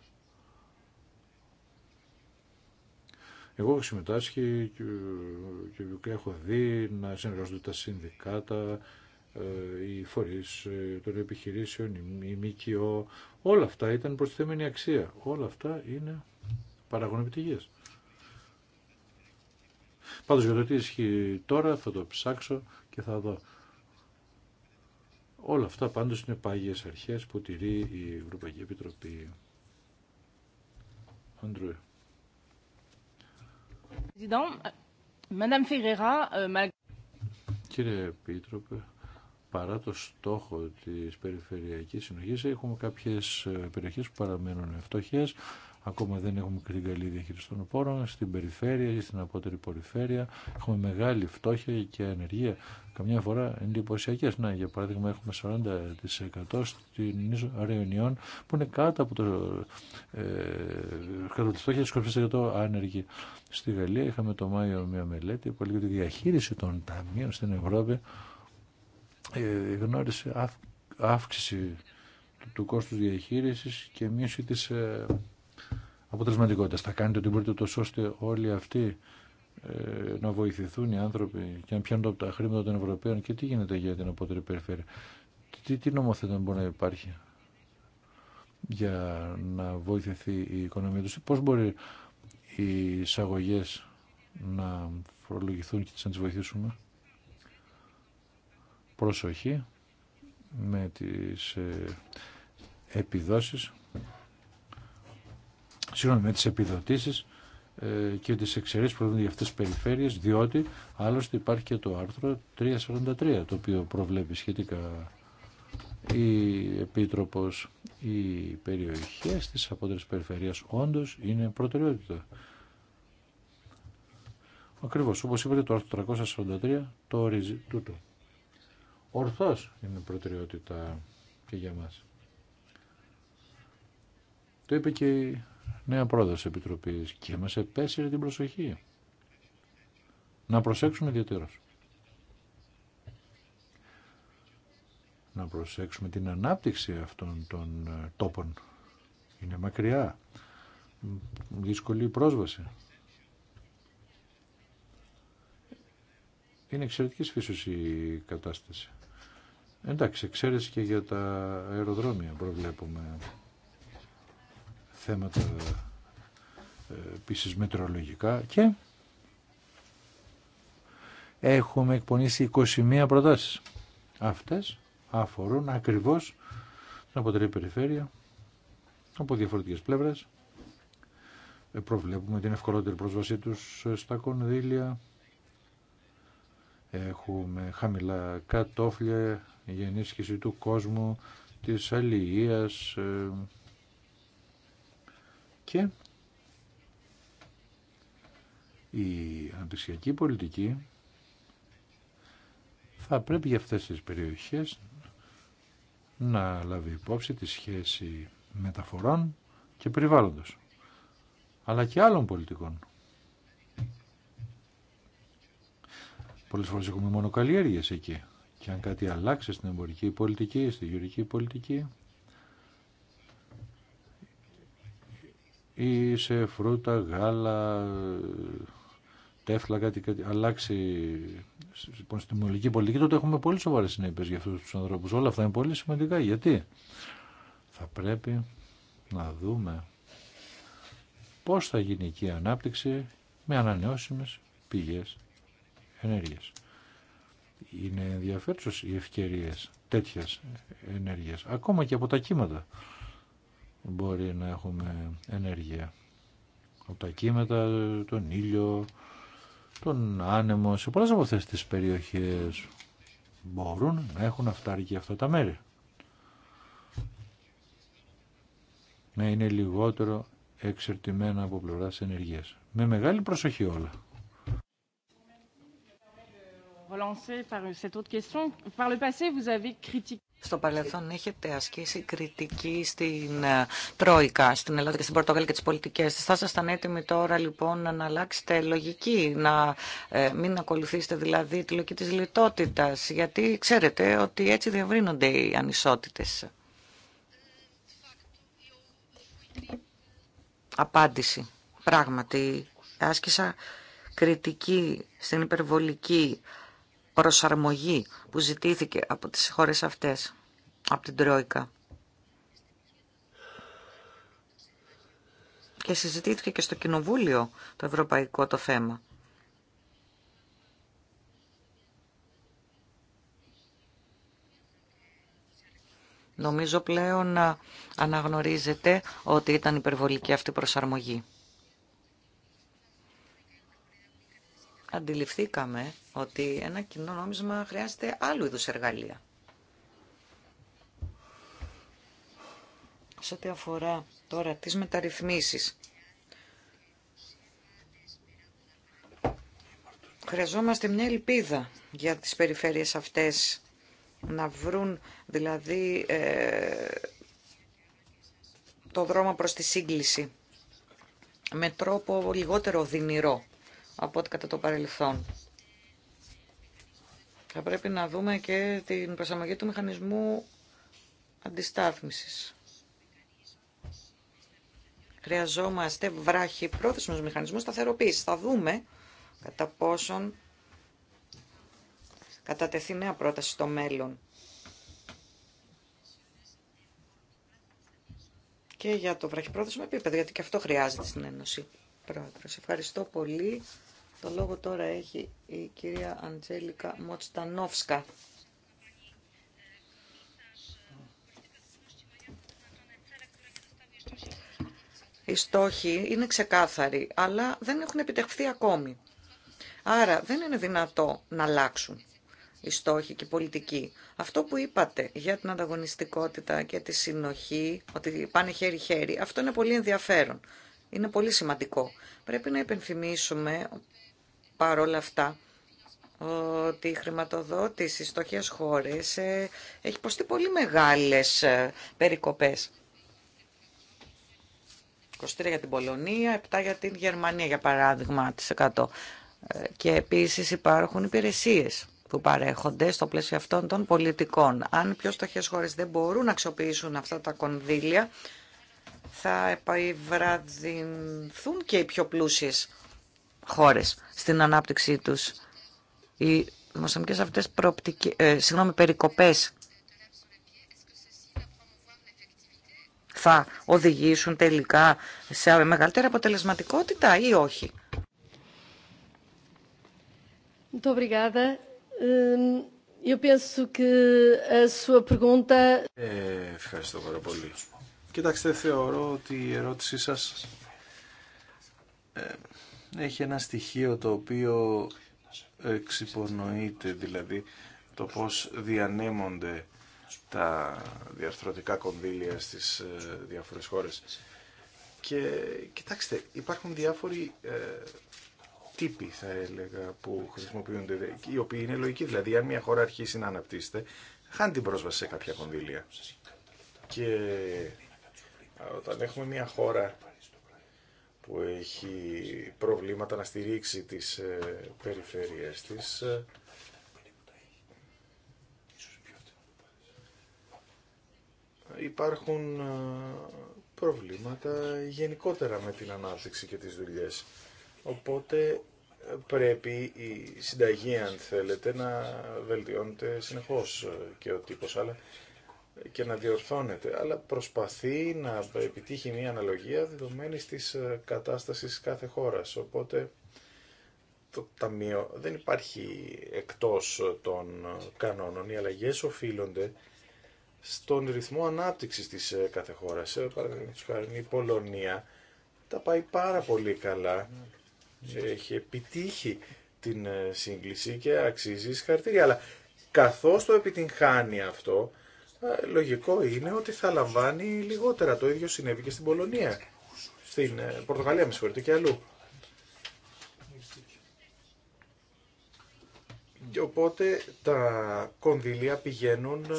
Εγώ έχω συμμετάσχει και έχω δει να συνεργάζονται τα συνδικάτα, ε, οι φορείς ε, των επιχειρήσεων, η ΜΚΟ, όλα αυτά ήταν προσθεμένη αξία. Όλα αυτά είναι παραγωγή Πάντω για το τι ισχύει τώρα θα το ψάξω και θα δω. Όλα αυτά πάντως είναι πάγιες αρχές που τηρεί η Ευρωπαϊκή Επιτροπή. Αντρού. Euh, Κύριε Επίτροπε, παρά το στόχο της περιφερειακής συνοχής έχουμε κάποιες ε, περιοχές που παραμένουν φτωχές, Ακόμα δεν έχουμε την καλή διαχείριση των πόρων στην περιφέρεια ή στην απότερη περιφέρεια. Έχουμε μεγάλη φτώχεια και ανεργία. Καμιά φορά εντυπωσιακέ. Να, για παράδειγμα, έχουμε 40% στην ίσο που είναι κάτω από το. Ε, κάτω τη φτώχεια, 24% άνεργοι. Στη Γαλλία είχαμε το Μάιο μια μελέτη που έλεγε ότι η διαχείριση των ταμείων στην Ευρώπη ε, γνώρισε αύξηση του κόστου διαχείρισης και μείωση της ε, αποτελεσματικότητα. Θα κάνετε ό,τι μπορείτε τόσο ώστε όλοι αυτοί ε, να βοηθηθούν οι άνθρωποι και να πιάνουν τα χρήματα των Ευρωπαίων και τι γίνεται για την απότερη περιφέρεια. Τι, τι νομοθέτημα μπορεί να υπάρχει για να βοηθηθεί η οικονομία τους. Πώς μπορεί οι εισαγωγέ να φορολογηθούν και να τι βοηθήσουμε. Προσοχή με τις ε, επιδόσεις συγγνώμη, με τις επιδοτήσεις ε, και τις εξαιρέσεις που προβλέπουν για αυτές τις περιφέρειες, διότι άλλωστε υπάρχει και το άρθρο 343, το οποίο προβλέπει σχετικά η Επίτροπος οι περιοχές τη απότερης περιφερειάς όντως είναι προτεραιότητα. Ακριβώς, όπως είπατε το άρθρο 343 το ορίζει τούτο. Ορθώς είναι προτεραιότητα και για μας. Το είπε και η νέα πρόεδρος Επιτροπής και μας επέσυρε την προσοχή. Να προσέξουμε ιδιαίτερος. Να προσέξουμε την ανάπτυξη αυτών των ε, τόπων. Είναι μακριά. Δύσκολη πρόσβαση. Είναι εξαιρετική φύσης η κατάσταση. Εντάξει, εξαίρεση και για τα αεροδρόμια προβλέπουμε θέματα ε, επίσης μετρολογικά και έχουμε εκπονήσει 21 προτάσεις. Αυτές αφορούν ακριβώς την αποτελή περιφέρεια από διαφορετικές πλευρές. Ε, προβλέπουμε την ευκολότερη πρόσβασή τους ε, στα κονδύλια. Έχουμε χαμηλά κατόφλια για ενίσχυση του κόσμου, της αλληλείας, και η αναπτυξιακή πολιτική θα πρέπει για αυτές τις περιοχές να λάβει υπόψη τη σχέση μεταφορών και περιβάλλοντος, αλλά και άλλων πολιτικών. Πολλές φορές έχουμε μόνο εκεί. Και αν κάτι αλλάξει στην εμπορική πολιτική, στη γεωρική πολιτική, ή σε φρούτα, γάλα, τέφλα, κάτι, κάτι αλλάξει λοιπόν, στην πολιτική πολιτική, τότε έχουμε πολύ σοβαρές συνέπειες για αυτούς τους ανθρώπους. Όλα αυτά είναι πολύ σημαντικά. Γιατί θα πρέπει να δούμε πώς θα γίνει εκεί η σε φρουτα γαλα τεφλα κατι κατι αλλαξει στην μολική πολιτικη τοτε εχουμε πολυ σοβαρες συνεπειες για αυτους τους ανθρωπους ολα αυτα ειναι πολυ σημαντικα γιατι θα πρεπει να δουμε πως θα γινει εκει η αναπτυξη με ανανεώσιμες πηγές ενέργειας. Είναι ενδιαφέρουσες οι ευκαιρίες τέτοιας ενέργειας, ακόμα και από τα κύματα μπορεί να έχουμε ενέργεια από τα κύματα, τον ήλιο, τον άνεμο, σε πολλές από αυτές τις περιοχές μπορούν να έχουν αυτάρκη αυτά τα μέρη. Να είναι λιγότερο εξερτημένα από πλευράς ενεργείας. Με μεγάλη προσοχή όλα. Relancé par cette autre question. Par le passé, vous avez critiqué στο παρελθόν έχετε ασκήσει κριτική στην ε, Τρόικα, στην Ελλάδα και στην Πορτογαλία και τις πολιτικές τη. Θα ήσασταν έτοιμοι τώρα λοιπόν να αλλάξετε λογική, να ε, μην ακολουθήσετε δηλαδή τη λογική της λιτότητα. γιατί ξέρετε ότι έτσι διαβρύνονται οι ανισότητες. Απάντηση. Πράγματι, άσκησα κριτική στην υπερβολική προσαρμογή που ζητήθηκε από τις χώρες αυτές, από την Τρόικα. Και συζητήθηκε και στο Κοινοβούλιο το Ευρωπαϊκό το θέμα. Νομίζω πλέον να αναγνωρίζετε ότι ήταν υπερβολική αυτή η προσαρμογή. αντιληφθήκαμε ότι ένα κοινό νόμισμα χρειάζεται άλλου είδους εργαλεία. Σε ό,τι αφορά τώρα τις μεταρρυθμίσεις, χρειαζόμαστε μια ελπίδα για τις περιφέρειες αυτές να βρουν δηλαδή ε, το δρόμο προς τη σύγκληση με τρόπο λιγότερο δυνηρό από ό,τι κατά το παρελθόν. Θα πρέπει να δούμε και την προσαρμογή του μηχανισμού αντιστάθμισης. Χρειαζόμαστε βράχοι πρόθεσμους μηχανισμούς σταθεροποίησης. Θα δούμε κατά πόσον κατατεθεί νέα πρόταση στο μέλλον. Και για το βραχυπρόθεσμο επίπεδο, γιατί και αυτό χρειάζεται στην Ένωση. Πρόεδρος, ευχαριστώ πολύ. Το λόγο τώρα έχει η κυρία Αντζέλικα Μοτστανόφσκα. Οι στόχοι είναι ξεκάθαροι, αλλά δεν έχουν επιτευχθεί ακόμη. Άρα δεν είναι δυνατό να αλλάξουν οι στόχοι και οι πολιτική. Αυτό που είπατε για την ανταγωνιστικότητα και τη συνοχή, ότι πάνε χέρι-χέρι, αυτό είναι πολύ ενδιαφέρον. Είναι πολύ σημαντικό. Πρέπει να υπενθυμίσουμε παρόλα αυτά ότι η χρηματοδότηση στις στοχές χώρες ε, έχει υποστεί πολύ μεγάλες ε, περικοπές. 23 για την Πολωνία, 7 για την Γερμανία για παράδειγμα, της 100. Ε, και επίσης υπάρχουν υπηρεσίες που παρέχονται στο πλαίσιο αυτών των πολιτικών. Αν πιο στοχές χώρες δεν μπορούν να αξιοποιήσουν αυτά τα κονδύλια, θα επιβραδυνθούν και οι πιο πλούσιες χώρες στην ανάπτυξή τους. Οι δημοσιονομικές αυτές προοπτικές ε, περικοπές θα οδηγήσουν τελικά σε μεγαλύτερη αποτελεσματικότητα ή όχι. Ε, ευχαριστώ πάρα πολύ. Κοιτάξτε, θεωρώ ότι η οχι ευχαριστω παρα πολυ κοιταξτε θεωρω οτι η ερωτηση σας ε, έχει ένα στοιχείο το οποίο εξυπονοείται, δηλαδή το πώς διανέμονται τα διαρθρωτικά κονδύλια στις ε, διάφορες χώρες. Και κοιτάξτε, υπάρχουν διάφοροι ε, τύποι, θα έλεγα, που χρησιμοποιούνται, οι οποίοι είναι λογικοί. Δηλαδή, αν μια χώρα αρχίσει να αναπτύσσεται, χάνει την πρόσβαση σε κάποια κονδύλια. Και ε, όταν έχουμε μια χώρα που έχει προβλήματα να στηρίξει τις ε, περιφέρειές της. Υπάρχουν ε, προβλήματα γενικότερα με την ανάπτυξη και τις δουλειές. Οπότε ε, πρέπει η συνταγή, αν θέλετε, να βελτιώνεται συνεχώς και ο τύπος, και να διορθώνεται, αλλά προσπαθεί να επιτύχει μια αναλογία δεδομένη της ε, κατάστασης κάθε χώρας. Οπότε το Ταμείο δεν υπάρχει εκτός των ε, κανόνων. Οι αλλαγές οφείλονται στον ρυθμό ανάπτυξης της ε, κάθε χώρας. Παραδείγματο η Πολωνία τα πάει πάρα πολύ καλά. Ναι. Έχει επιτύχει την σύγκληση και αξίζει συγχαρητήρια. Αλλά καθώς το επιτυγχάνει αυτό, ε, λογικό είναι ότι θα λαμβάνει λιγότερα. Το ίδιο συνέβη και στην Πολωνία, στην ε, Πορτογαλία, με συγχωρείτε, και αλλού. Οπότε τα κονδύλια πηγαίνουν ε,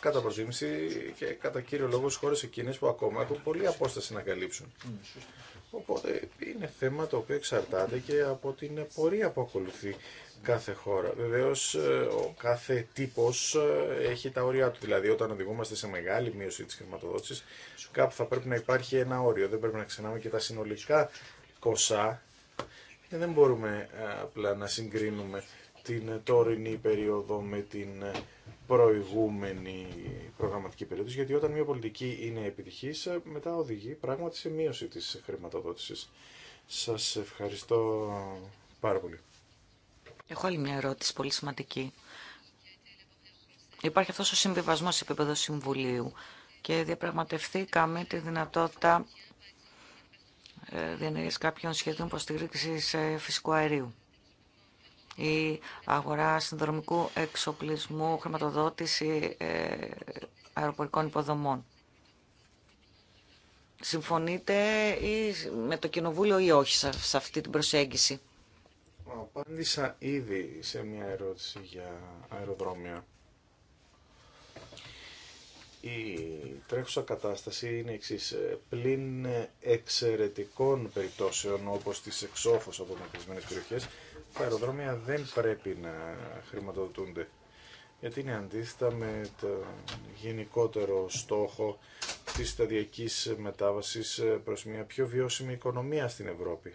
κατά προσήμιση και κατά κύριο λόγο στις χώρες εκείνες που ακόμα έχουν πολλή απόσταση να καλύψουν. Οπότε είναι θέμα το οποίο εξαρτάται και από την πορεία που ακολουθεί κάθε χώρα. Βεβαίως ε, ο κάθε τύπος ε, έχει τα όρια του. Δηλαδή όταν οδηγούμαστε σε μεγάλη μείωση τη χρηματοδότησης κάπου θα πρέπει να υπάρχει ένα όριο. Δεν πρέπει να ξεχνάμε και τα συνολικά κοσά. Δεν μπορούμε ε, απλά να συγκρίνουμε την τωρινή περίοδο με την προηγούμενη προγραμματική περίοδο, γιατί όταν μια πολιτική είναι επιτυχής, μετά οδηγεί πράγματι σε μείωση τη χρηματοδότηση. Σας ευχαριστώ πάρα πολύ. Έχω άλλη μια ερώτηση πολύ σημαντική. Υπάρχει αυτός ο συμβιβασμός σε επίπεδο Συμβουλίου και διαπραγματευθήκαμε τη δυνατότητα ε, διενέργειας κάποιων σχεδίων υποστήριξης φυσικού αερίου η αγορά συνδρομικού εξοπλισμού, χρηματοδότηση ε, αεροπορικών υποδομών. Συμφωνείτε ή με το Κοινοβούλιο ή όχι σε αυτή την προσέγγιση. Απάντησα ήδη σε μια ερώτηση για αεροδρόμια. Η τρέχουσα κατάσταση είναι εξή. Πλην εξαιρετικών περιπτώσεων όπως τις εξόφως από μακρισμένες περιοχές, τα αεροδρόμια δεν πρέπει να χρηματοδοτούνται. Γιατί είναι αντίθετα με το γενικότερο στόχο της σταδιακής μετάβασης προς μια πιο βιώσιμη οικονομία στην Ευρώπη.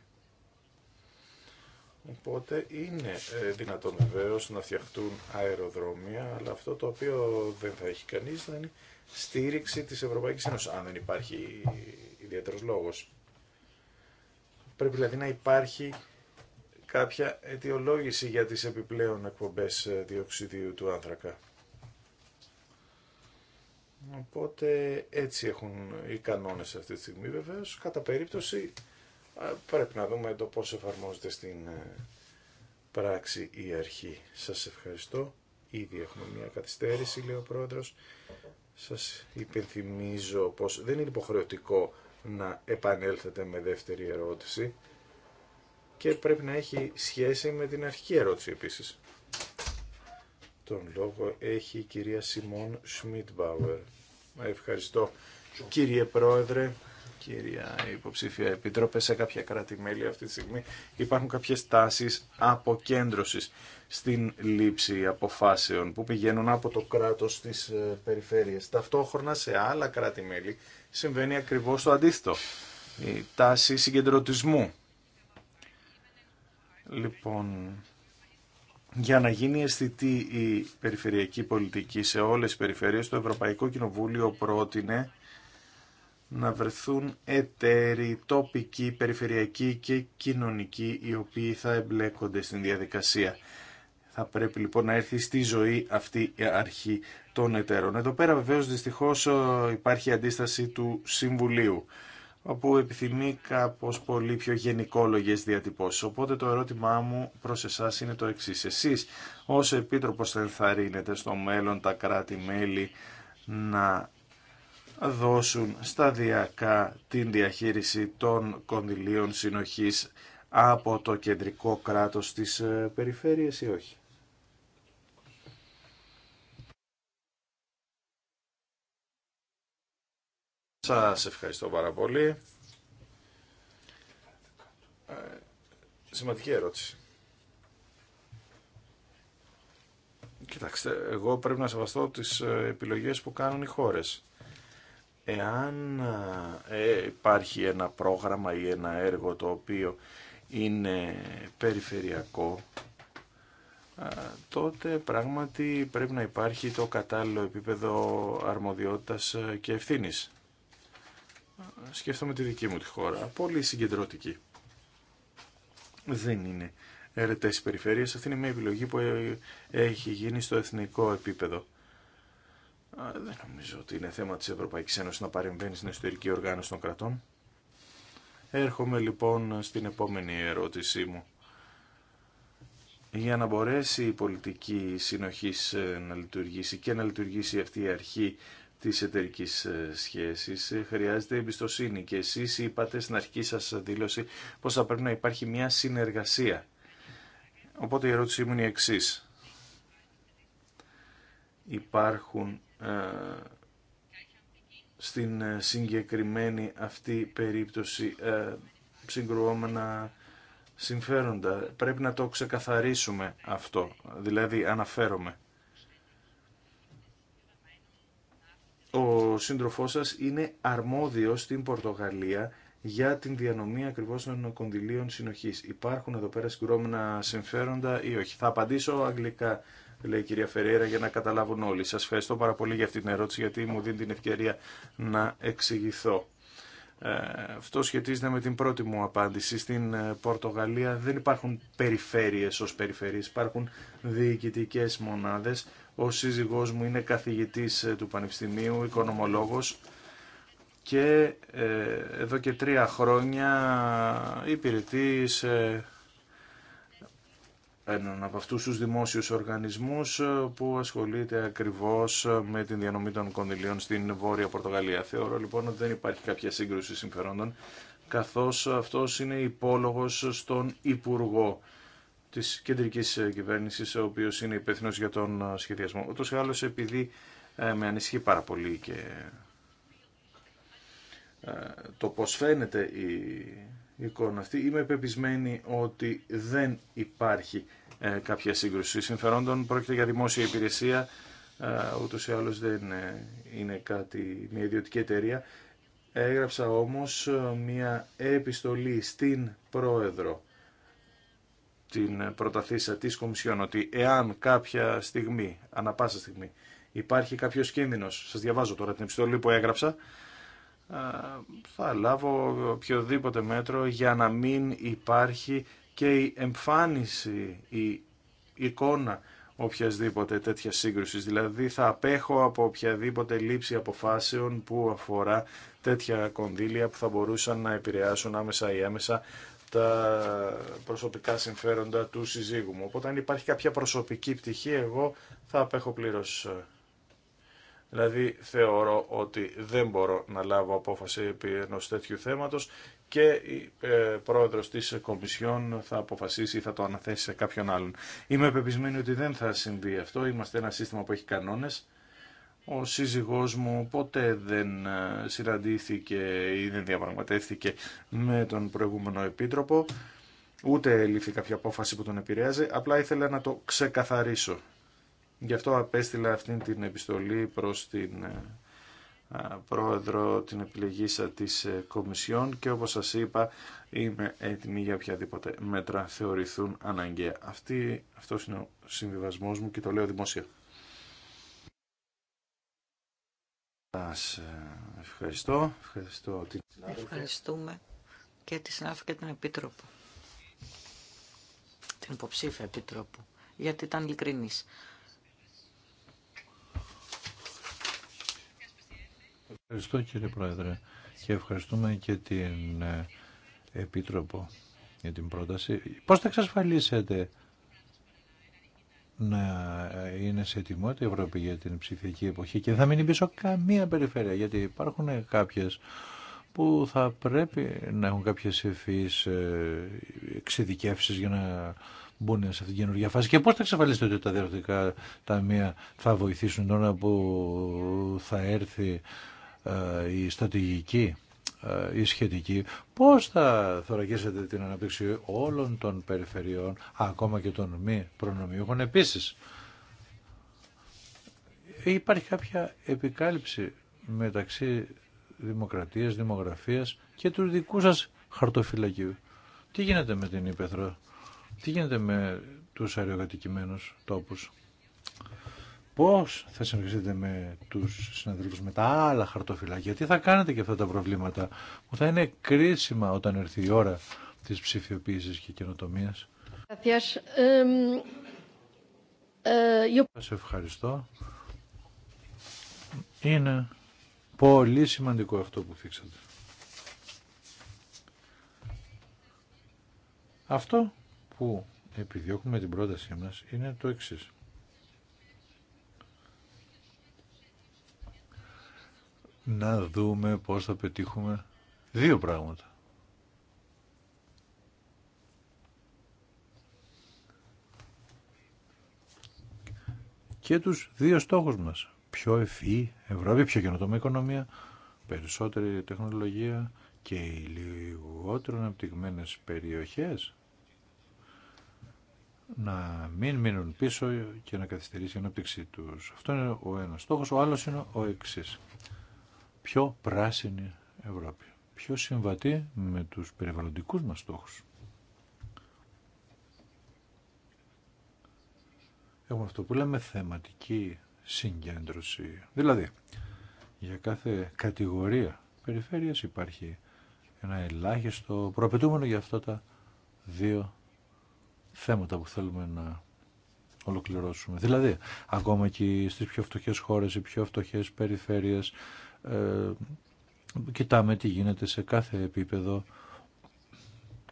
Οπότε είναι ε, δυνατόν βεβαίω να φτιαχτούν αεροδρόμια, αλλά αυτό το οποίο δεν θα έχει κανείς θα είναι στήριξη της Ευρωπαϊκής Ένωσης, αν δεν υπάρχει ιδιαίτερος λόγος. Πρέπει δηλαδή να υπάρχει κάποια αιτιολόγηση για τις επιπλέον εκπομπές ε, διοξιδίου του άνθρακα. Οπότε έτσι έχουν οι κανόνες αυτή τη στιγμή βεβαίως. Κατά περίπτωση ε, πρέπει να δούμε το πώς εφαρμόζεται στην ε, πράξη η αρχή. Σας ευχαριστώ. Ήδη έχουμε μια καθυστέρηση, λέει ο Πρόεδρος. Σας υπενθυμίζω πως δεν είναι υποχρεωτικό να επανέλθετε με δεύτερη ερώτηση και πρέπει να έχει σχέση με την αρχική ερώτηση επίσης. Τον λόγο έχει η κυρία Σιμών Σμιτμπάουερ. Ευχαριστώ κύριε Πρόεδρε κυρία υποψήφια επίτροπε, σε κάποια κράτη-μέλη αυτή τη στιγμή υπάρχουν κάποιες τάσεις αποκέντρωσης στην λήψη αποφάσεων που πηγαίνουν από το κράτος στις ε, περιφέρειες. Ταυτόχρονα σε άλλα κράτη-μέλη συμβαίνει ακριβώς το αντίθετο, η τάση συγκεντρωτισμού. Λοιπόν, για να γίνει αισθητή η περιφερειακή πολιτική σε όλες τις περιφέρειες, το Ευρωπαϊκό Κοινοβούλιο πρότεινε να βρεθούν εταίροι, τοπικοί, περιφερειακοί και κοινωνικοί οι οποίοι θα εμπλέκονται στην διαδικασία. Θα πρέπει λοιπόν να έρθει στη ζωή αυτή η αρχή των εταίρων. Εδώ πέρα βεβαίως δυστυχώς ε, υπάρχει αντίσταση του Συμβουλίου όπου επιθυμεί κάπως πολύ πιο γενικόλογες διατυπώσεις. Οπότε το ερώτημά μου προς εσάς είναι το εξής. Εσείς ως Επίτροπος θα ενθαρρύνετε στο μέλλον τα κράτη-μέλη να δώσουν σταδιακά την διαχείριση των κονδυλίων συνοχής από το κεντρικό κράτος της ε, περιφέρειας ή όχι. Σας ευχαριστώ πάρα πολύ. Ε, σημαντική ερώτηση. Κοιτάξτε, εγώ πρέπει να σεβαστώ τις ε, επιλογές που κάνουν οι χώρες εάν ε, υπάρχει ένα πρόγραμμα ή ένα έργο το οποίο είναι περιφερειακό, τότε πράγματι πρέπει να υπάρχει το κατάλληλο επίπεδο αρμοδιότητας και ευθύνης. Σκέφτομαι τη δική μου τη χώρα, πολύ συγκεντρωτική. Δεν είναι ερετές περιφέρειες, αυτή είναι μια επιλογή που ε, έχει γίνει στο εθνικό επίπεδο. Δεν νομίζω ότι είναι θέμα της Ευρωπαϊκής Ένωσης να παρεμβαίνει στην εσωτερική οργάνωση των κρατών. Έρχομαι λοιπόν στην επόμενη ερώτησή μου. Για να μπορέσει η πολιτική συνοχής ε, να λειτουργήσει και να λειτουργήσει αυτή η αρχή της εταιρική ε, σχέσης ε, χρειάζεται εμπιστοσύνη και εσείς είπατε στην αρχή σας δήλωση πως θα πρέπει να υπάρχει μια συνεργασία. Οπότε η ερώτησή μου είναι η εξής. Υπάρχουν ε, στην ε, συγκεκριμένη αυτή περίπτωση ε, συγκρουόμενα συμφέροντα. Πρέπει να το ξεκαθαρίσουμε αυτό. Δηλαδή αναφέρομαι. Ο σύντροφός σας είναι αρμόδιος στην Πορτογαλία για την διανομή ακριβώς των κονδυλίων συνοχής. Υπάρχουν εδώ πέρα συγκροώμενα συμφέροντα ή όχι. Θα απαντήσω αγγλικά λέει η κυρία Φεραίρα, για να καταλάβουν όλοι. Σας ευχαριστώ πάρα πολύ για αυτή την ερώτηση, γιατί μου δίνει την ευκαιρία να εξηγηθώ. Ε, αυτό σχετίζεται με την πρώτη μου απάντηση. Στην ε, Πορτογαλία δεν υπάρχουν περιφέρειες ως περιφέρειες, υπάρχουν διοικητικές μονάδες. Ο σύζυγός μου είναι καθηγητής ε, του Πανεπιστημίου, οικονομολόγος και ε, εδώ και τρία χρόνια υπηρετεί έναν από αυτούς τους δημόσιους οργανισμούς ε, που ασχολείται ακριβώς ε, με την διανομή των κονδυλίων στην Βόρεια Πορτογαλία. Θεωρώ λοιπόν ότι δεν υπάρχει κάποια σύγκρουση συμφερόντων, καθώς αυτός είναι υπόλογος στον Υπουργό της κεντρικής κυβέρνησης, ο οποίος είναι υπεύθυνο για τον ε, σχεδιασμό. Ότως και άλλως επειδή με ανησυχεί πάρα πολύ και το πώς φαίνεται η εικόνα αυτή. Είμαι πεπισμένη ότι δεν υπάρχει ε, κάποια σύγκρουση συμφερόντων. Πρόκειται για δημόσια υπηρεσία, ε, ούτως ή άλλως δεν ε, είναι κάτι, μια ιδιωτική εταιρεία. Έγραψα όμως ε, μια επιστολή στην Πρόεδρο, την προταθήσα της Κομισιόν, ότι εάν κάποια στιγμή, ανα πάσα στιγμή, υπάρχει κάποιος κίνδυνος, σας διαβάζω τώρα την επιστολή που έγραψα, θα λάβω οποιοδήποτε μέτρο για να μην υπάρχει και η εμφάνιση, η εικόνα οποιασδήποτε τέτοια σύγκρουση, Δηλαδή θα απέχω από οποιαδήποτε λήψη αποφάσεων που αφορά τέτοια κονδύλια που θα μπορούσαν να επηρεάσουν άμεσα ή έμεσα τα προσωπικά συμφέροντα του συζύγου μου. Οπότε αν υπάρχει κάποια προσωπική πτυχή εγώ θα απέχω πλήρως Δηλαδή θεωρώ ότι δεν μπορώ να λάβω απόφαση επί ενός τέτοιου θέματος και η ε, πρόεδρος της Κομισιόν θα αποφασίσει ή θα το αναθέσει σε κάποιον άλλον. Είμαι πεπισμένη ότι δεν θα συμβεί αυτό. Είμαστε ένα σύστημα που έχει κανόνες. Ο σύζυγός μου ποτέ δεν ε, συναντήθηκε ή δεν διαπραγματεύθηκε με τον προηγούμενο επίτροπο. Ούτε λήφθη κάποια απόφαση που τον επηρέαζε. Απλά ήθελα να το ξεκαθαρίσω Γι' αυτό απέστειλα αυτή την επιστολή προς την ε, πρόεδρο την επιλεγήσα της ε, Κομισιόν και όπως σας είπα είμαι έτοιμη για οποιαδήποτε μέτρα θεωρηθούν αναγκαία. Αυτή, αυτός είναι ο συμβιβασμός μου και το λέω δημόσια. Σας ε, ευχαριστώ. ευχαριστώ την... Ευχαριστούμε και τη συνάδελφα και την Επίτροπο. Την υποψήφια Επίτροπο. Γιατί ήταν ειλικρινής. Ευχαριστώ κύριε Πρόεδρε και ευχαριστούμε και την ε, Επίτροπο για την πρόταση. Πώς θα εξασφαλίσετε να ε, είναι σε ετοιμότητα η Ευρώπη για την ψηφιακή εποχή και δεν θα μείνει πίσω καμία περιφέρεια γιατί υπάρχουν κάποιες που θα πρέπει να έχουν κάποιες ευφύς ε, εξειδικεύσεις για να μπουν σε αυτήν την καινούργια φάση. Και πώς θα εξασφαλίσετε ότι τα τα ταμεία θα βοηθήσουν τώρα που θα έρθει ε, η στρατηγική ή ε, σχετική, πώς θα θωρακίσετε την αναπτύξη όλων των περιφερειών, ακόμα και των μη προνομιούχων επίσης. Υπάρχει κάποια επικάλυψη μεταξύ δημοκρατίας, δημογραφίας και του δικού σας χαρτοφυλακίου. Τι γίνεται με την Ήπεθρο, τι γίνεται με τους αεροκατοικημένους τόπους πώς θα συνεργαστείτε με τους συναδέλφους με τα άλλα χαρτοφυλάκια, τι θα κάνετε και αυτά τα προβλήματα που θα είναι κρίσιμα όταν έρθει η ώρα της ψηφιοποίησης και καινοτομίας. Ε, Σας ευχαριστώ. Είναι πολύ σημαντικό αυτό που φίξατε. Αυτό που επιδιώκουμε την πρότασή μας είναι το εξής. να δούμε πώς θα πετύχουμε δύο πράγματα. Και τους δύο στόχους μας. Πιο ευφύ Ευρώπη, πιο καινοτόμα οικονομία, περισσότερη τεχνολογία και οι λιγότερο αναπτυγμένες περιοχές να μην μείνουν πίσω και να καθυστερήσει η ανάπτυξή τους. Αυτό είναι ο ένας στόχος. Ο άλλος είναι ο εξής πιο πράσινη Ευρώπη, πιο συμβατή με τους περιβαλλοντικούς μας στόχους. Έχουμε αυτό που λέμε θεματική συγκέντρωση. Δηλαδή, για κάθε κατηγορία περιφέρειας υπάρχει ένα ελάχιστο προαπαιτούμενο για αυτά τα δύο θέματα που θέλουμε να ολοκληρώσουμε. Δηλαδή, ακόμα και στις πιο φτωχές χώρες, οι πιο φτωχές περιφέρειες, ε, κοιτάμε τι γίνεται σε κάθε επίπεδο,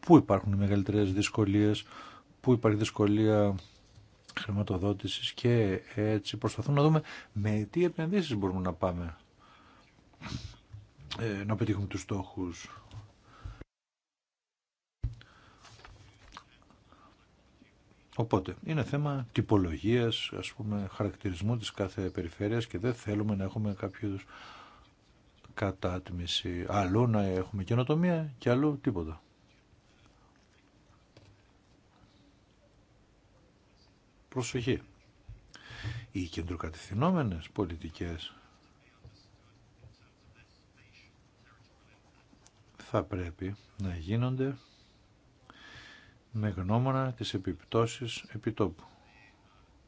πού υπάρχουν οι μεγαλύτερες δυσκολίες, πού υπάρχει δυσκολία χρηματοδότησης και έτσι προσπαθούμε να δούμε με τι επενδύσεις μπορούμε να πάμε ε, να πετύχουμε τους στόχους. Οπότε, είναι θέμα τυπολογίας, ας πούμε, χαρακτηρισμού της κάθε περιφέρειας και δεν θέλουμε να έχουμε κάποιους κατάτμιση. Αλλού να έχουμε καινοτομία και αλλού τίποτα. Προσοχή. Οι κεντροκατευθυνόμενες πολιτικές θα πρέπει να γίνονται με γνώμονα τις επιπτώσεις επιτόπου.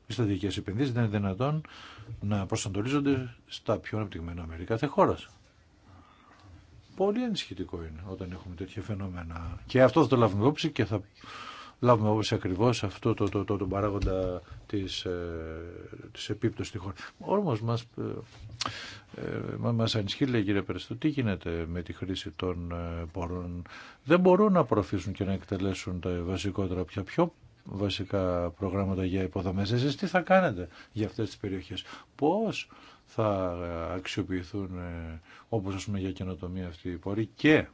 Οι στατικές επενδύσεις δεν είναι δυνατόν να προσανατολίζονται στα πιο αναπτυγμένα μερικά της χώρας. Πολύ ενισχυτικό είναι όταν έχουμε τέτοια φαινόμενα. Και αυτό θα το λάβουμε υπόψη και θα λάβουμε όπως ακριβώς αυτό το, το, το, το παράγοντα της, ε, της επίπτωσης στη χώρα. Όμως μας, ε, ε μας ανισχύει, λέει κύριε Περιστό, τι γίνεται με τη χρήση των ε, πόρων. Δεν μπορούν να προωθήσουν και να εκτελέσουν τα βασικότερα πια. πιο βασικά προγράμματα για υποδομές. Εσείς τι θα κάνετε για αυτές τις περιοχές. Πώς θα αξιοποιηθούν ε, όπως ας πούμε για καινοτομία αυτή η πορεία και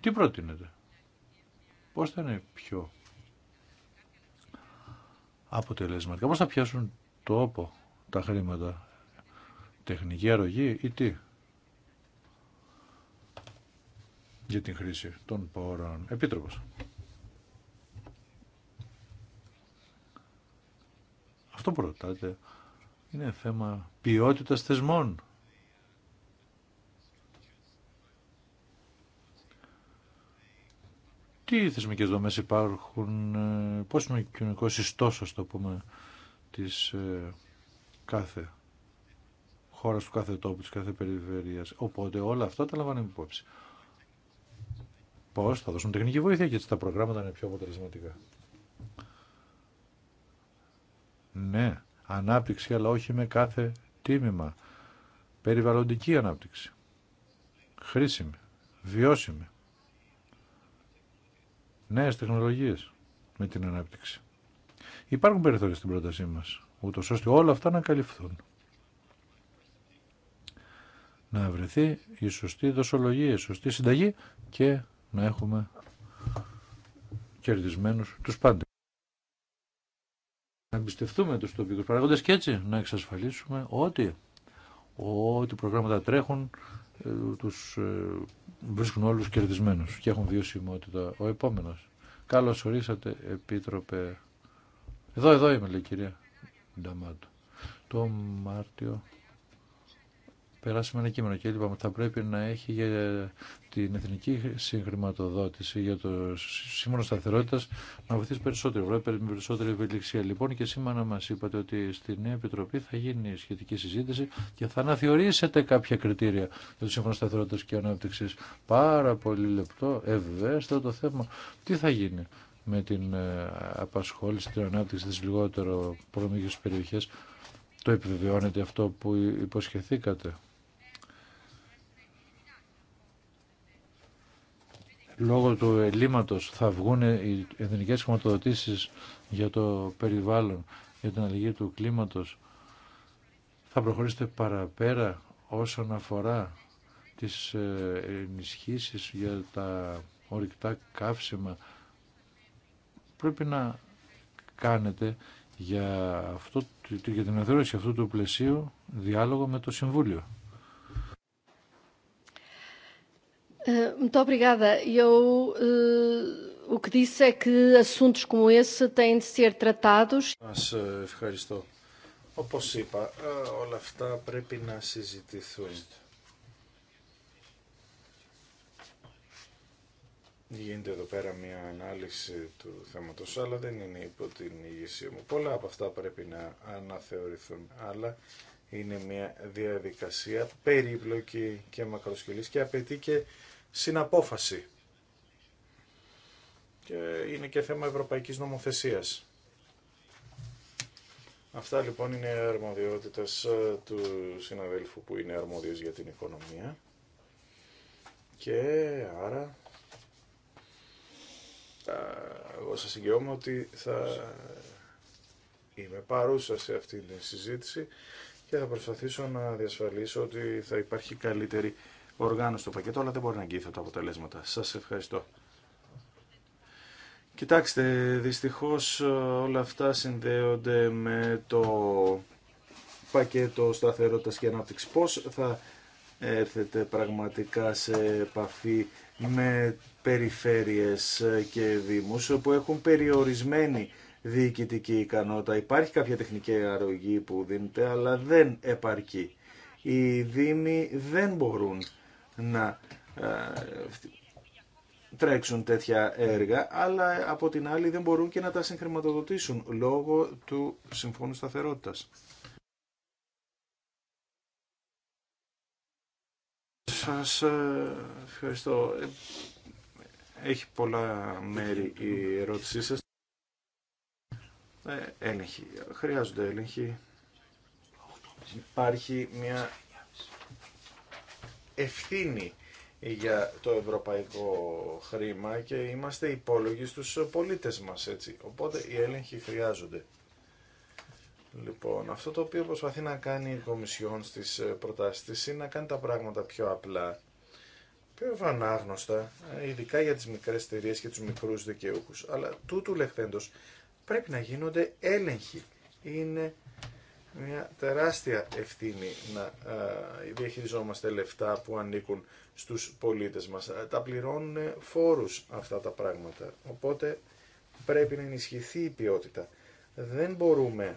τι προτείνετε. Πώς θα είναι πιο αποτελεσματικά. Πώς θα πιάσουν τόπο τα χρήματα. Τεχνική αρρωγή ή τι. Για την χρήση των πόρων. Επίτροπος. Αυτό που ρωτάτε είναι θέμα ποιότητας θεσμών. Τι θεσμικές δομές υπάρχουν, ε, πώς είναι ο κοινωνικός ιστός, ας το πούμε, της ε, κάθε χώρας του κάθε τόπου, της κάθε περιφέρειας. Οπότε όλα αυτά τα λαμβάνουμε υπόψη. Πώς θα δώσουν τεχνική βοήθεια και έτσι τα προγράμματα είναι πιο αποτελεσματικά. Ναι, ανάπτυξη αλλά όχι με κάθε τίμημα. Περιβαλλοντική ανάπτυξη. Χρήσιμη, βιώσιμη. Νέες τεχνολογίες με την ανάπτυξη. Υπάρχουν περιθώρια στην πρότασή μας, ούτως ώστε όλα αυτά να καλυφθούν. Να βρεθεί η σωστή δοσολογία, η σωστή συνταγή και να έχουμε κερδισμένους τους πάντες εμπιστευτούμε τους τοπικούς παραγόντες και έτσι να εξασφαλίσουμε ότι ότι προγράμματα τρέχουν ε, τους ε, βρίσκουν όλους κερδισμένους και έχουν βιωσιμότητα. Ο επόμενος. Καλώς ορίσατε, Επίτροπε. Εδώ, εδώ είμαι, λέει η κυρία Νταμάτου. Το Μάρτιο περάσαμε ένα κείμενο και είπαμε ότι θα πρέπει να έχει για την εθνική συγχρηματοδότηση, για το σύμφωνο σταθερότητα να βοηθήσει περισσότερο. Βλέπετε με περισσότερη ευελιξία λοιπόν και σήμερα μα είπατε ότι στη Νέα Επιτροπή θα γίνει σχετική συζήτηση και θα αναθεωρήσετε κάποια κριτήρια για το σύμφωνο σταθερότητα και ανάπτυξη. Πάρα πολύ λεπτό, ευαίσθητο το θέμα. Τι θα γίνει με την ε, απασχόληση, την ανάπτυξη τη λιγότερο προμήθειε περιοχές. Το επιβεβαιώνετε αυτό που υποσχεθήκατε. λόγω του ελλείμματος θα βγουν οι εθνικές χρηματοδοτήσεις για το περιβάλλον, για την αλληλεγγύη του κλίματος. Θα προχωρήσετε παραπέρα όσον αφορά τις ε, ενισχύσεις για τα ορυκτά καύσιμα. Πρέπει να κάνετε για, αυτό, για την εθέρωση αυτού του πλαισίου διάλογο με το Συμβούλιο. Eh, muito obrigada. Eu eh, o que disse é que assuntos como esse têm de ser tratados. Eh, ευχαριστώ. Όπως είπα, ε, όλα αυτά πρέπει να συζητηθούν. Γίνεται εδώ πέρα μια ανάλυση του θέματος, αλλά δεν είναι υπό την ηγεσία μου. Πολλά από αυτά πρέπει να αναθεωρηθούν, αλλά είναι μια διαδικασία περίπλοκη και μακροσκελής και απαιτεί και συναπόφαση. Και είναι και θέμα ευρωπαϊκής νομοθεσίας. Αυτά λοιπόν είναι αρμοδιότητες ε, του συναδέλφου που είναι αρμόδιος για την οικονομία. Και άρα ε, εγώ σας εγγυώμαι ότι θα είμαι παρούσα σε αυτή τη συζήτηση και θα προσπαθήσω να διασφαλίσω ότι θα υπάρχει καλύτερη οργάνωση στο πακέτο, αλλά δεν μπορεί να αγγίθω τα αποτελέσματα. Σας ευχαριστώ. Κοιτάξτε, δυστυχώς ε, όλα αυτά συνδέονται με το πακέτο σταθερότητας και ανάπτυξη. Πώς θα έρθετε πραγματικά σε επαφή με περιφέρειες και δήμους που έχουν περιορισμένη διοικητική ικανότητα. Υπάρχει κάποια τεχνική αρρωγή που δίνεται, αλλά δεν επαρκεί. Οι δήμοι δεν μπορούν να ε, τρέξουν τέτοια έργα, αλλά από την άλλη δεν μπορούν και να τα συγχρηματοδοτήσουν λόγω του Συμφώνου Σταθερότητας. Σας ε, ευχαριστώ. Ε, έχει πολλά μέρη η ερώτησή σας. Έλεγχοι. Χρειάζονται έλεγχοι. Υπάρχει μια ευθύνη για το ευρωπαϊκό χρήμα και είμαστε υπόλογοι στους πολίτες μας έτσι. Οπότε οι έλεγχοι χρειάζονται. Λοιπόν, αυτό το οποίο προσπαθεί να κάνει η Κομισιόν στις προτάσεις της είναι να κάνει τα πράγματα πιο απλά, πιο ευανάγνωστα, ειδικά για τις μικρές εταιρείε και τους μικρούς δικαιούχους. Αλλά τούτου λεχθέντος πρέπει να γίνονται έλεγχοι. Είναι μια τεράστια ευθύνη να διαχειριζόμαστε λεφτά που ανήκουν στους πολίτες μας. Τα πληρώνουν φόρους αυτά τα πράγματα, οπότε πρέπει να ενισχυθεί η ποιότητα. Δεν μπορούμε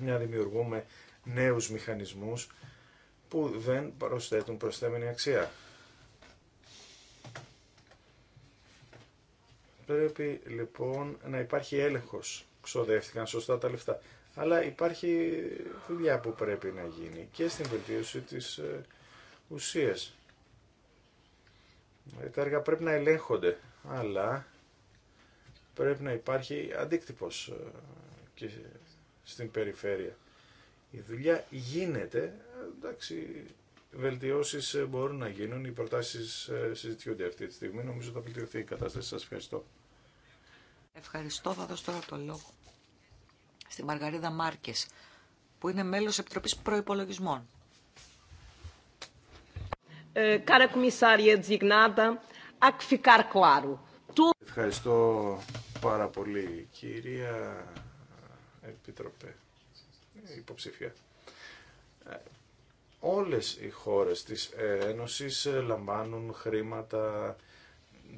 να δημιουργούμε νέους μηχανισμούς που δεν προσθέτουν προσθέμενη αξία. Πρέπει λοιπόν να υπάρχει έλεγχος. Ξοδεύτηκαν σωστά τα λεφτά. Αλλά υπάρχει δουλειά που πρέπει να γίνει και στην βελτίωση της ε, ουσίας. Ε, τα έργα πρέπει να ελέγχονται, αλλά πρέπει να υπάρχει αντίκτυπος ε, και στην περιφέρεια. Η δουλειά γίνεται, εντάξει, βελτιώσεις μπορούν να γίνουν, οι προτάσεις συζητιούνται αυτή τη στιγμή, νομίζω θα βελτιωθεί η κατάσταση. Σας ευχαριστώ. Ευχαριστώ, θα δώσω τώρα το λόγο στη Μαργαρίδα Μάρκες, που είναι μέλος Επιτροπής Προϋπολογισμών. Ε, Ευχαριστώ πάρα πολύ, κυρία Επίτροπε, υποψήφια. Ε, όλες οι χώρες της Ένωσης ε, λαμβάνουν χρήματα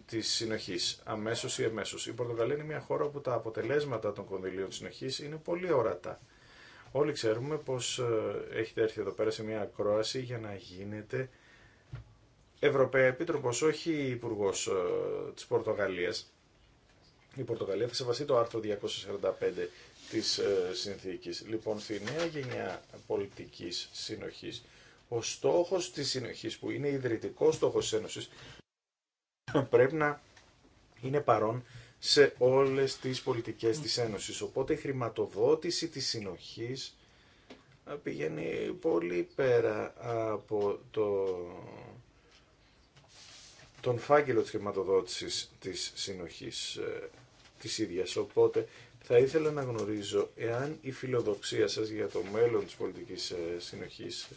Τη συνοχή, αμέσω ή αμέσω. Η Πορτογαλία είναι μια χώρα όπου τα αποτελέσματα των κονδυλίων της συνοχής είναι πολύ ορατά. Όλοι ξέρουμε πως ε, έχετε έρθει εδώ πέρα σε μια ακρόαση για να γίνετε Ευρωπαίοι Επίτροπος, όχι υπουργό ε, τη Πορτογαλίας. Η Πορτογαλία θα σεβαστεί το άρθρο 245 της ε, συνθήκη. Λοιπόν, στη νέα γενιά πολιτική συνοχή, ο στόχο τη συνοχή που είναι ιδρυτικό στόχο τη Ένωση, [laughs] πρέπει να είναι παρόν σε όλες τις πολιτικές της Ένωσης. Οπότε η χρηματοδότηση της συνοχής ε, πηγαίνει πολύ πέρα από το... τον φάκελο της χρηματοδότησης της συνοχής ε, της ίδιας. Οπότε θα ήθελα να γνωρίζω εάν η φιλοδοξία σας για το μέλλον της πολιτικής ε, συνοχής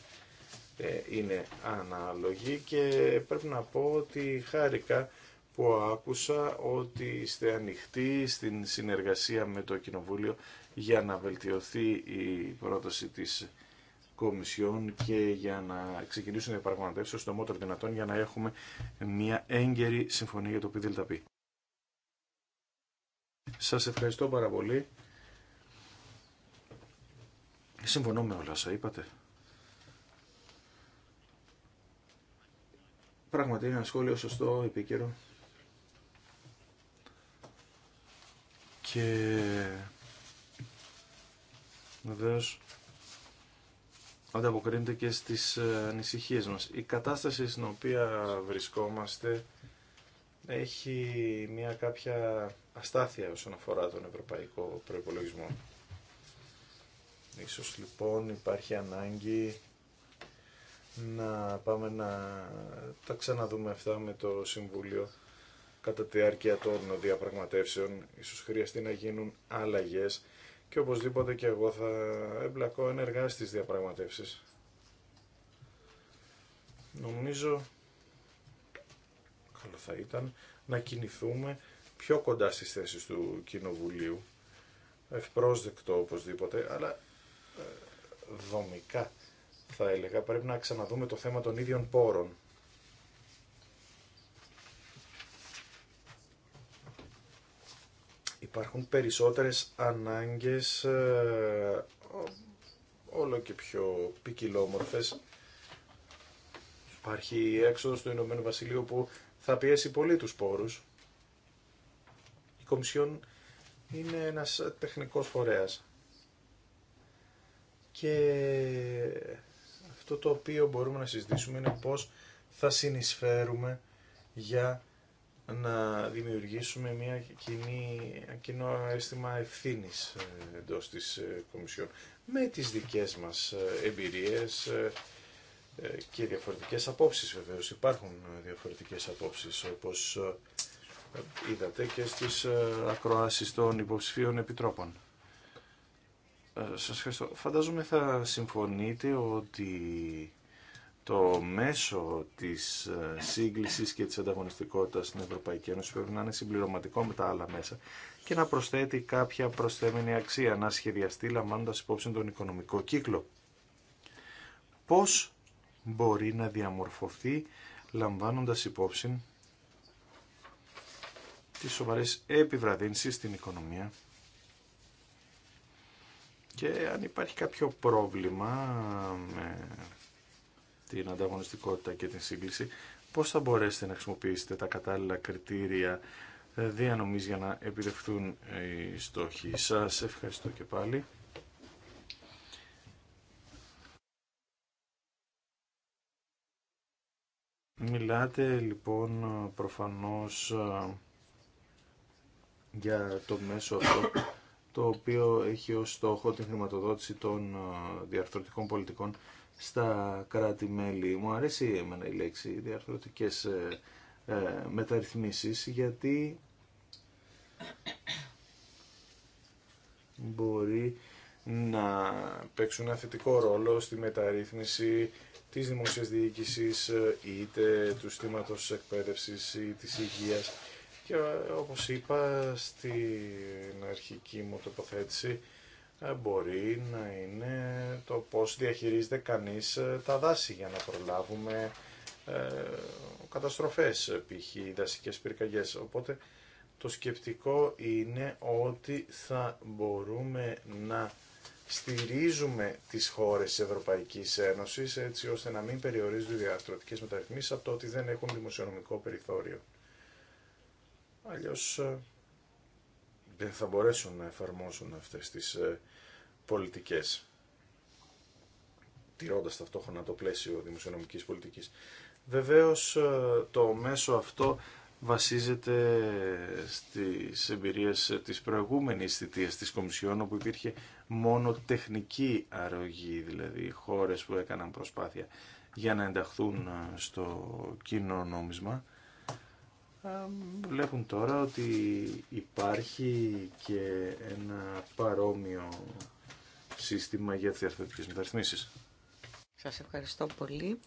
ε, είναι αναλογή και πρέπει να πω ότι χάρηκα που άκουσα ότι είστε ανοιχτοί στην συνεργασία με το Κοινοβούλιο για να βελτιωθεί η πρόταση της Κομισιόν και για να ξεκινήσουν οι διαπραγματεύσει στο των δυνατόν για να έχουμε μια έγκαιρη συμφωνία για το ΠΙΔΛΤΑΠΗ. Σας ευχαριστώ πάρα πολύ. Συμφωνώ με όλα όσα είπατε. Πράγματι είναι ένα σχόλιο σωστό, επίκαιρο. Και βεβαίω ανταποκρίνεται και στις ε, ανησυχίε μας. Η κατάσταση στην οποία βρισκόμαστε έχει μια κάποια αστάθεια όσον αφορά τον ευρωπαϊκό προϋπολογισμό. Ίσως λοιπόν υπάρχει ανάγκη να πάμε να τα ξαναδούμε αυτά με το Συμβούλιο κατά τη διάρκεια των διαπραγματεύσεων. Ίσως χρειαστεί να γίνουν αλλαγές και οπωσδήποτε και εγώ θα εμπλακώ ενεργά στις διαπραγματεύσεις. Νομίζω καλό θα ήταν να κινηθούμε πιο κοντά στις θέσεις του Κοινοβουλίου ευπρόσδεκτο οπωσδήποτε αλλά ε, δομικά θα έλεγα, πρέπει να ξαναδούμε το θέμα των ίδιων πόρων. Υπάρχουν περισσότερες ανάγκες ε, όλο και πιο ποικιλόμορφες. Υπάρχει η έξοδος του Ηνωμένου Βασιλείου που θα πιέσει πολύ τους πόρους. Η Κομισιόν είναι ένας τεχνικός φορέας και αυτό το οποίο μπορούμε να συζητήσουμε είναι πώς θα συνεισφέρουμε για να δημιουργήσουμε μια κοινή, κοινό αίσθημα ευθύνη ε, εντός της ε, Κομισιόν με τις δικές μας ε, εμπειρίες και διαφορετικές απόψεις βεβαίως. Υπάρχουν διαφορετικές απόψεις όπως είδατε και στις ακροάσεις των υποψηφίων επιτρόπων. Σας ευχαριστώ. Φαντάζομαι θα συμφωνείτε ότι το μέσο της ε, σύγκλησης και της ανταγωνιστικότητας στην Ευρωπαϊκή Ένωση πρέπει να είναι συμπληρωματικό με τα άλλα μέσα και να προσθέτει κάποια προσθέμενη αξία, να σχεδιαστεί λαμβάνοντας υπόψη τον οικονομικό κύκλο. Πώς μπορεί να διαμορφωθεί λαμβάνοντας υπόψη τις σοβαρές επιβραδύνσεις στην οικονομία και αν υπάρχει κάποιο πρόβλημα με την ανταγωνιστικότητα και την σύγκληση, πώς θα μπορέσετε να χρησιμοποιήσετε τα κατάλληλα κριτήρια ε, διανομής για να επιδευτούν οι στόχοι. Σας ευχαριστώ και πάλι. Μιλάτε λοιπόν προφανώς ε, για το μέσο αυτό το οποίο έχει ως στόχο την χρηματοδότηση των ε, διαρθρωτικών πολιτικών στα κράτη-μέλη. Μου αρέσει εμένα η λέξη διαρθρωτικές ε, ε, μεταρρυθμίσεις γιατί μπορεί να παίξουν ένα θετικό ρόλο στη μεταρρύθμιση της δημόσιας διοίκησης είτε του στήματος εκπαίδευσης ή της υγείας και όπως είπα στην αρχική μου τοποθέτηση ε, μπορεί να είναι το πώς διαχειρίζεται κανείς ε, τα δάση για να προλάβουμε ε, καταστροφές, π.χ. δασικές πυρκαγιές. Οπότε το σκεπτικό είναι ότι θα μπορούμε να στηρίζουμε τις χώρες της Ευρωπαϊκής Ένωσης έτσι ώστε να μην περιορίζουν οι διαρθρωτικές μεταρρυθμίσεις από το ότι δεν έχουν δημοσιονομικό περιθώριο. Αλλιώς ε, δεν θα μπορέσουν να εφαρμόσουν αυτές τις ε, πολιτικές τηρώντας ταυτόχρονα το πλαίσιο δημοσιονομικής πολιτικής. Βεβαίως ε, το μέσο αυτό βασίζεται στις εμπειρίες της προηγούμενης θητείας της Κομισιόν όπου υπήρχε μόνο τεχνική αρρωγή, δηλαδή χώρες που έκαναν προσπάθεια για να ενταχθούν στο κοινό νόμισμα βλέπουν τώρα ότι υπάρχει και ένα παρόμοιο σύστημα για τις μεταρρυθμίσεις. Σας ευχαριστώ πολύ.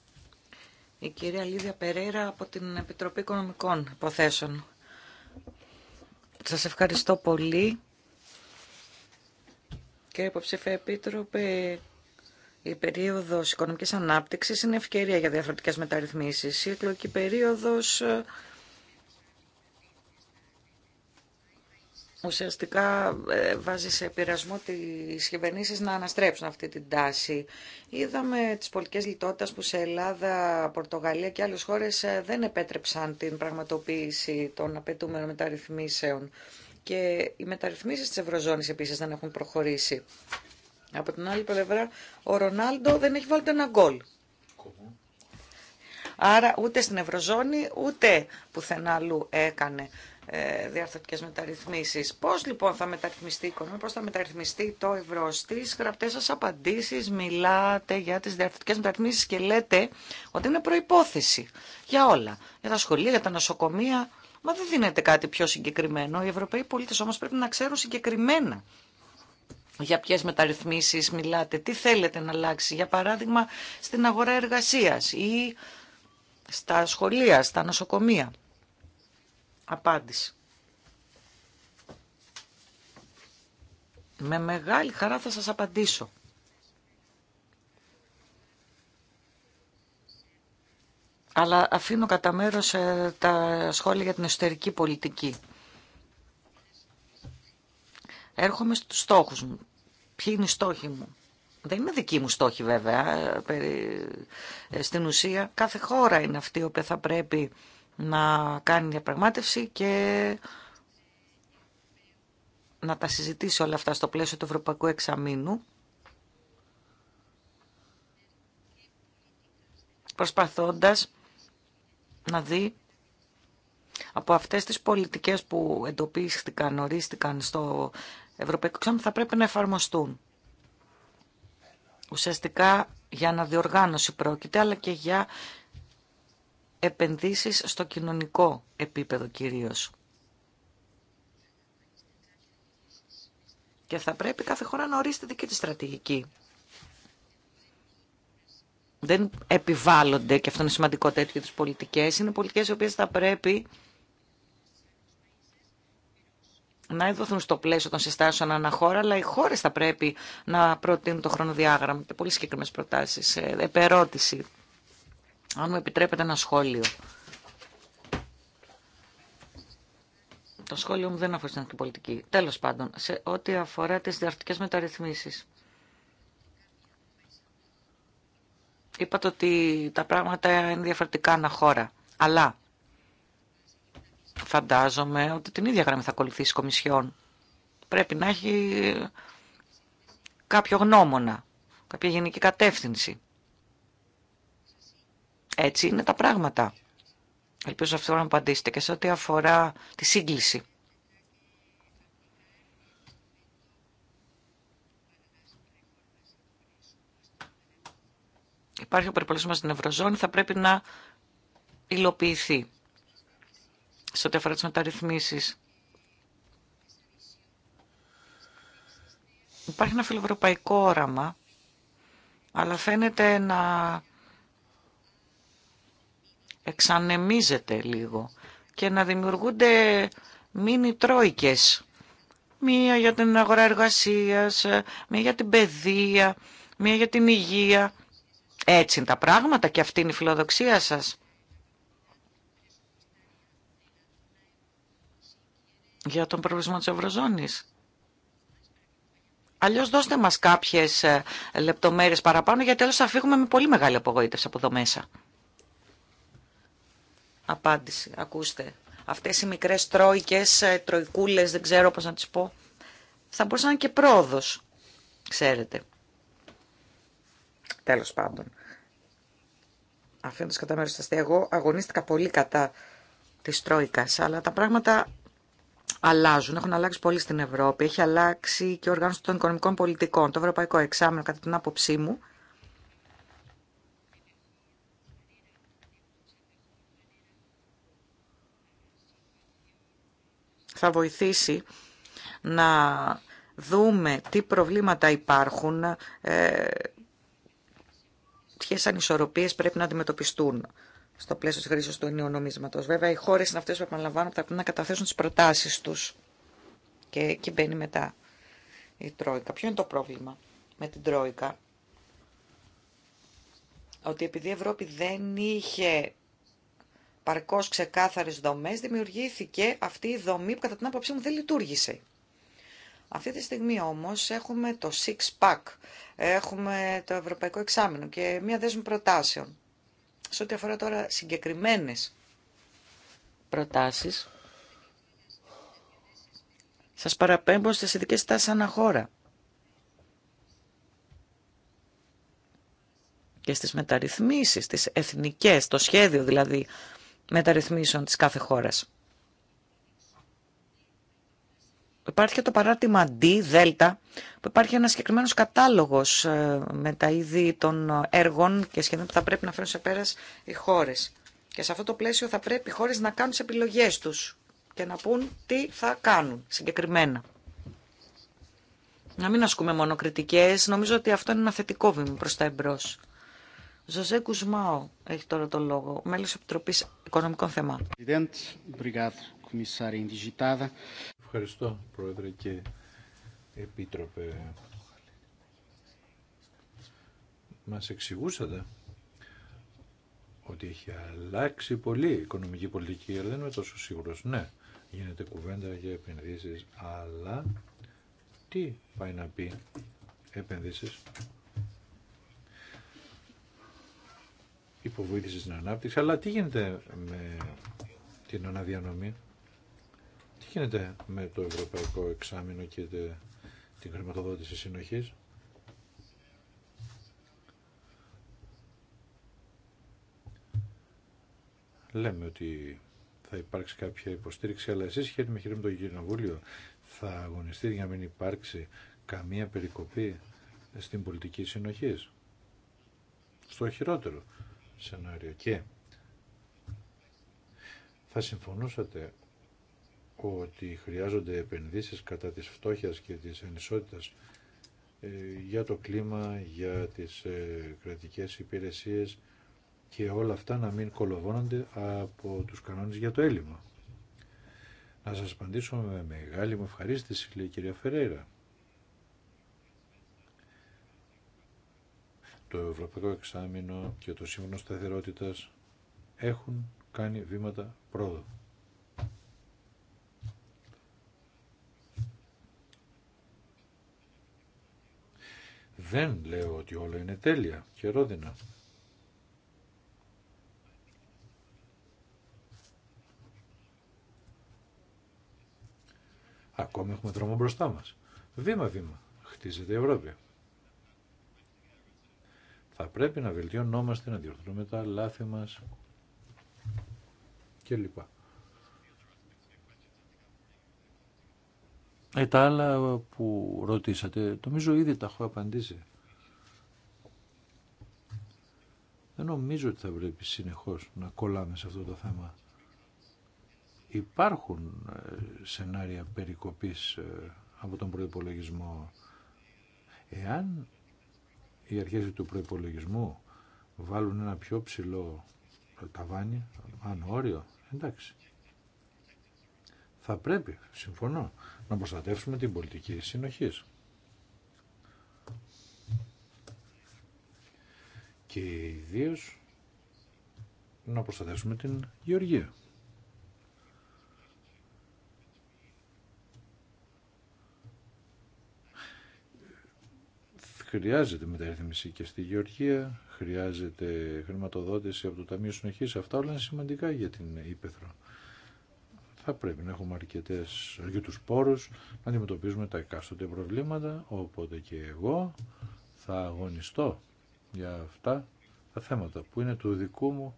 Η κυρία Λίδια Περέρα από την Επιτροπή Οικονομικών Υποθέσεων. Σας ευχαριστώ πολύ. Κύριε Υποψήφια Επίτροπε, η περίοδος οικονομικής ανάπτυξης είναι ευκαιρία για διαφορετικές μεταρρυθμίσεις. Η εκλογική περίοδος ουσιαστικά ε, βάζει σε πειρασμό τις κυβερνήσεις να αναστρέψουν αυτή την τάση. Είδαμε τις πολιτικές λιτότητας που σε Ελλάδα, Πορτογαλία και άλλες χώρες ε, δεν επέτρεψαν την πραγματοποίηση των απαιτούμενων μεταρρυθμίσεων. Και οι μεταρρυθμίσεις της Ευρωζώνης επίσης δεν έχουν προχωρήσει. Από την άλλη πλευρά, ο Ρονάλντο δεν έχει βάλει ένα γκολ. Άρα ούτε στην Ευρωζώνη ούτε πουθενά αλλού έκανε ε, διαρθρωτικέ μεταρρυθμίσει. Πώ λοιπόν θα μεταρρυθμιστεί η οικονομία, πώ θα μεταρρυθμιστεί το ευρώ. στι γραπτέ σα απαντήσει μιλάτε για τι διαρθρωτικέ μεταρρυθμίσει και λέτε ότι είναι προπόθεση για όλα. Για τα σχολεία, για τα νοσοκομεία, μα δεν δίνεται κάτι πιο συγκεκριμένο. Οι Ευρωπαίοι πολίτε όμω πρέπει να ξέρουν συγκεκριμένα για ποιε μεταρρυθμίσεις μιλάτε, τι θέλετε να αλλάξει, για παράδειγμα στην αγορά εργασία ή στα σχολεία, στα νοσοκομεία απάντηση. Με μεγάλη χαρά θα σας απαντήσω. Αλλά αφήνω κατά μέρος ε, τα σχόλια για την εσωτερική πολιτική. Έρχομαι στους στόχους μου. Ποιοι είναι οι στόχοι μου. Δεν είναι δικοί μου στόχοι βέβαια. Ε, ε, στην ουσία κάθε χώρα είναι αυτή η οποία θα πρέπει να κάνει διαπραγμάτευση και να τα συζητήσει όλα αυτά στο πλαίσιο του Ευρωπαϊκού Εξαμήνου. προσπαθώντας να δει από αυτές τις πολιτικές που εντοπίστηκαν, ορίστηκαν στο Ευρωπαϊκό Εξάμεινο θα πρέπει να εφαρμοστούν. Ουσιαστικά για αναδιοργάνωση πρόκειται, αλλά και για επενδύσεις στο κοινωνικό επίπεδο κυρίως. Και θα πρέπει κάθε χώρα να ορίσει τη δική της στρατηγική. Δεν επιβάλλονται, και αυτό είναι σημαντικό τέτοιο τις πολιτικές, είναι πολιτικές οι οποίες θα πρέπει να ειδωθούν στο πλαίσιο των συστάσεων αναχώρα, αλλά οι χώρε θα πρέπει να προτείνουν το χρονοδιάγραμμα και πολύ συγκεκριμένε προτάσει. Ε, επερώτηση. Αν μου επιτρέπετε ένα σχόλιο. Το σχόλιο μου δεν αφορά στην πολιτική. Τέλος πάντων, σε ό,τι αφορά τις διαρκτικές μεταρρυθμίσεις. Είπατε ότι τα πράγματα είναι διαφορετικά ανά χώρα. Αλλά φαντάζομαι ότι την ίδια γραμμή θα ακολουθήσει η Κομισιόν. Πρέπει να έχει κάποιο γνώμονα, κάποια γενική κατεύθυνση. Έτσι είναι τα πράγματα. Ελπίζω αυτό να απαντήσετε και σε ό,τι αφορά τη σύγκληση. Υπάρχει ο περιπολισμός στην Ευρωζώνη, θα πρέπει να υλοποιηθεί σε ό,τι αφορά τις μεταρρυθμίσεις. Υπάρχει ένα φιλοευρωπαϊκό όραμα, αλλά φαίνεται να εξανεμίζεται λίγο και να δημιουργούνται μίνι τρόικες. Μία για την αγορά εργασίας, μία για την παιδεία, μία για την υγεία. Έτσι είναι τα πράγματα και αυτή είναι η φιλοδοξία σας. Για τον προβληματισμό της Ευρωζώνης. Αλλιώς δώστε μας κάποιες ε, λεπτομέρειες παραπάνω γιατί άλλως θα φύγουμε με πολύ μεγάλη απογοήτευση από εδώ μέσα απάντηση. Ακούστε, αυτές οι μικρές τρόικες, ε, τροικούλες, δεν ξέρω πώς να τις πω, θα μπορούσαν να είναι και πρόοδος, ξέρετε. Τέλος πάντων. Αφήνοντας κατά μέρος τα εγώ αγωνίστηκα πολύ κατά της Τρόικας, αλλά τα πράγματα αλλάζουν, έχουν αλλάξει πολύ στην Ευρώπη. Έχει αλλάξει και ο οργάνωση των οικονομικών πολιτικών. Το Ευρωπαϊκό Εξάμεινο, κατά την άποψή μου, θα βοηθήσει να δούμε τι προβλήματα υπάρχουν, ε, ποιε ανισορροπίες πρέπει να αντιμετωπιστούν στο πλαίσιο της χρήσης του ενίου νομίσματος. Βέβαια, οι χώρες είναι αυτέ που επαναλαμβάνω θα πρέπει να καταθέσουν τις προτάσεις τους. Και εκεί μπαίνει μετά η Τρόικα. Ποιο είναι το πρόβλημα με την Τρόικα. Ότι επειδή η Ευρώπη δεν είχε παρκώ ξεκάθαρε δομές, δημιουργήθηκε αυτή η δομή που κατά την άποψή μου δεν λειτουργήσε. Αυτή τη στιγμή όμως έχουμε το six pack, έχουμε το ευρωπαϊκό εξάμεινο και μία δέσμη προτάσεων. Σε ό,τι αφορά τώρα συγκεκριμένες προτάσεις, σας παραπέμπω στις ειδικές τάσεις αναχώρα. και στις μεταρρυθμίσεις, τις εθνικές, το σχέδιο δηλαδή μεταρρυθμίσεων της κάθε χώρας. Υπάρχει και το παράρτημα D, δέλτα, που υπάρχει ένα συγκεκριμένο κατάλογο ε, με τα είδη των έργων και σχεδόν που θα πρέπει να φέρουν σε πέρα οι χώρε. Και σε αυτό το πλαίσιο θα πρέπει οι χώρε να κάνουν τι επιλογέ του και να πούν τι θα κάνουν συγκεκριμένα. Να μην ασκούμε μόνο κριτικέ. Νομίζω ότι αυτό είναι ένα θετικό βήμα προ τα εμπρό. Ζωζέ Κουσμάου έχει τώρα το λόγο, μέλος Επιτροπής Οικονομικών Θεμάτων. Ευχαριστώ, Πρόεδρε και Επίτροπε. Μας εξηγούσατε ότι έχει αλλάξει πολύ η οικονομική πολιτική, αλλά δεν είμαι τόσο σίγουρος. Ναι, γίνεται κουβέντα για επενδύσεις, αλλά τι πάει να πει επενδύσεις υποβοήθηση στην ανάπτυξη, αλλά τι γίνεται με την αναδιανομή, τι γίνεται με το Ευρωπαϊκό Εξάμεινο και την χρηματοδότηση συνοχής. Λέμε ότι θα υπάρξει κάποια υποστήριξη, αλλά εσείς χέρι με χέρι με το Κοινοβούλιο θα αγωνιστείτε για να μην υπάρξει καμία περικοπή στην πολιτική συνοχής. Στο χειρότερο σενάριο. Και θα συμφωνούσατε ότι χρειάζονται επενδύσεις κατά της φτώχειας και της ανισότητας ε, για το κλίμα, για τις ε, κρατικές υπηρεσίες και όλα αυτά να μην κολοβώνονται από τους κανόνες για το έλλειμμα. Να σας απαντήσω με μεγάλη μου ευχαρίστηση, λέει η κυρία Φερέρα. το Ευρωπαϊκό Εξάμεινο και το Σύμφωνο Σταθερότητας έχουν κάνει βήματα πρόοδο. Δεν λέω ότι όλα είναι τέλεια και ρόδινα. Ακόμα έχουμε δρόμο μπροστά μας. Βήμα-βήμα χτίζεται η Ευρώπη. Θα πρέπει να βελτιωνόμαστε, να διορθώνουμε τα λάθη μας και λοιπά. Ε, τα άλλα που ρωτήσατε, νομίζω ήδη τα έχω απαντήσει. Δεν νομίζω ότι θα πρέπει συνεχώς να κολλάμε σε αυτό το θέμα. Υπάρχουν ε, σενάρια περικοπής ε, από τον προϋπολογισμό. Εάν οι αρχές του προϋπολογισμού βάλουν ένα πιο ψηλό ταβάνι, αν όριο, εντάξει. Θα πρέπει, συμφωνώ, να προστατεύσουμε την πολιτική συνοχής. Και ιδίω να προστατεύσουμε την γεωργία. Χρειάζεται μεταρρύθμιση και στη Γεωργία, χρειάζεται χρηματοδότηση από το Ταμείο Συνοχή. Αυτά όλα είναι σημαντικά για την Ήπεθρο. Θα πρέπει να έχουμε αρκετές, αρκετούς πόρους, να αντιμετωπίζουμε τα εκάστοτε προβλήματα, οπότε και εγώ θα αγωνιστώ για αυτά τα θέματα που είναι του δικού μου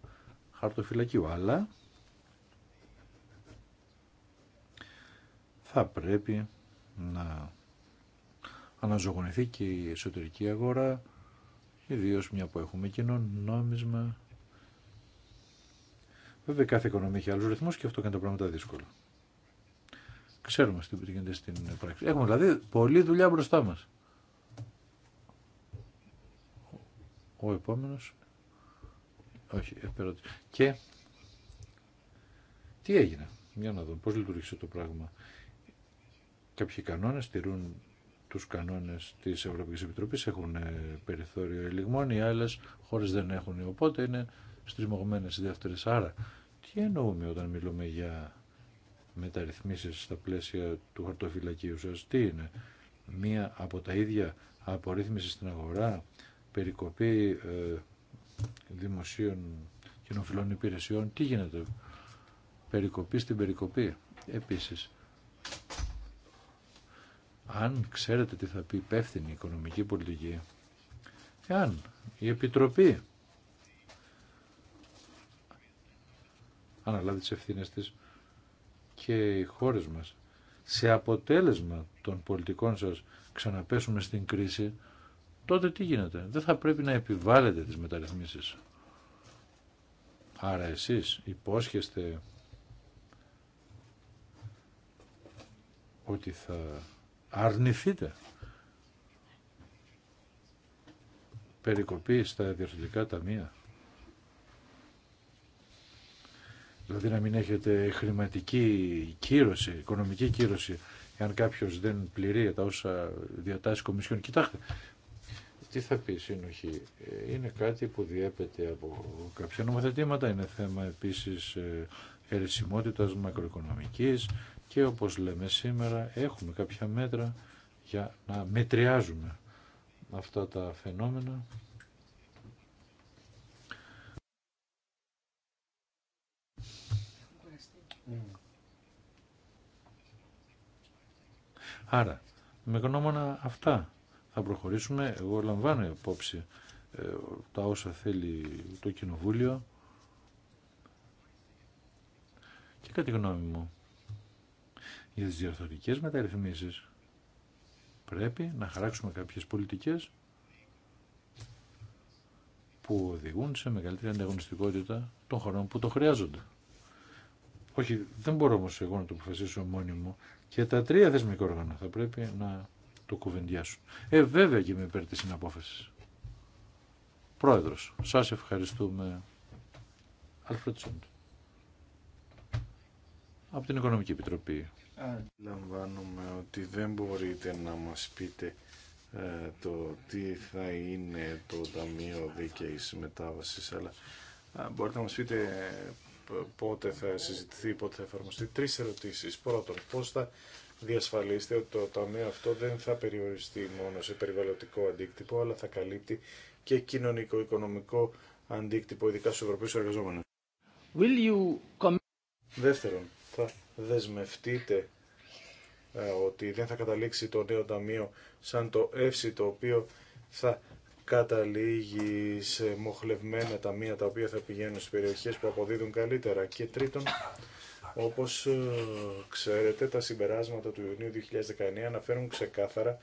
χαρτοφυλακίου. Αλλά θα πρέπει να αναζωογονηθεί και η εσωτερική αγορά, ιδίω μια που έχουμε κοινό νόμισμα. Βέβαια κάθε οικονομία έχει άλλους ρυθμούς και αυτό κάνει τα πράγματα δύσκολα. Ξέρουμε τι γίνεται στην πράξη. Έχουμε δηλαδή πολλή δουλειά μπροστά μας. Ο επόμενο. Όχι, επέρατε. Και τι έγινε, για να δω, πώς λειτουργήσε το πράγμα. Κάποιοι κανόνες τηρούν τους κανόνες της Ευρωπαϊκής Επιτροπής έχουν ε, περιθώριο ελιγμών, οι άλλες χώρες δεν έχουν, οπότε είναι στριμωγμένες οι Άρα, τι εννοούμε όταν μιλούμε για μεταρρυθμίσεις στα πλαίσια του χαρτοφυλακίου σας, τι είναι, μία από τα ίδια απορρίθμιση στην αγορά, περικοπή ε, δημοσίων κοινοφιλών υπηρεσιών, τι γίνεται, περικοπή στην περικοπή, επίσης αν ξέρετε τι θα πει υπεύθυνη η οικονομική πολιτική, εάν η Επιτροπή αναλάβει τις ευθύνες της και οι χώρες μας σε αποτέλεσμα των πολιτικών σας ξαναπέσουμε στην κρίση, τότε τι γίνεται. Δεν θα πρέπει να επιβάλλετε τις μεταρρυθμίσεις. Άρα εσείς υπόσχεστε ότι θα αρνηθείτε περικοπή στα διευθυντικά ταμεία. Δηλαδή να μην έχετε χρηματική κύρωση, οικονομική κύρωση, εάν κάποιος δεν πληρεί τα όσα διατάσσει κομισιόν. Κοιτάξτε, τι θα πει συνοχή. Ε, είναι κάτι που διέπεται από κάποια νομοθετήματα, είναι θέμα επίσης ε, ερεσιμότητας μακροοικονομικής και όπως λέμε σήμερα έχουμε κάποια μέτρα για να μετριάζουμε αυτά τα φαινόμενα Άρα, με γνώμονα αυτά θα προχωρήσουμε. Εγώ λαμβάνω υπόψη ε, τα όσα θέλει το Κοινοβούλιο Και κατά τη γνώμη μου, για τις διορθωτικές μεταρρυθμίσεις πρέπει να χαράξουμε κάποιες πολιτικές που οδηγούν σε μεγαλύτερη ανταγωνιστικότητα των χωρών που το χρειάζονται. Όχι, δεν μπορώ όμως εγώ να το αποφασίσω μόνοι μου και τα τρία θεσμικά όργανα θα πρέπει να το κουβεντιάσουν. Ε, βέβαια και με υπέρ της Πρόεδρος, σας ευχαριστούμε από την Οικονομική Επιτροπή. Λαμβάνουμε ότι δεν μπορείτε να μας πείτε ε, το τι θα είναι το Ταμείο Δίκαιης Μετάβασης, αλλά ε, μπορείτε να μας πείτε ε, πότε θα συζητηθεί, πότε θα εφαρμοστεί. Τρεις ερωτήσεις. Πρώτον, πώς θα διασφαλίσετε ότι το Ταμείο αυτό δεν θα περιοριστεί μόνο σε περιβαλλοντικό αντίκτυπο, αλλά θα καλύπτει και κοινωνικό-οικονομικό αντίκτυπο, ειδικά στους Ευρωπαίους εργαζόμενους. Δεύτερον, θα δεσμευτείτε ε, ότι δεν θα καταλήξει το νέο ταμείο σαν το εύση το οποίο θα καταλήγει σε μοχλευμένα ταμεία τα οποία θα πηγαίνουν στις περιοχές που αποδίδουν καλύτερα. Και τρίτον, όπως ε, ξέρετε, τα συμπεράσματα του Ιουνίου 2019 αναφέρουν ξεκάθαρα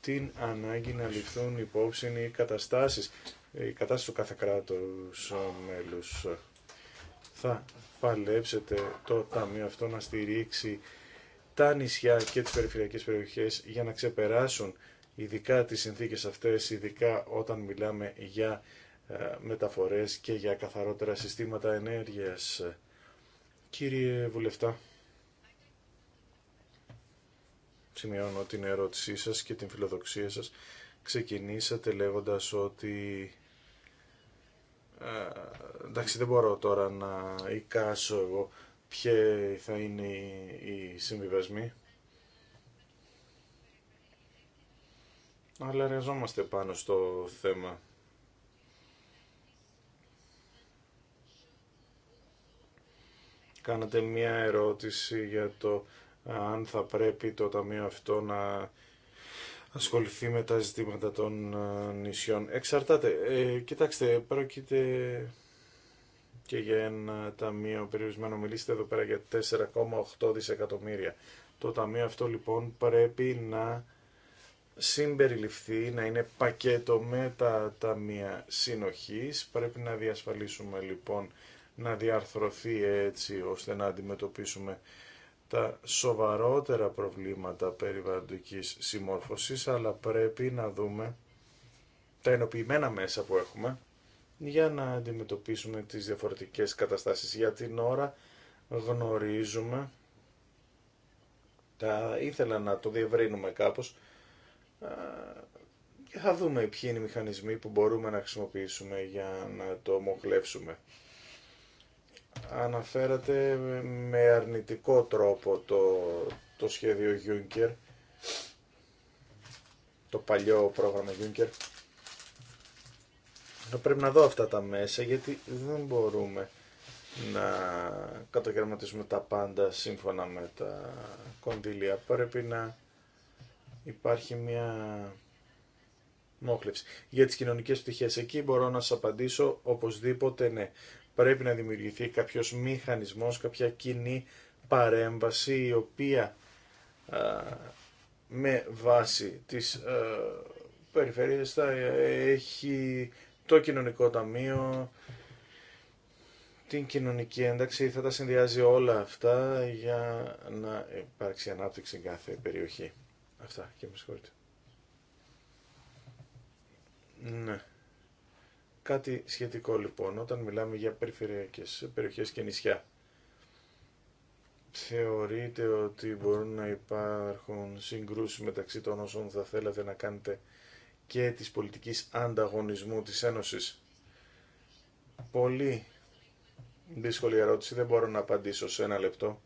την ανάγκη να ληφθούν υπόψη οι καταστάσεις, η κατάσταση του κάθε κράτους ε, μέλους. Θα παλέψετε το Ταμείο αυτό να στηρίξει τα νησιά και τις περιφερειακές περιοχές για να ξεπεράσουν ειδικά τις συνθήκες αυτές, ειδικά όταν μιλάμε για ε, μεταφορές και για καθαρότερα συστήματα ενέργειας. Κύριε Βουλευτά, σημειώνω την ερώτησή σας και την φιλοδοξία σας. Ξεκινήσατε λέγοντας ότι ε, εντάξει δεν μπορώ τώρα να εικάσω εγώ ποιοι θα είναι οι συμβιβασμοί. Αλλά εργαζόμαστε πάνω στο θέμα. Κάνατε μία ερώτηση για το αν θα πρέπει το ταμείο αυτό να ασχοληθεί με τα ζητήματα των ε, νησιών. Εξαρτάται. Ε, κοιτάξτε, πρόκειται και για ένα ταμείο περιορισμένο. Μιλήσετε εδώ πέρα για 4,8 δισεκατομμύρια. Το ταμείο αυτό λοιπόν πρέπει να συμπεριληφθεί, να είναι πακέτο με τα ταμεία συνοχής. Πρέπει να διασφαλίσουμε λοιπόν να διαρθρωθεί έτσι ώστε να αντιμετωπίσουμε τα σοβαρότερα προβλήματα περιβαλλοντικής συμμόρφωσης, αλλά πρέπει να δούμε τα ενοποιημένα μέσα που έχουμε για να αντιμετωπίσουμε τις διαφορετικές καταστάσεις. Για την ώρα γνωρίζουμε, τα ήθελα να το διευρύνουμε κάπως, και θα δούμε ποιοι είναι οι μηχανισμοί που μπορούμε να χρησιμοποιήσουμε για να το μοχλεύσουμε αναφέρατε με αρνητικό τρόπο το, το σχέδιο Juncker, το παλιό πρόγραμμα Juncker. Πρέπει να δω αυτά τα μέσα γιατί δεν μπορούμε να καταγραμματίσουμε τα πάντα σύμφωνα με τα κονδύλια. Πρέπει να υπάρχει μια μόχλευση. Για τις κοινωνικές πτυχές εκεί μπορώ να σας απαντήσω οπωσδήποτε ναι πρέπει να δημιουργηθεί κάποιος μηχανισμός, κάποια κοινή παρέμβαση η οποία με βάση τις περιφέρειες θα έχει το κοινωνικό ταμείο, την κοινωνική ένταξη, θα τα συνδυάζει όλα αυτά για να υπάρξει ανάπτυξη κάθε περιοχή. Αυτά και με συγχωρείτε. Ναι. Κάτι σχετικό λοιπόν όταν μιλάμε για περιφερειακές περιοχές και νησιά. Θεωρείτε ότι μπορούν να υπάρχουν συγκρούσεις μεταξύ των όσων θα θέλατε να κάνετε και της πολιτικής ανταγωνισμού της Ένωσης. Πολύ δύσκολη ερώτηση, δεν μπορώ να απαντήσω σε ένα λεπτό.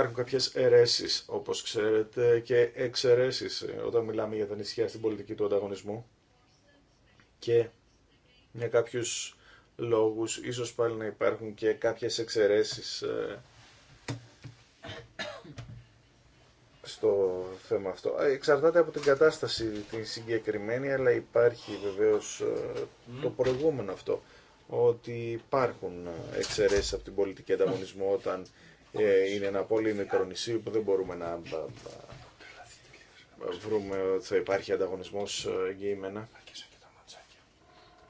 υπάρχουν κάποιες αιρέσεις, όπως ξέρετε, και εξαιρέσεις ε, όταν μιλάμε για τα νησιά στην πολιτική του ανταγωνισμού και για κάποιους λόγους ίσως πάλι να υπάρχουν και κάποιες εξαιρέσεις ε, στο θέμα αυτό. Ε, εξαρτάται από την κατάσταση την συγκεκριμένη, αλλά υπάρχει βεβαίως το προηγούμενο αυτό, ότι υπάρχουν εξαιρέσεις από την πολιτική ανταγωνισμού όταν ε, είναι ένα πολύ μικρό νησί που δεν μπορούμε να βρούμε ότι θα υπάρχει ανταγωνισμός ε, εγγυημένα.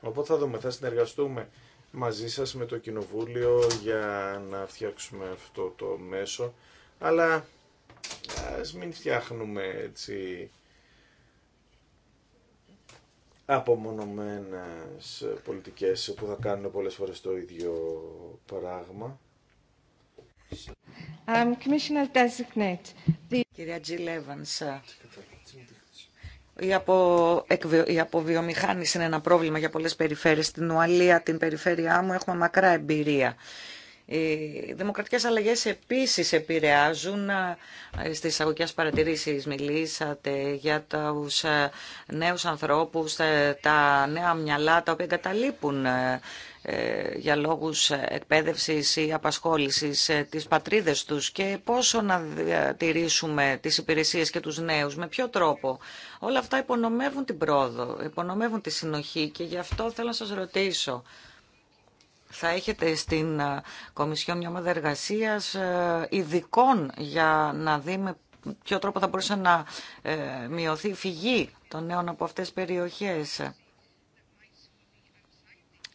Οπότε θα δούμε, θα συνεργαστούμε μαζί σας με το Κοινοβούλιο για να φτιάξουμε αυτό το μέσο, αλλά ας μην φτιάχνουμε έτσι απομονωμένες πολιτικές που θα κάνουν πολλές φορές το ίδιο πράγμα. Um, Commissioner Designate. Κυρία Τζιλέβανς, ε, η, απο... η αποβιομηχάνηση είναι ένα πρόβλημα για πολλές περιφέρειες. Στην Ουαλία, την περιφέρειά μου, έχουμε μακρά εμπειρία οι δημοκρατικές αλλαγές επίσης επηρεάζουν στις αγωγικές παρατηρήσεις. Μιλήσατε για τους ε, νέους ανθρώπους, ε, τα νέα μυαλά τα οποία εγκαταλείπουν ε, για λόγους εκπαίδευσης ή απασχόλησης της πατρίδες τους και πόσο να διατηρήσουμε τις υπηρεσίες και τους νέους, με ποιο τρόπο. Όλα αυτά υπονομεύουν την πρόοδο, υπονομεύουν τη συνοχή και γι' αυτό θέλω να σας ρωτήσω θα έχετε στην ε, Κομισιόν μια ομάδα εργασία ε, ειδικών για να δει με ποιο τρόπο θα μπορούσε να ε, μειωθεί η φυγή των νέων από αυτέ τις περιοχές.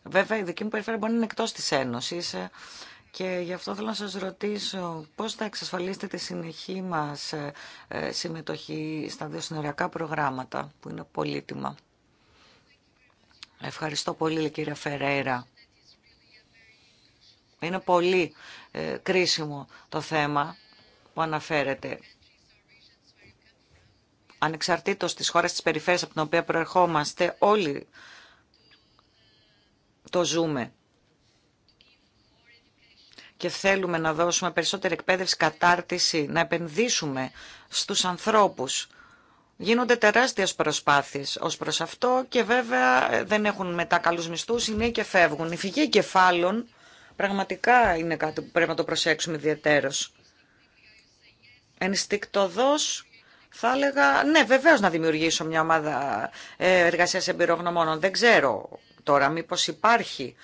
Βέβαια, η δική μου περιφέρεια μπορεί να είναι εκτό τη Ένωση. και γι' αυτό θέλω να σας ρωτήσω πώς θα εξασφαλίσετε τη συνεχή μας συμμετοχή στα δύο συνοριακά προγράμματα που είναι πολύτιμα. Ευχαριστώ πολύ, κύριε Φεραίρα. Είναι πολύ ε, κρίσιμο το θέμα που αναφέρεται. Ανεξαρτήτως της χώρας της περιφέρειας από την οποία προερχόμαστε, όλοι το ζούμε και θέλουμε να δώσουμε περισσότερη εκπαίδευση, κατάρτιση, να επενδύσουμε στους ανθρώπους. Γίνονται τεράστιες προσπάθειες ως προς αυτό και βέβαια ε, δεν έχουν μετά καλούς μισθούς, οι και φεύγουν. Η φυγή κεφάλων Πραγματικά είναι κάτι που πρέπει να το προσέξουμε ιδιαίτερος. Ενστικτοδός θα έλεγα, ναι βεβαίως να δημιουργήσω μια ομάδα ε, εργασίας εμπειρογνωμόνων. Δεν ξέρω τώρα μήπως υπάρχει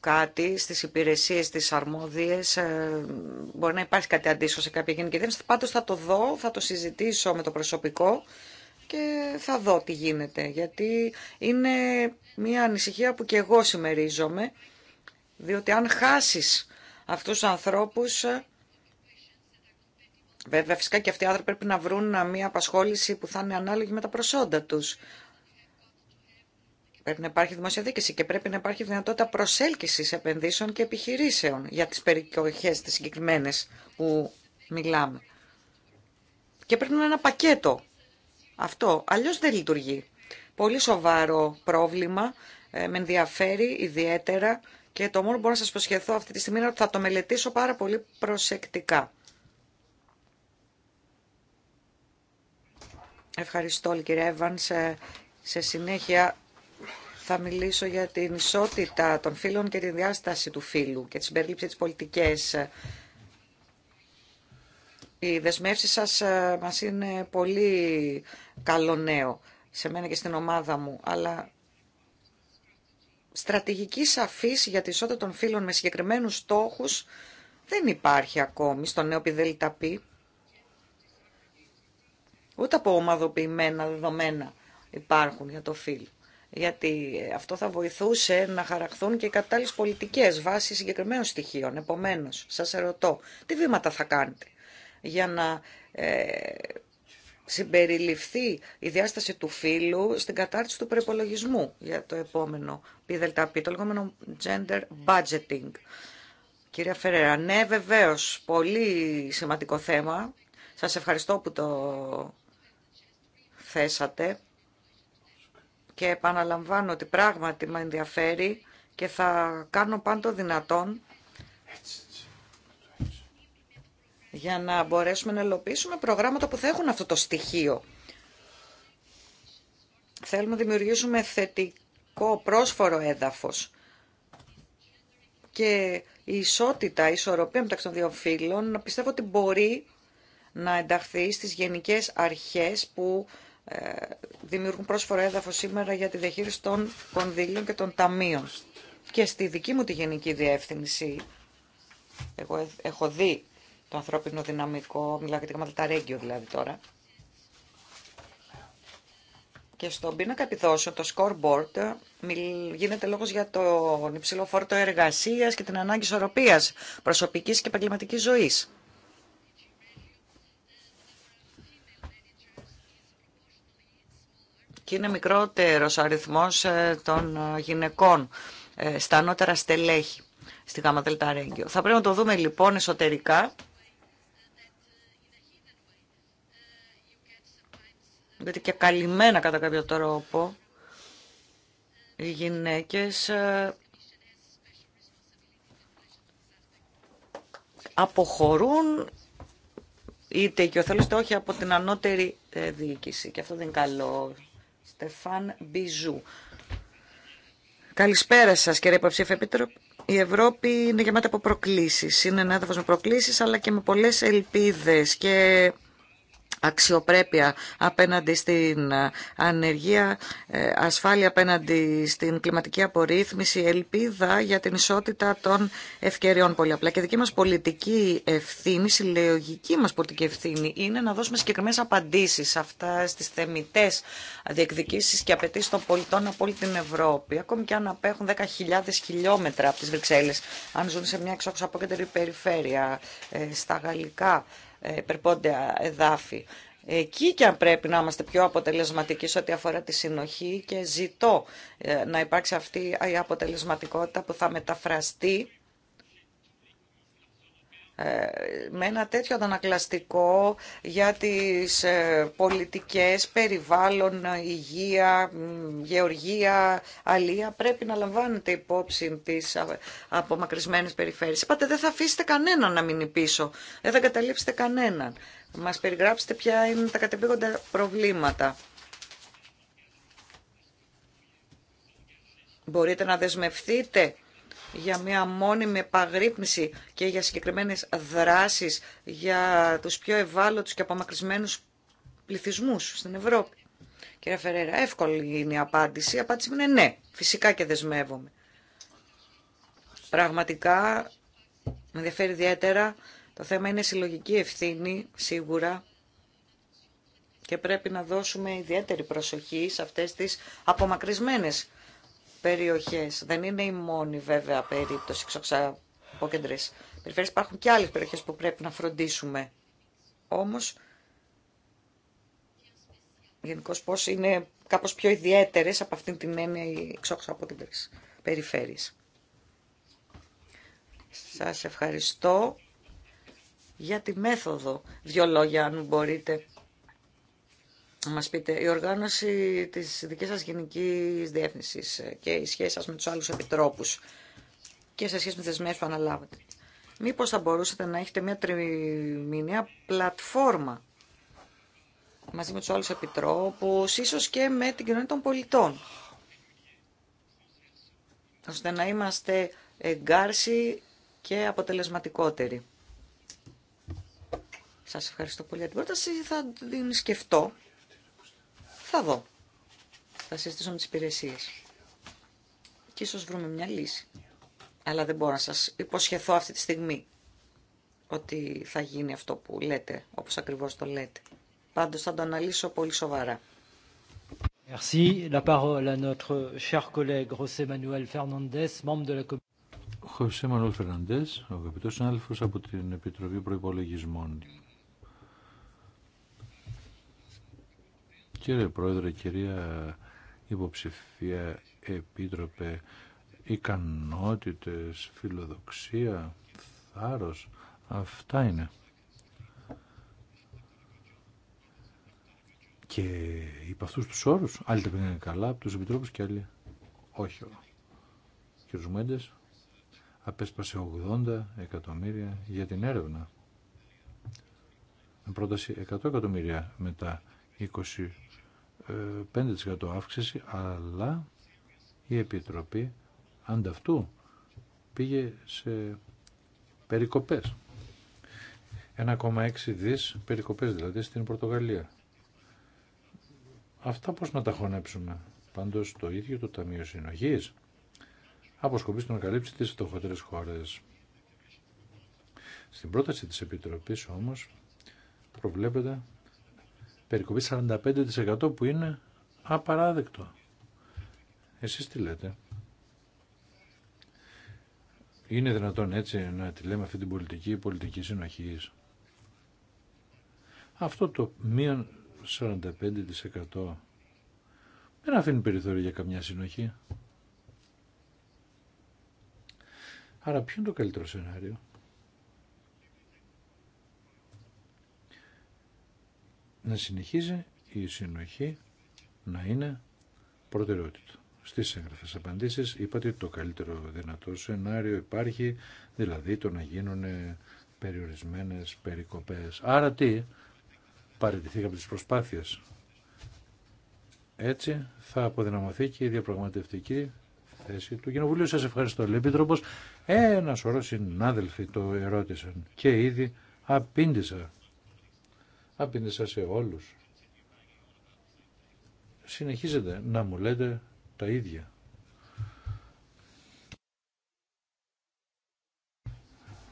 κάτι στις υπηρεσίες, στις αρμόδιες, ε, μπορεί να υπάρχει κάτι αντίστοιχο σε κάποια γενική διεύθυνση. Πάντως θα το δω, θα το συζητήσω με το προσωπικό και θα δω τι γίνεται. Γιατί είναι μια ανησυχία που και εγώ συμμερίζομαι διότι αν χάσεις αυτούς τους ανθρώπους, βέβαια φυσικά και αυτοί οι άνθρωποι πρέπει να βρουν μια απασχόληση που θα είναι ανάλογη με τα προσόντα τους. Πρέπει να υπάρχει δημόσια και πρέπει να υπάρχει δυνατότητα προσέλκυσης επενδύσεων και επιχειρήσεων για τις περιοχές τις συγκεκριμένε που μιλάμε. Και πρέπει να είναι ένα πακέτο αυτό. Αλλιώς δεν λειτουργεί. Πολύ σοβαρό πρόβλημα. Ε, με ενδιαφέρει ιδιαίτερα και το μόνο που μπορώ να σας προσχεθώ αυτή τη στιγμή είναι ότι θα το μελετήσω πάρα πολύ προσεκτικά. Ευχαριστώ, κύριε Εύαν. Σε, σε συνέχεια θα μιλήσω για την ισότητα των φίλων και τη διάσταση του φίλου και τη συμπερίληψη της πολιτικές. Οι δεσμεύσεις σας ε, μας είναι πολύ καλό νέο σε μένα και στην ομάδα μου, αλλά στρατηγική σαφή για τη ισότητα των φύλων με συγκεκριμένους στόχους δεν υπάρχει ακόμη στο νέο πι Ούτε από ομαδοποιημένα δεδομένα υπάρχουν για το φύλ. Γιατί αυτό θα βοηθούσε να χαραχθούν και οι κατάλληλε πολιτικέ βάσει συγκεκριμένων στοιχείων. Επομένω, σα ερωτώ, τι βήματα θα κάνετε για να ε, συμπεριληφθεί η διάσταση του φύλου στην κατάρτιση του προπολογισμού για το επόμενο ΠΔΠ, το λεγόμενο gender budgeting. Κυρία Φερέρα, ναι βεβαίω, πολύ σημαντικό θέμα. Σας ευχαριστώ που το θέσατε και επαναλαμβάνω ότι πράγματι με ενδιαφέρει και θα κάνω πάντο δυνατόν για να μπορέσουμε να ελοπίσουμε προγράμματα που θα έχουν αυτό το στοιχείο. Θέλουμε να δημιουργήσουμε θετικό πρόσφορο έδαφος και η ισότητα, η ισορροπία μεταξύ των δύο φύλων πιστεύω ότι μπορεί να ενταχθεί στις γενικές αρχές που ε, δημιουργούν πρόσφορο έδαφο σήμερα για τη διαχείριση των κονδύλων και των ταμείων. Και στη δική μου τη γενική διεύθυνση, εγώ ε, έχω δει το ανθρώπινο δυναμικό, μιλάω για τη ρέγγιο δηλαδή τώρα. Και στον πίνακα επιδόσεων, το scoreboard, γίνεται λόγος για τον υψηλό φόρτο εργασίας και την ανάγκη ισορροπίας προσωπικής και επαγγελματική ζωής. Και είναι μικρότερος ο αριθμός ε, των ε, γυναικών ε, στα ανώτερα στελέχη στη ΓΔΡ. Θα πρέπει να το δούμε λοιπόν εσωτερικά γιατί και καλυμμένα κατά κάποιο τρόπο, οι γυναίκες ε, αποχωρούν είτε ο θέλος όχι από την ανώτερη ε, διοίκηση. Και αυτό δεν είναι καλό. Στεφάν Μπιζού. Καλησπέρα σα, κύριε Υποψήφια Επίτροπε. Η Ευρώπη είναι γεμάτη από προκλήσει. Είναι ένα έδαφο με προκλήσει, αλλά και με πολλέ ελπίδε. Και αξιοπρέπεια απέναντι στην ε, ανεργία, ε, ασφάλεια απέναντι στην κλιματική απορρίθμιση, ελπίδα για την ισότητα των ευκαιριών πολύ απλά. Και δική μας πολιτική ευθύνη, συλλογική μας πολιτική ευθύνη είναι να δώσουμε συγκεκριμένες απαντήσεις αυτά στις θεμητές διεκδικήσεις και απαιτήσει των πολιτών από όλη την Ευρώπη. Ακόμη και αν απέχουν 10.000 χιλιόμετρα από τις Βρυξέλλες, αν ζουν σε μια από απόκεντρη περιφέρεια, ε, στα γαλλικά ε, υπερπόντια εδάφη. Εκεί και αν πρέπει να είμαστε πιο αποτελεσματικοί σε ό,τι αφορά τη συνοχή και ζητώ ε, να υπάρξει αυτή η αποτελεσματικότητα που θα μεταφραστεί ε, με ένα τέτοιο αντανακλαστικό για τις ε, πολιτικές, περιβάλλον, υγεία, γεωργία, αλία πρέπει να λαμβάνετε υπόψη τις απομακρυσμένες περιφέρειες. Είπατε δεν θα αφήσετε κανέναν να μείνει πίσω, ε, δεν θα καταλήψετε κανέναν. Μας περιγράψετε ποια είναι τα κατεπήγοντα προβλήματα. Μπορείτε να δεσμευτείτε για μια μόνιμη επαγρύπνηση και για συγκεκριμένες δράσεις για τους πιο ευάλωτους και απομακρυσμένους πληθυσμούς στην Ευρώπη. Κύριε Φερέρα, εύκολη είναι η απάντηση. Η απάντηση είναι ναι, φυσικά και δεσμεύομαι. Πραγματικά με ενδιαφέρει ιδιαίτερα. Το θέμα είναι συλλογική ευθύνη, σίγουρα, και πρέπει να δώσουμε ιδιαίτερη προσοχή σε αυτές τις απομακρυσμένες περιοχές. Δεν είναι η μόνη βέβαια περίπτωση κεντρε. περιφέρειες. Υπάρχουν και άλλες περιοχές που πρέπει να φροντίσουμε. Όμως, γενικώ πώ είναι κάπως πιο ιδιαίτερες από αυτήν την έννοια οι εξωξαπόκεντρες περιφέρειες. Σας ευχαριστώ για τη μέθοδο. Δυο λόγια αν μπορείτε να μας πείτε, η οργάνωση της δικής σας γενικής διεύθυνσης ε, και η σχέση σας με τους άλλους επιτρόπους και σε σχέση με τις που αναλάβατε. Μήπως θα μπορούσατε να έχετε μια τριμηνία πλατφόρμα μαζί με τους άλλους επιτρόπους, ίσως και με την κοινωνία των πολιτών, ώστε να είμαστε εγκάρσιοι και αποτελεσματικότεροι. Σας ευχαριστώ πολύ για την πρόταση, θα την σκεφτώ θα δω. Θα συζητήσω με τις υπηρεσίες. Και ίσως βρούμε μια λύση. Αλλά δεν μπορώ να σας υποσχεθώ αυτή τη στιγμή ότι θα γίνει αυτό που λέτε, όπως ακριβώς το λέτε. Πάντως θα το αναλύσω πολύ σοβαρά. Merci. La parole à notre cher collègue José Manuel Fernandez, membre de la Commission. José Manuel Fernandez, ο αγαπητός συνάδελφος από την Επιτροπή Προϋπολογισμών. Κύριε Πρόεδρε, κυρία Υποψηφία Επίτροπε, ικανότητες, φιλοδοξία, θάρρος, αυτά είναι. Και υπ' αυτού του όρου, άλλοι τα πήγαν καλά από του επιτρόπου και άλλοι όχι. Ο κ. Μέντε απέσπασε 80 εκατομμύρια για την έρευνα. Με πρόταση 100 εκατομμύρια μετά 20 5% αύξηση, αλλά η Επιτροπή ανταυτού πήγε σε περικοπές. 1,6 δις περικοπές δηλαδή στην Πορτογαλία. Αυτά πώς να τα χωνέψουμε. Πάντως το ίδιο το Ταμείο Συνοχής αποσκοπεί στο να καλύψει τις φτωχότερες χώρες. Στην πρόταση της Επιτροπής όμως προβλέπεται περικοπή 45% που είναι απαράδεκτο. Εσείς τι λέτε. Είναι δυνατόν έτσι να τη λέμε αυτή την πολιτική, πολιτική συνοχή. Αυτό το μείον 45% δεν αφήνει περιθώριο για καμιά συνοχή. Άρα ποιο είναι το καλύτερο σενάριο. να συνεχίζει η συνοχή να είναι προτεραιότητα. Στις έγγραφε απαντήσεις είπατε ότι το καλύτερο δυνατό σενάριο υπάρχει, δηλαδή το να γίνουν περιορισμένες περικοπές. Άρα τι, παραιτηθήκαμε τι προσπάθειες. Έτσι θα αποδυναμωθεί και η διαπραγματευτική θέση του Κοινοβουλίου. Σα ευχαριστώ, λέει Ένα σωρό συνάδελφοι το ερώτησαν και ήδη απήντησα Απήντησα σε όλους. Συνεχίζετε να μου λέτε τα ίδια.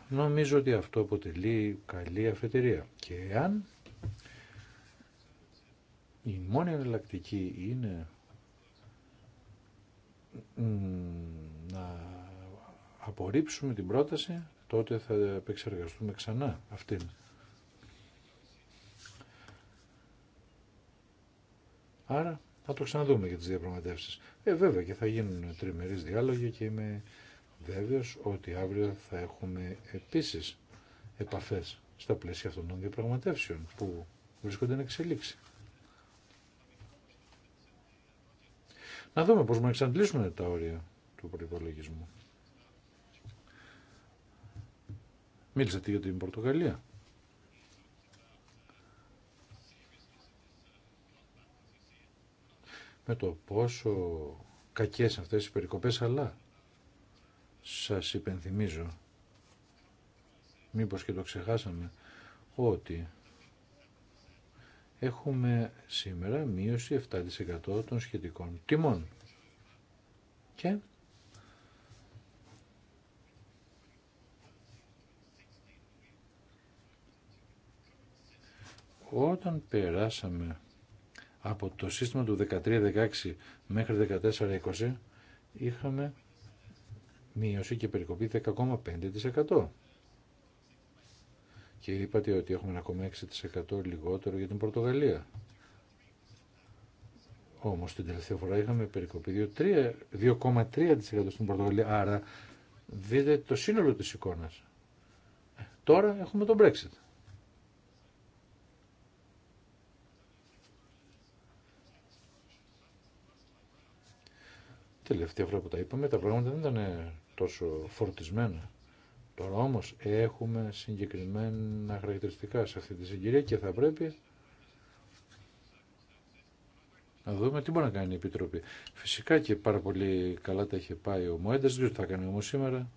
Νομίζω ότι αυτό αποτελεί καλή αφετηρία. Και αν η μόνη εναλλακτική είναι να απορρίψουμε την πρόταση, τότε θα επεξεργαστούμε ξανά αυτήν. Άρα θα το ξαναδούμε για τις διαπραγματεύσεις. Ε, βέβαια και θα γίνουν τριμερείς διάλογοι και είμαι βέβαιος ότι αύριο θα έχουμε επίσης επαφές στα πλαίσια αυτών των διαπραγματεύσεων που βρίσκονται να εξελίξει. Να δούμε πώς να εξαντλήσουμε τα όρια του προϋπολογισμού. Μίλησατε για την Πορτογαλία. με το πόσο κακές αυτές οι περικοπές, αλλά σας υπενθυμίζω, μήπως και το ξεχάσαμε, ότι έχουμε σήμερα μείωση 7% των σχετικών τιμών. Και όταν περάσαμε από το σύστημα του 13-16 μέχρι 14-20 είχαμε μείωση και περικοπή 10,5%. Και είπατε ότι έχουμε 1,6% λιγότερο για την Πορτογαλία. Όμως την τελευταία φορά είχαμε περικοπή 2,3% στην Πορτογαλία. Άρα δείτε το σύνολο της εικόνας. Ε, τώρα έχουμε τον Brexit. Τελευταία φορά που τα είπαμε, τα πράγματα δεν ήταν τόσο φορτισμένα. Τώρα όμως έχουμε συγκεκριμένα χαρακτηριστικά σε αυτή τη συγκυρία και θα πρέπει να δούμε τι μπορεί να κάνει η Επιτροπή. Φυσικά και πάρα πολύ καλά τα είχε πάει ο Μουέντε, δεν θα κάνει όμως σήμερα.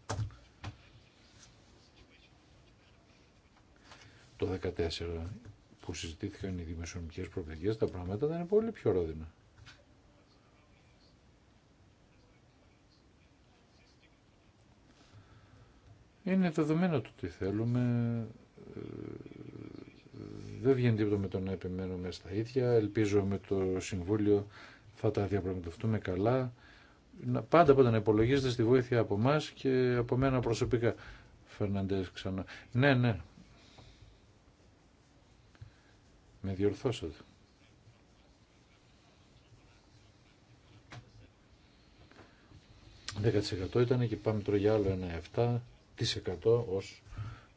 Το 2014 που συζητήθηκαν οι δημοσιονομικές προοπτικέ, τα πράγματα ήταν πολύ πιο ρόδινα. Είναι δεδομένο το τι θέλουμε. Ε, δεν βγαίνει τίποτα με το να επιμένουμε στα ίδια. Ελπίζω με το Συμβούλιο θα τα διαπραγματευτούμε καλά. Πάντα πάντα να υπολογίζετε στη βοήθεια από εμά και από μένα προσωπικά. Φέρναντε ξανά. Ναι, ναι. Με διορθώσατε. «10% ήταν και πάμε τώρα για άλλο ένα 7% ως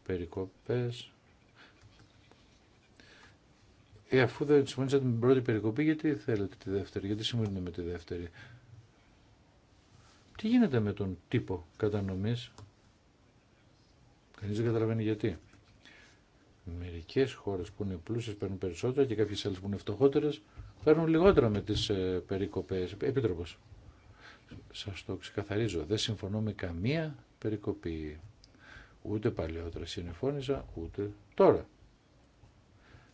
περικοπές. Ε, αφού δεν συμφωνήσατε με την πρώτη περικοπή, γιατί θέλετε τη δεύτερη, γιατί συμφωνείτε με τη δεύτερη. Τι γίνεται με τον τύπο κατανομής. Κανείς δεν καταλαβαίνει γιατί. Μερικές χώρες που είναι πλούσιες παίρνουν περισσότερα και κάποιες άλλες που είναι φτωχότερες παίρνουν λιγότερα με τις ε, περικοπές. Επίτροπος, σας το ξεκαθαρίζω, δεν συμφωνώ με καμία περικοπή. Ούτε παλαιότερα συνεφώνησα, ούτε τώρα.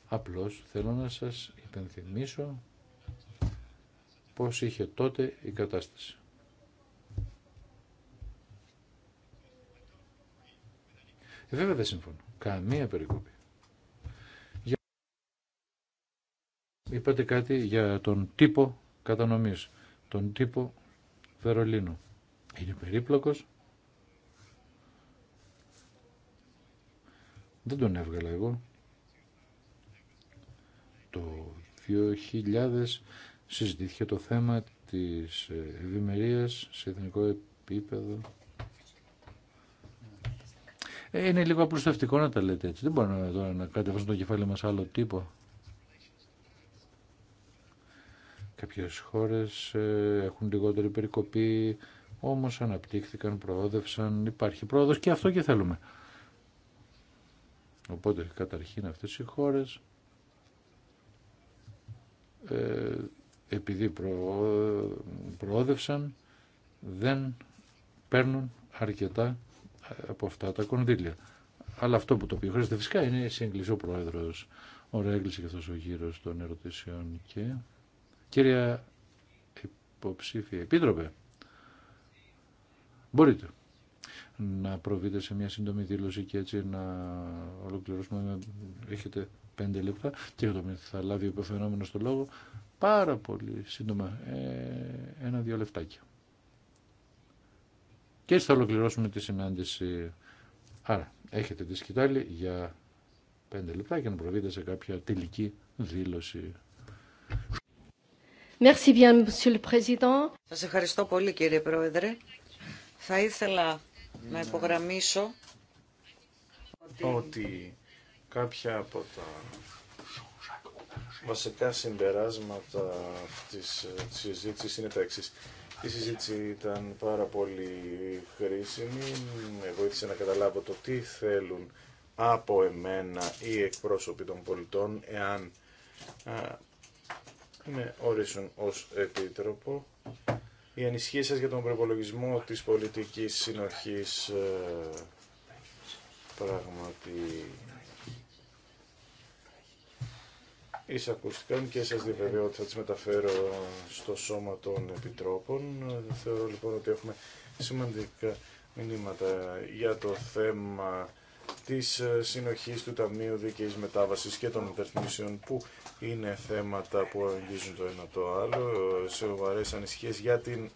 Απλώς θέλω να σας υπενθυμίσω πώς είχε τότε η κατάσταση. Ε, βέβαια δεν συμφωνώ. Καμία περικοπή. Είπατε κάτι για τον τύπο κατανομής, τον τύπο Βερολίνου. Είναι περίπλοκος, Δεν τον έβγαλα εγώ. Το 2000 συζητήθηκε το θέμα της ε, ευημερία σε εθνικό επίπεδο. Ε, είναι λίγο απλουστευτικό να τα λέτε έτσι. Δεν μπορούμε τώρα να κατεβάσουμε το κεφάλι μας άλλο τύπο. Κάποιες χώρες ε, έχουν λιγότερη περικοπή, όμως αναπτύχθηκαν, προόδευσαν, υπάρχει πρόοδος και αυτό και θέλουμε. Οπότε καταρχήν αυτές οι χώρες ε, επειδή προόδευσαν δεν παίρνουν αρκετά ε, από αυτά τα κονδύλια. Αλλά αυτό που το οποίο χρειάζεται φυσικά είναι η σύγκληση ο Πρόεδρος. Ωραία έγκληση και αυτός ο γύρος των ερωτήσεων και... Κύρια υποψήφια επίτροπε, μπορείτε να προβείτε σε μια σύντομη δήλωση και έτσι να ολοκληρώσουμε. Έχετε πέντε λεπτά και θα λάβει ο υποφαινόμενο το λόγο πάρα πολύ σύντομα. Ε, Ένα-δύο λεφτάκια Και έτσι θα ολοκληρώσουμε τη συνάντηση. Άρα, έχετε τη σκητάλη για πέντε λεπτά και να προβείτε σε κάποια τελική δήλωση. Merci Σας ευχαριστώ πολύ κύριε Πρόεδρε. Θα ήθελα να υπογραμμίσω ότι κάποια από τα βασικά συμπεράσματα της συζήτησης είναι τα εξής. Η συζήτηση ήταν πάρα πολύ χρήσιμη, με βοήθησε να καταλάβω το τι θέλουν από εμένα οι εκπρόσωποι των πολιτών, εάν με ορίσουν ως επίτροπο οι ανησυχίε σας για τον προπολογισμό της πολιτικής συνοχής ε, πράγματι εισακούστηκαν και σας διαβεβαιώ ότι θα τις μεταφέρω στο σώμα των επιτρόπων. Θεωρώ λοιπόν ότι έχουμε σημαντικά μηνύματα για το θέμα της ε, συνοχής του Ταμείου Δίκαιης Μετάβασης και των μεταρρυθμίσεων που είναι θέματα που αγγίζουν το ένα το άλλο, σε βαρές ανησυχίες για την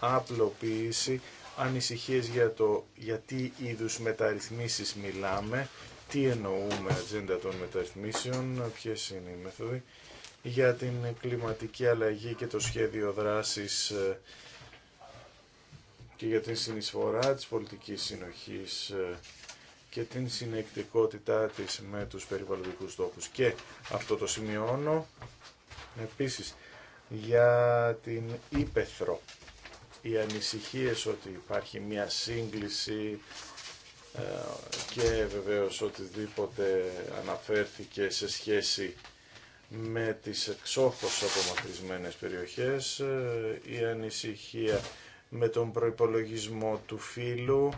απλοποίηση, ανησυχίες για το γιατί είδους μεταρρυθμίσεις μιλάμε, τι εννοούμε ατζέντα των μεταρρυθμίσεων, ποιες είναι οι μέθοδοι, για την κλιματική αλλαγή και το σχέδιο δράσης ε, και για την συνεισφορά της πολιτικής συνοχής ε, και την συνεκτικότητά της με τους περιβαλλοντικούς στόχους. Και αυτό το σημειώνω επίσης για την Ήπεθρο. Οι ανησυχίες ότι υπάρχει μια σύγκληση ε, και βεβαίως οτιδήποτε αναφέρθηκε σε σχέση με τις εξόχως απομακρυσμένες περιοχές, ε, η ανησυχία με τον προϋπολογισμό του φύλου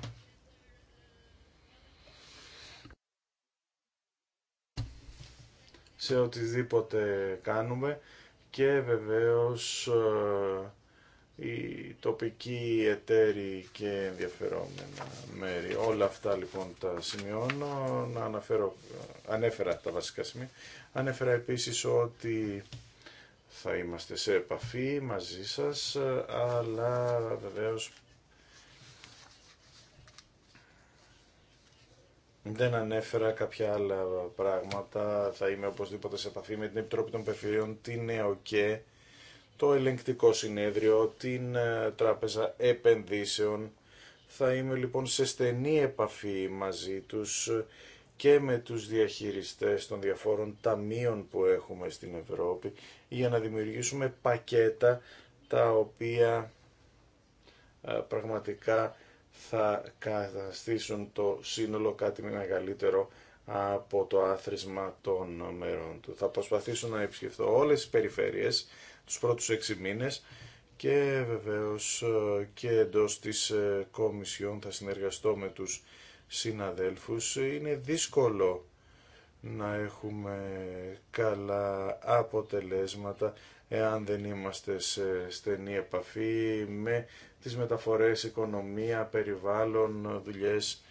σε οτιδήποτε κάνουμε και βεβαίως ε, οι τοπικοί εταίροι και ενδιαφερόμενα μέρη. Όλα αυτά λοιπόν τα σημειώνω, να αναφέρω, ε, ανέφερα τα βασικά σημεία. Ανέφερα επίσης ότι θα είμαστε σε επαφή μαζί σας, ε, αλλά βεβαίως Δεν ανέφερα κάποια άλλα πράγματα. Θα είμαι οπωσδήποτε σε επαφή με την Επιτροπή των Πεφυρίων, την ΕΟΚΕ, το Ελεγκτικό Συνέδριο, την ε, Τράπεζα Επενδύσεων. Θα είμαι λοιπόν σε στενή επαφή μαζί τους και με τους διαχειριστές των διαφόρων ταμείων που έχουμε στην Ευρώπη για να δημιουργήσουμε πακέτα τα οποία ε, πραγματικά θα καταστήσουν το σύνολο κάτι μεγαλύτερο από το άθροισμα των μέρων του. Θα προσπαθήσω να επισκεφθώ όλες τις περιφέρειες τους πρώτους έξι μήνες και βεβαίως ε, και εντός της ε, Κομισιόν θα συνεργαστώ με τους συναδέλφους. Είναι δύσκολο να έχουμε καλά αποτελέσματα εάν δεν είμαστε σε στενή επαφή με τις μεταφορές, οικονομία, περιβάλλον, δουλειές.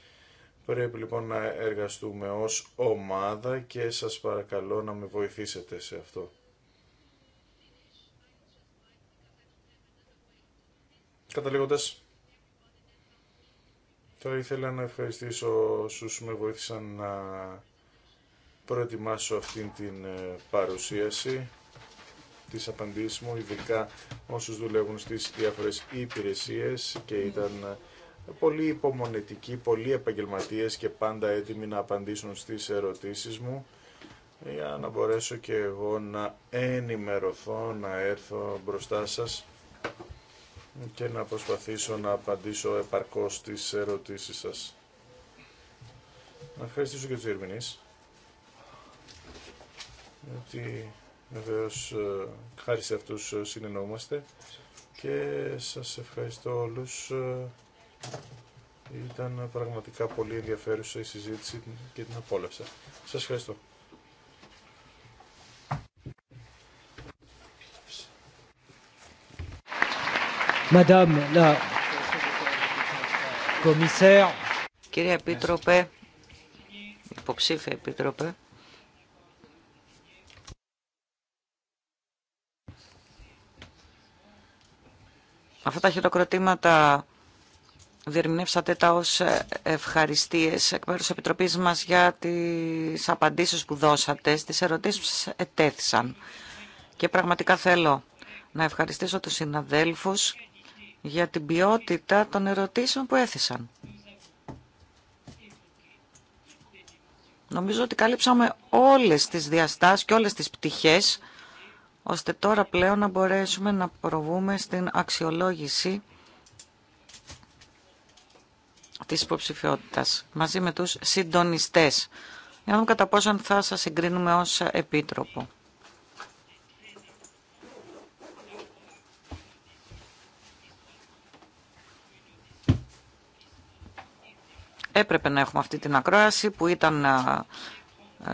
Πρέπει λοιπόν να εργαστούμε ως ομάδα και σας παρακαλώ να με βοηθήσετε σε αυτό. Καταλήγοντας, θα ήθελα να ευχαριστήσω όσους με βοήθησαν να προετοιμάσω αυτήν την ε, παρουσίαση τις απαντήσεις μου, ειδικά όσους δουλεύουν στις διάφορες υπηρεσίες και ήταν ε, πολύ υπομονετικοί, πολύ επαγγελματίες και πάντα έτοιμοι να απαντήσουν στις ερωτήσεις μου για να μπορέσω και εγώ να ενημερωθώ, να έρθω μπροστά σας και να προσπαθήσω να απαντήσω επαρκώς στις ερωτήσεις σας. Να ευχαριστήσω και τους Ερμηνείς. Γιατί Βεβαίω, ε, χάρη σε αυτούς ε, συνεννοούμαστε και σας ευχαριστώ όλους. Ε, ήταν πραγματικά πολύ ενδιαφέρουσα η συζήτηση και την απόλαυσα. Σας ευχαριστώ. Madame la Κύριε Επίτροπε, υποψήφια Επίτροπε, Αυτά τα χειροκροτήματα διερμηνεύσατε τα ως ευχαριστίες εκ μέρους Επιτροπής μας για τις απαντήσεις που δώσατε, στις ερωτήσεις που σας ετέθησαν. Και πραγματικά θέλω να ευχαριστήσω τους συναδέλφους για την ποιότητα των ερωτήσεων που έθεσαν. Νομίζω ότι καλύψαμε όλες τις διαστάσεις και όλες τις πτυχές ώστε τώρα πλέον να μπορέσουμε να προβούμε στην αξιολόγηση της υποψηφιότητα μαζί με τους συντονιστές για να δούμε κατά πόσον θα σας συγκρίνουμε ως επίτροπο. Έπρεπε να έχουμε αυτή την ακρόαση που ήταν ε,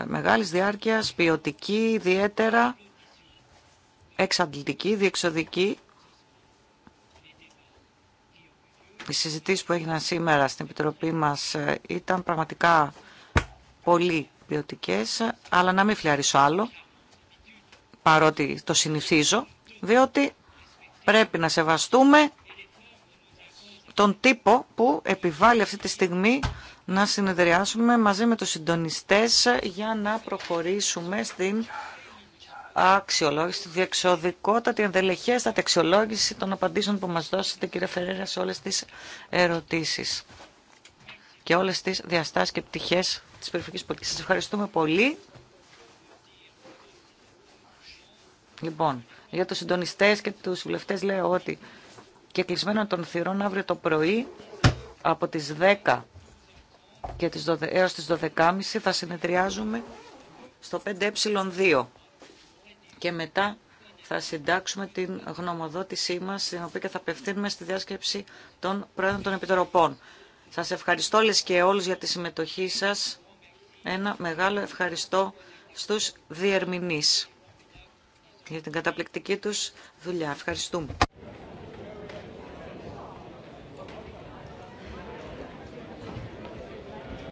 μεγάλης διάρκειας, ποιοτική ιδιαίτερα εξαντλητική, διεξοδική. Οι συζητήσεις που έγιναν σήμερα στην Επιτροπή μας ε, ήταν πραγματικά πολύ ποιοτικέ, αλλά να μην φλιαρίσω άλλο, παρότι το συνηθίζω, διότι πρέπει να σεβαστούμε τον τύπο που επιβάλλει αυτή τη στιγμή να συνεδριάσουμε μαζί με τους συντονιστές για να προχωρήσουμε στην αξιολόγηση, διεξοδικότατη, ενδελεχέστατη αξιολόγηση των απαντήσεων που μας δώσετε κύριε Φερέρα σε όλες τις ερωτήσεις και όλες τις διαστάσεις και πτυχές της περιφερικής πολιτικής. Σας ευχαριστούμε πολύ. Λοιπόν, για τους συντονιστές και τους βουλευτές λέω ότι και κλεισμένο των θυρών αύριο το πρωί από τις 10 και τις 12, έως τις 12.30 θα συνεδριάζουμε στο 5ε2 και μετά θα συντάξουμε την γνωμοδότησή μας, την οποία θα απευθύνουμε στη διάσκεψη των Πρόεδρων των Επιτροπών. Σας ευχαριστώ όλες και όλους για τη συμμετοχή σας. Ένα μεγάλο ευχαριστώ στους διερμηνείς για την καταπληκτική τους δουλειά. Ευχαριστούμε.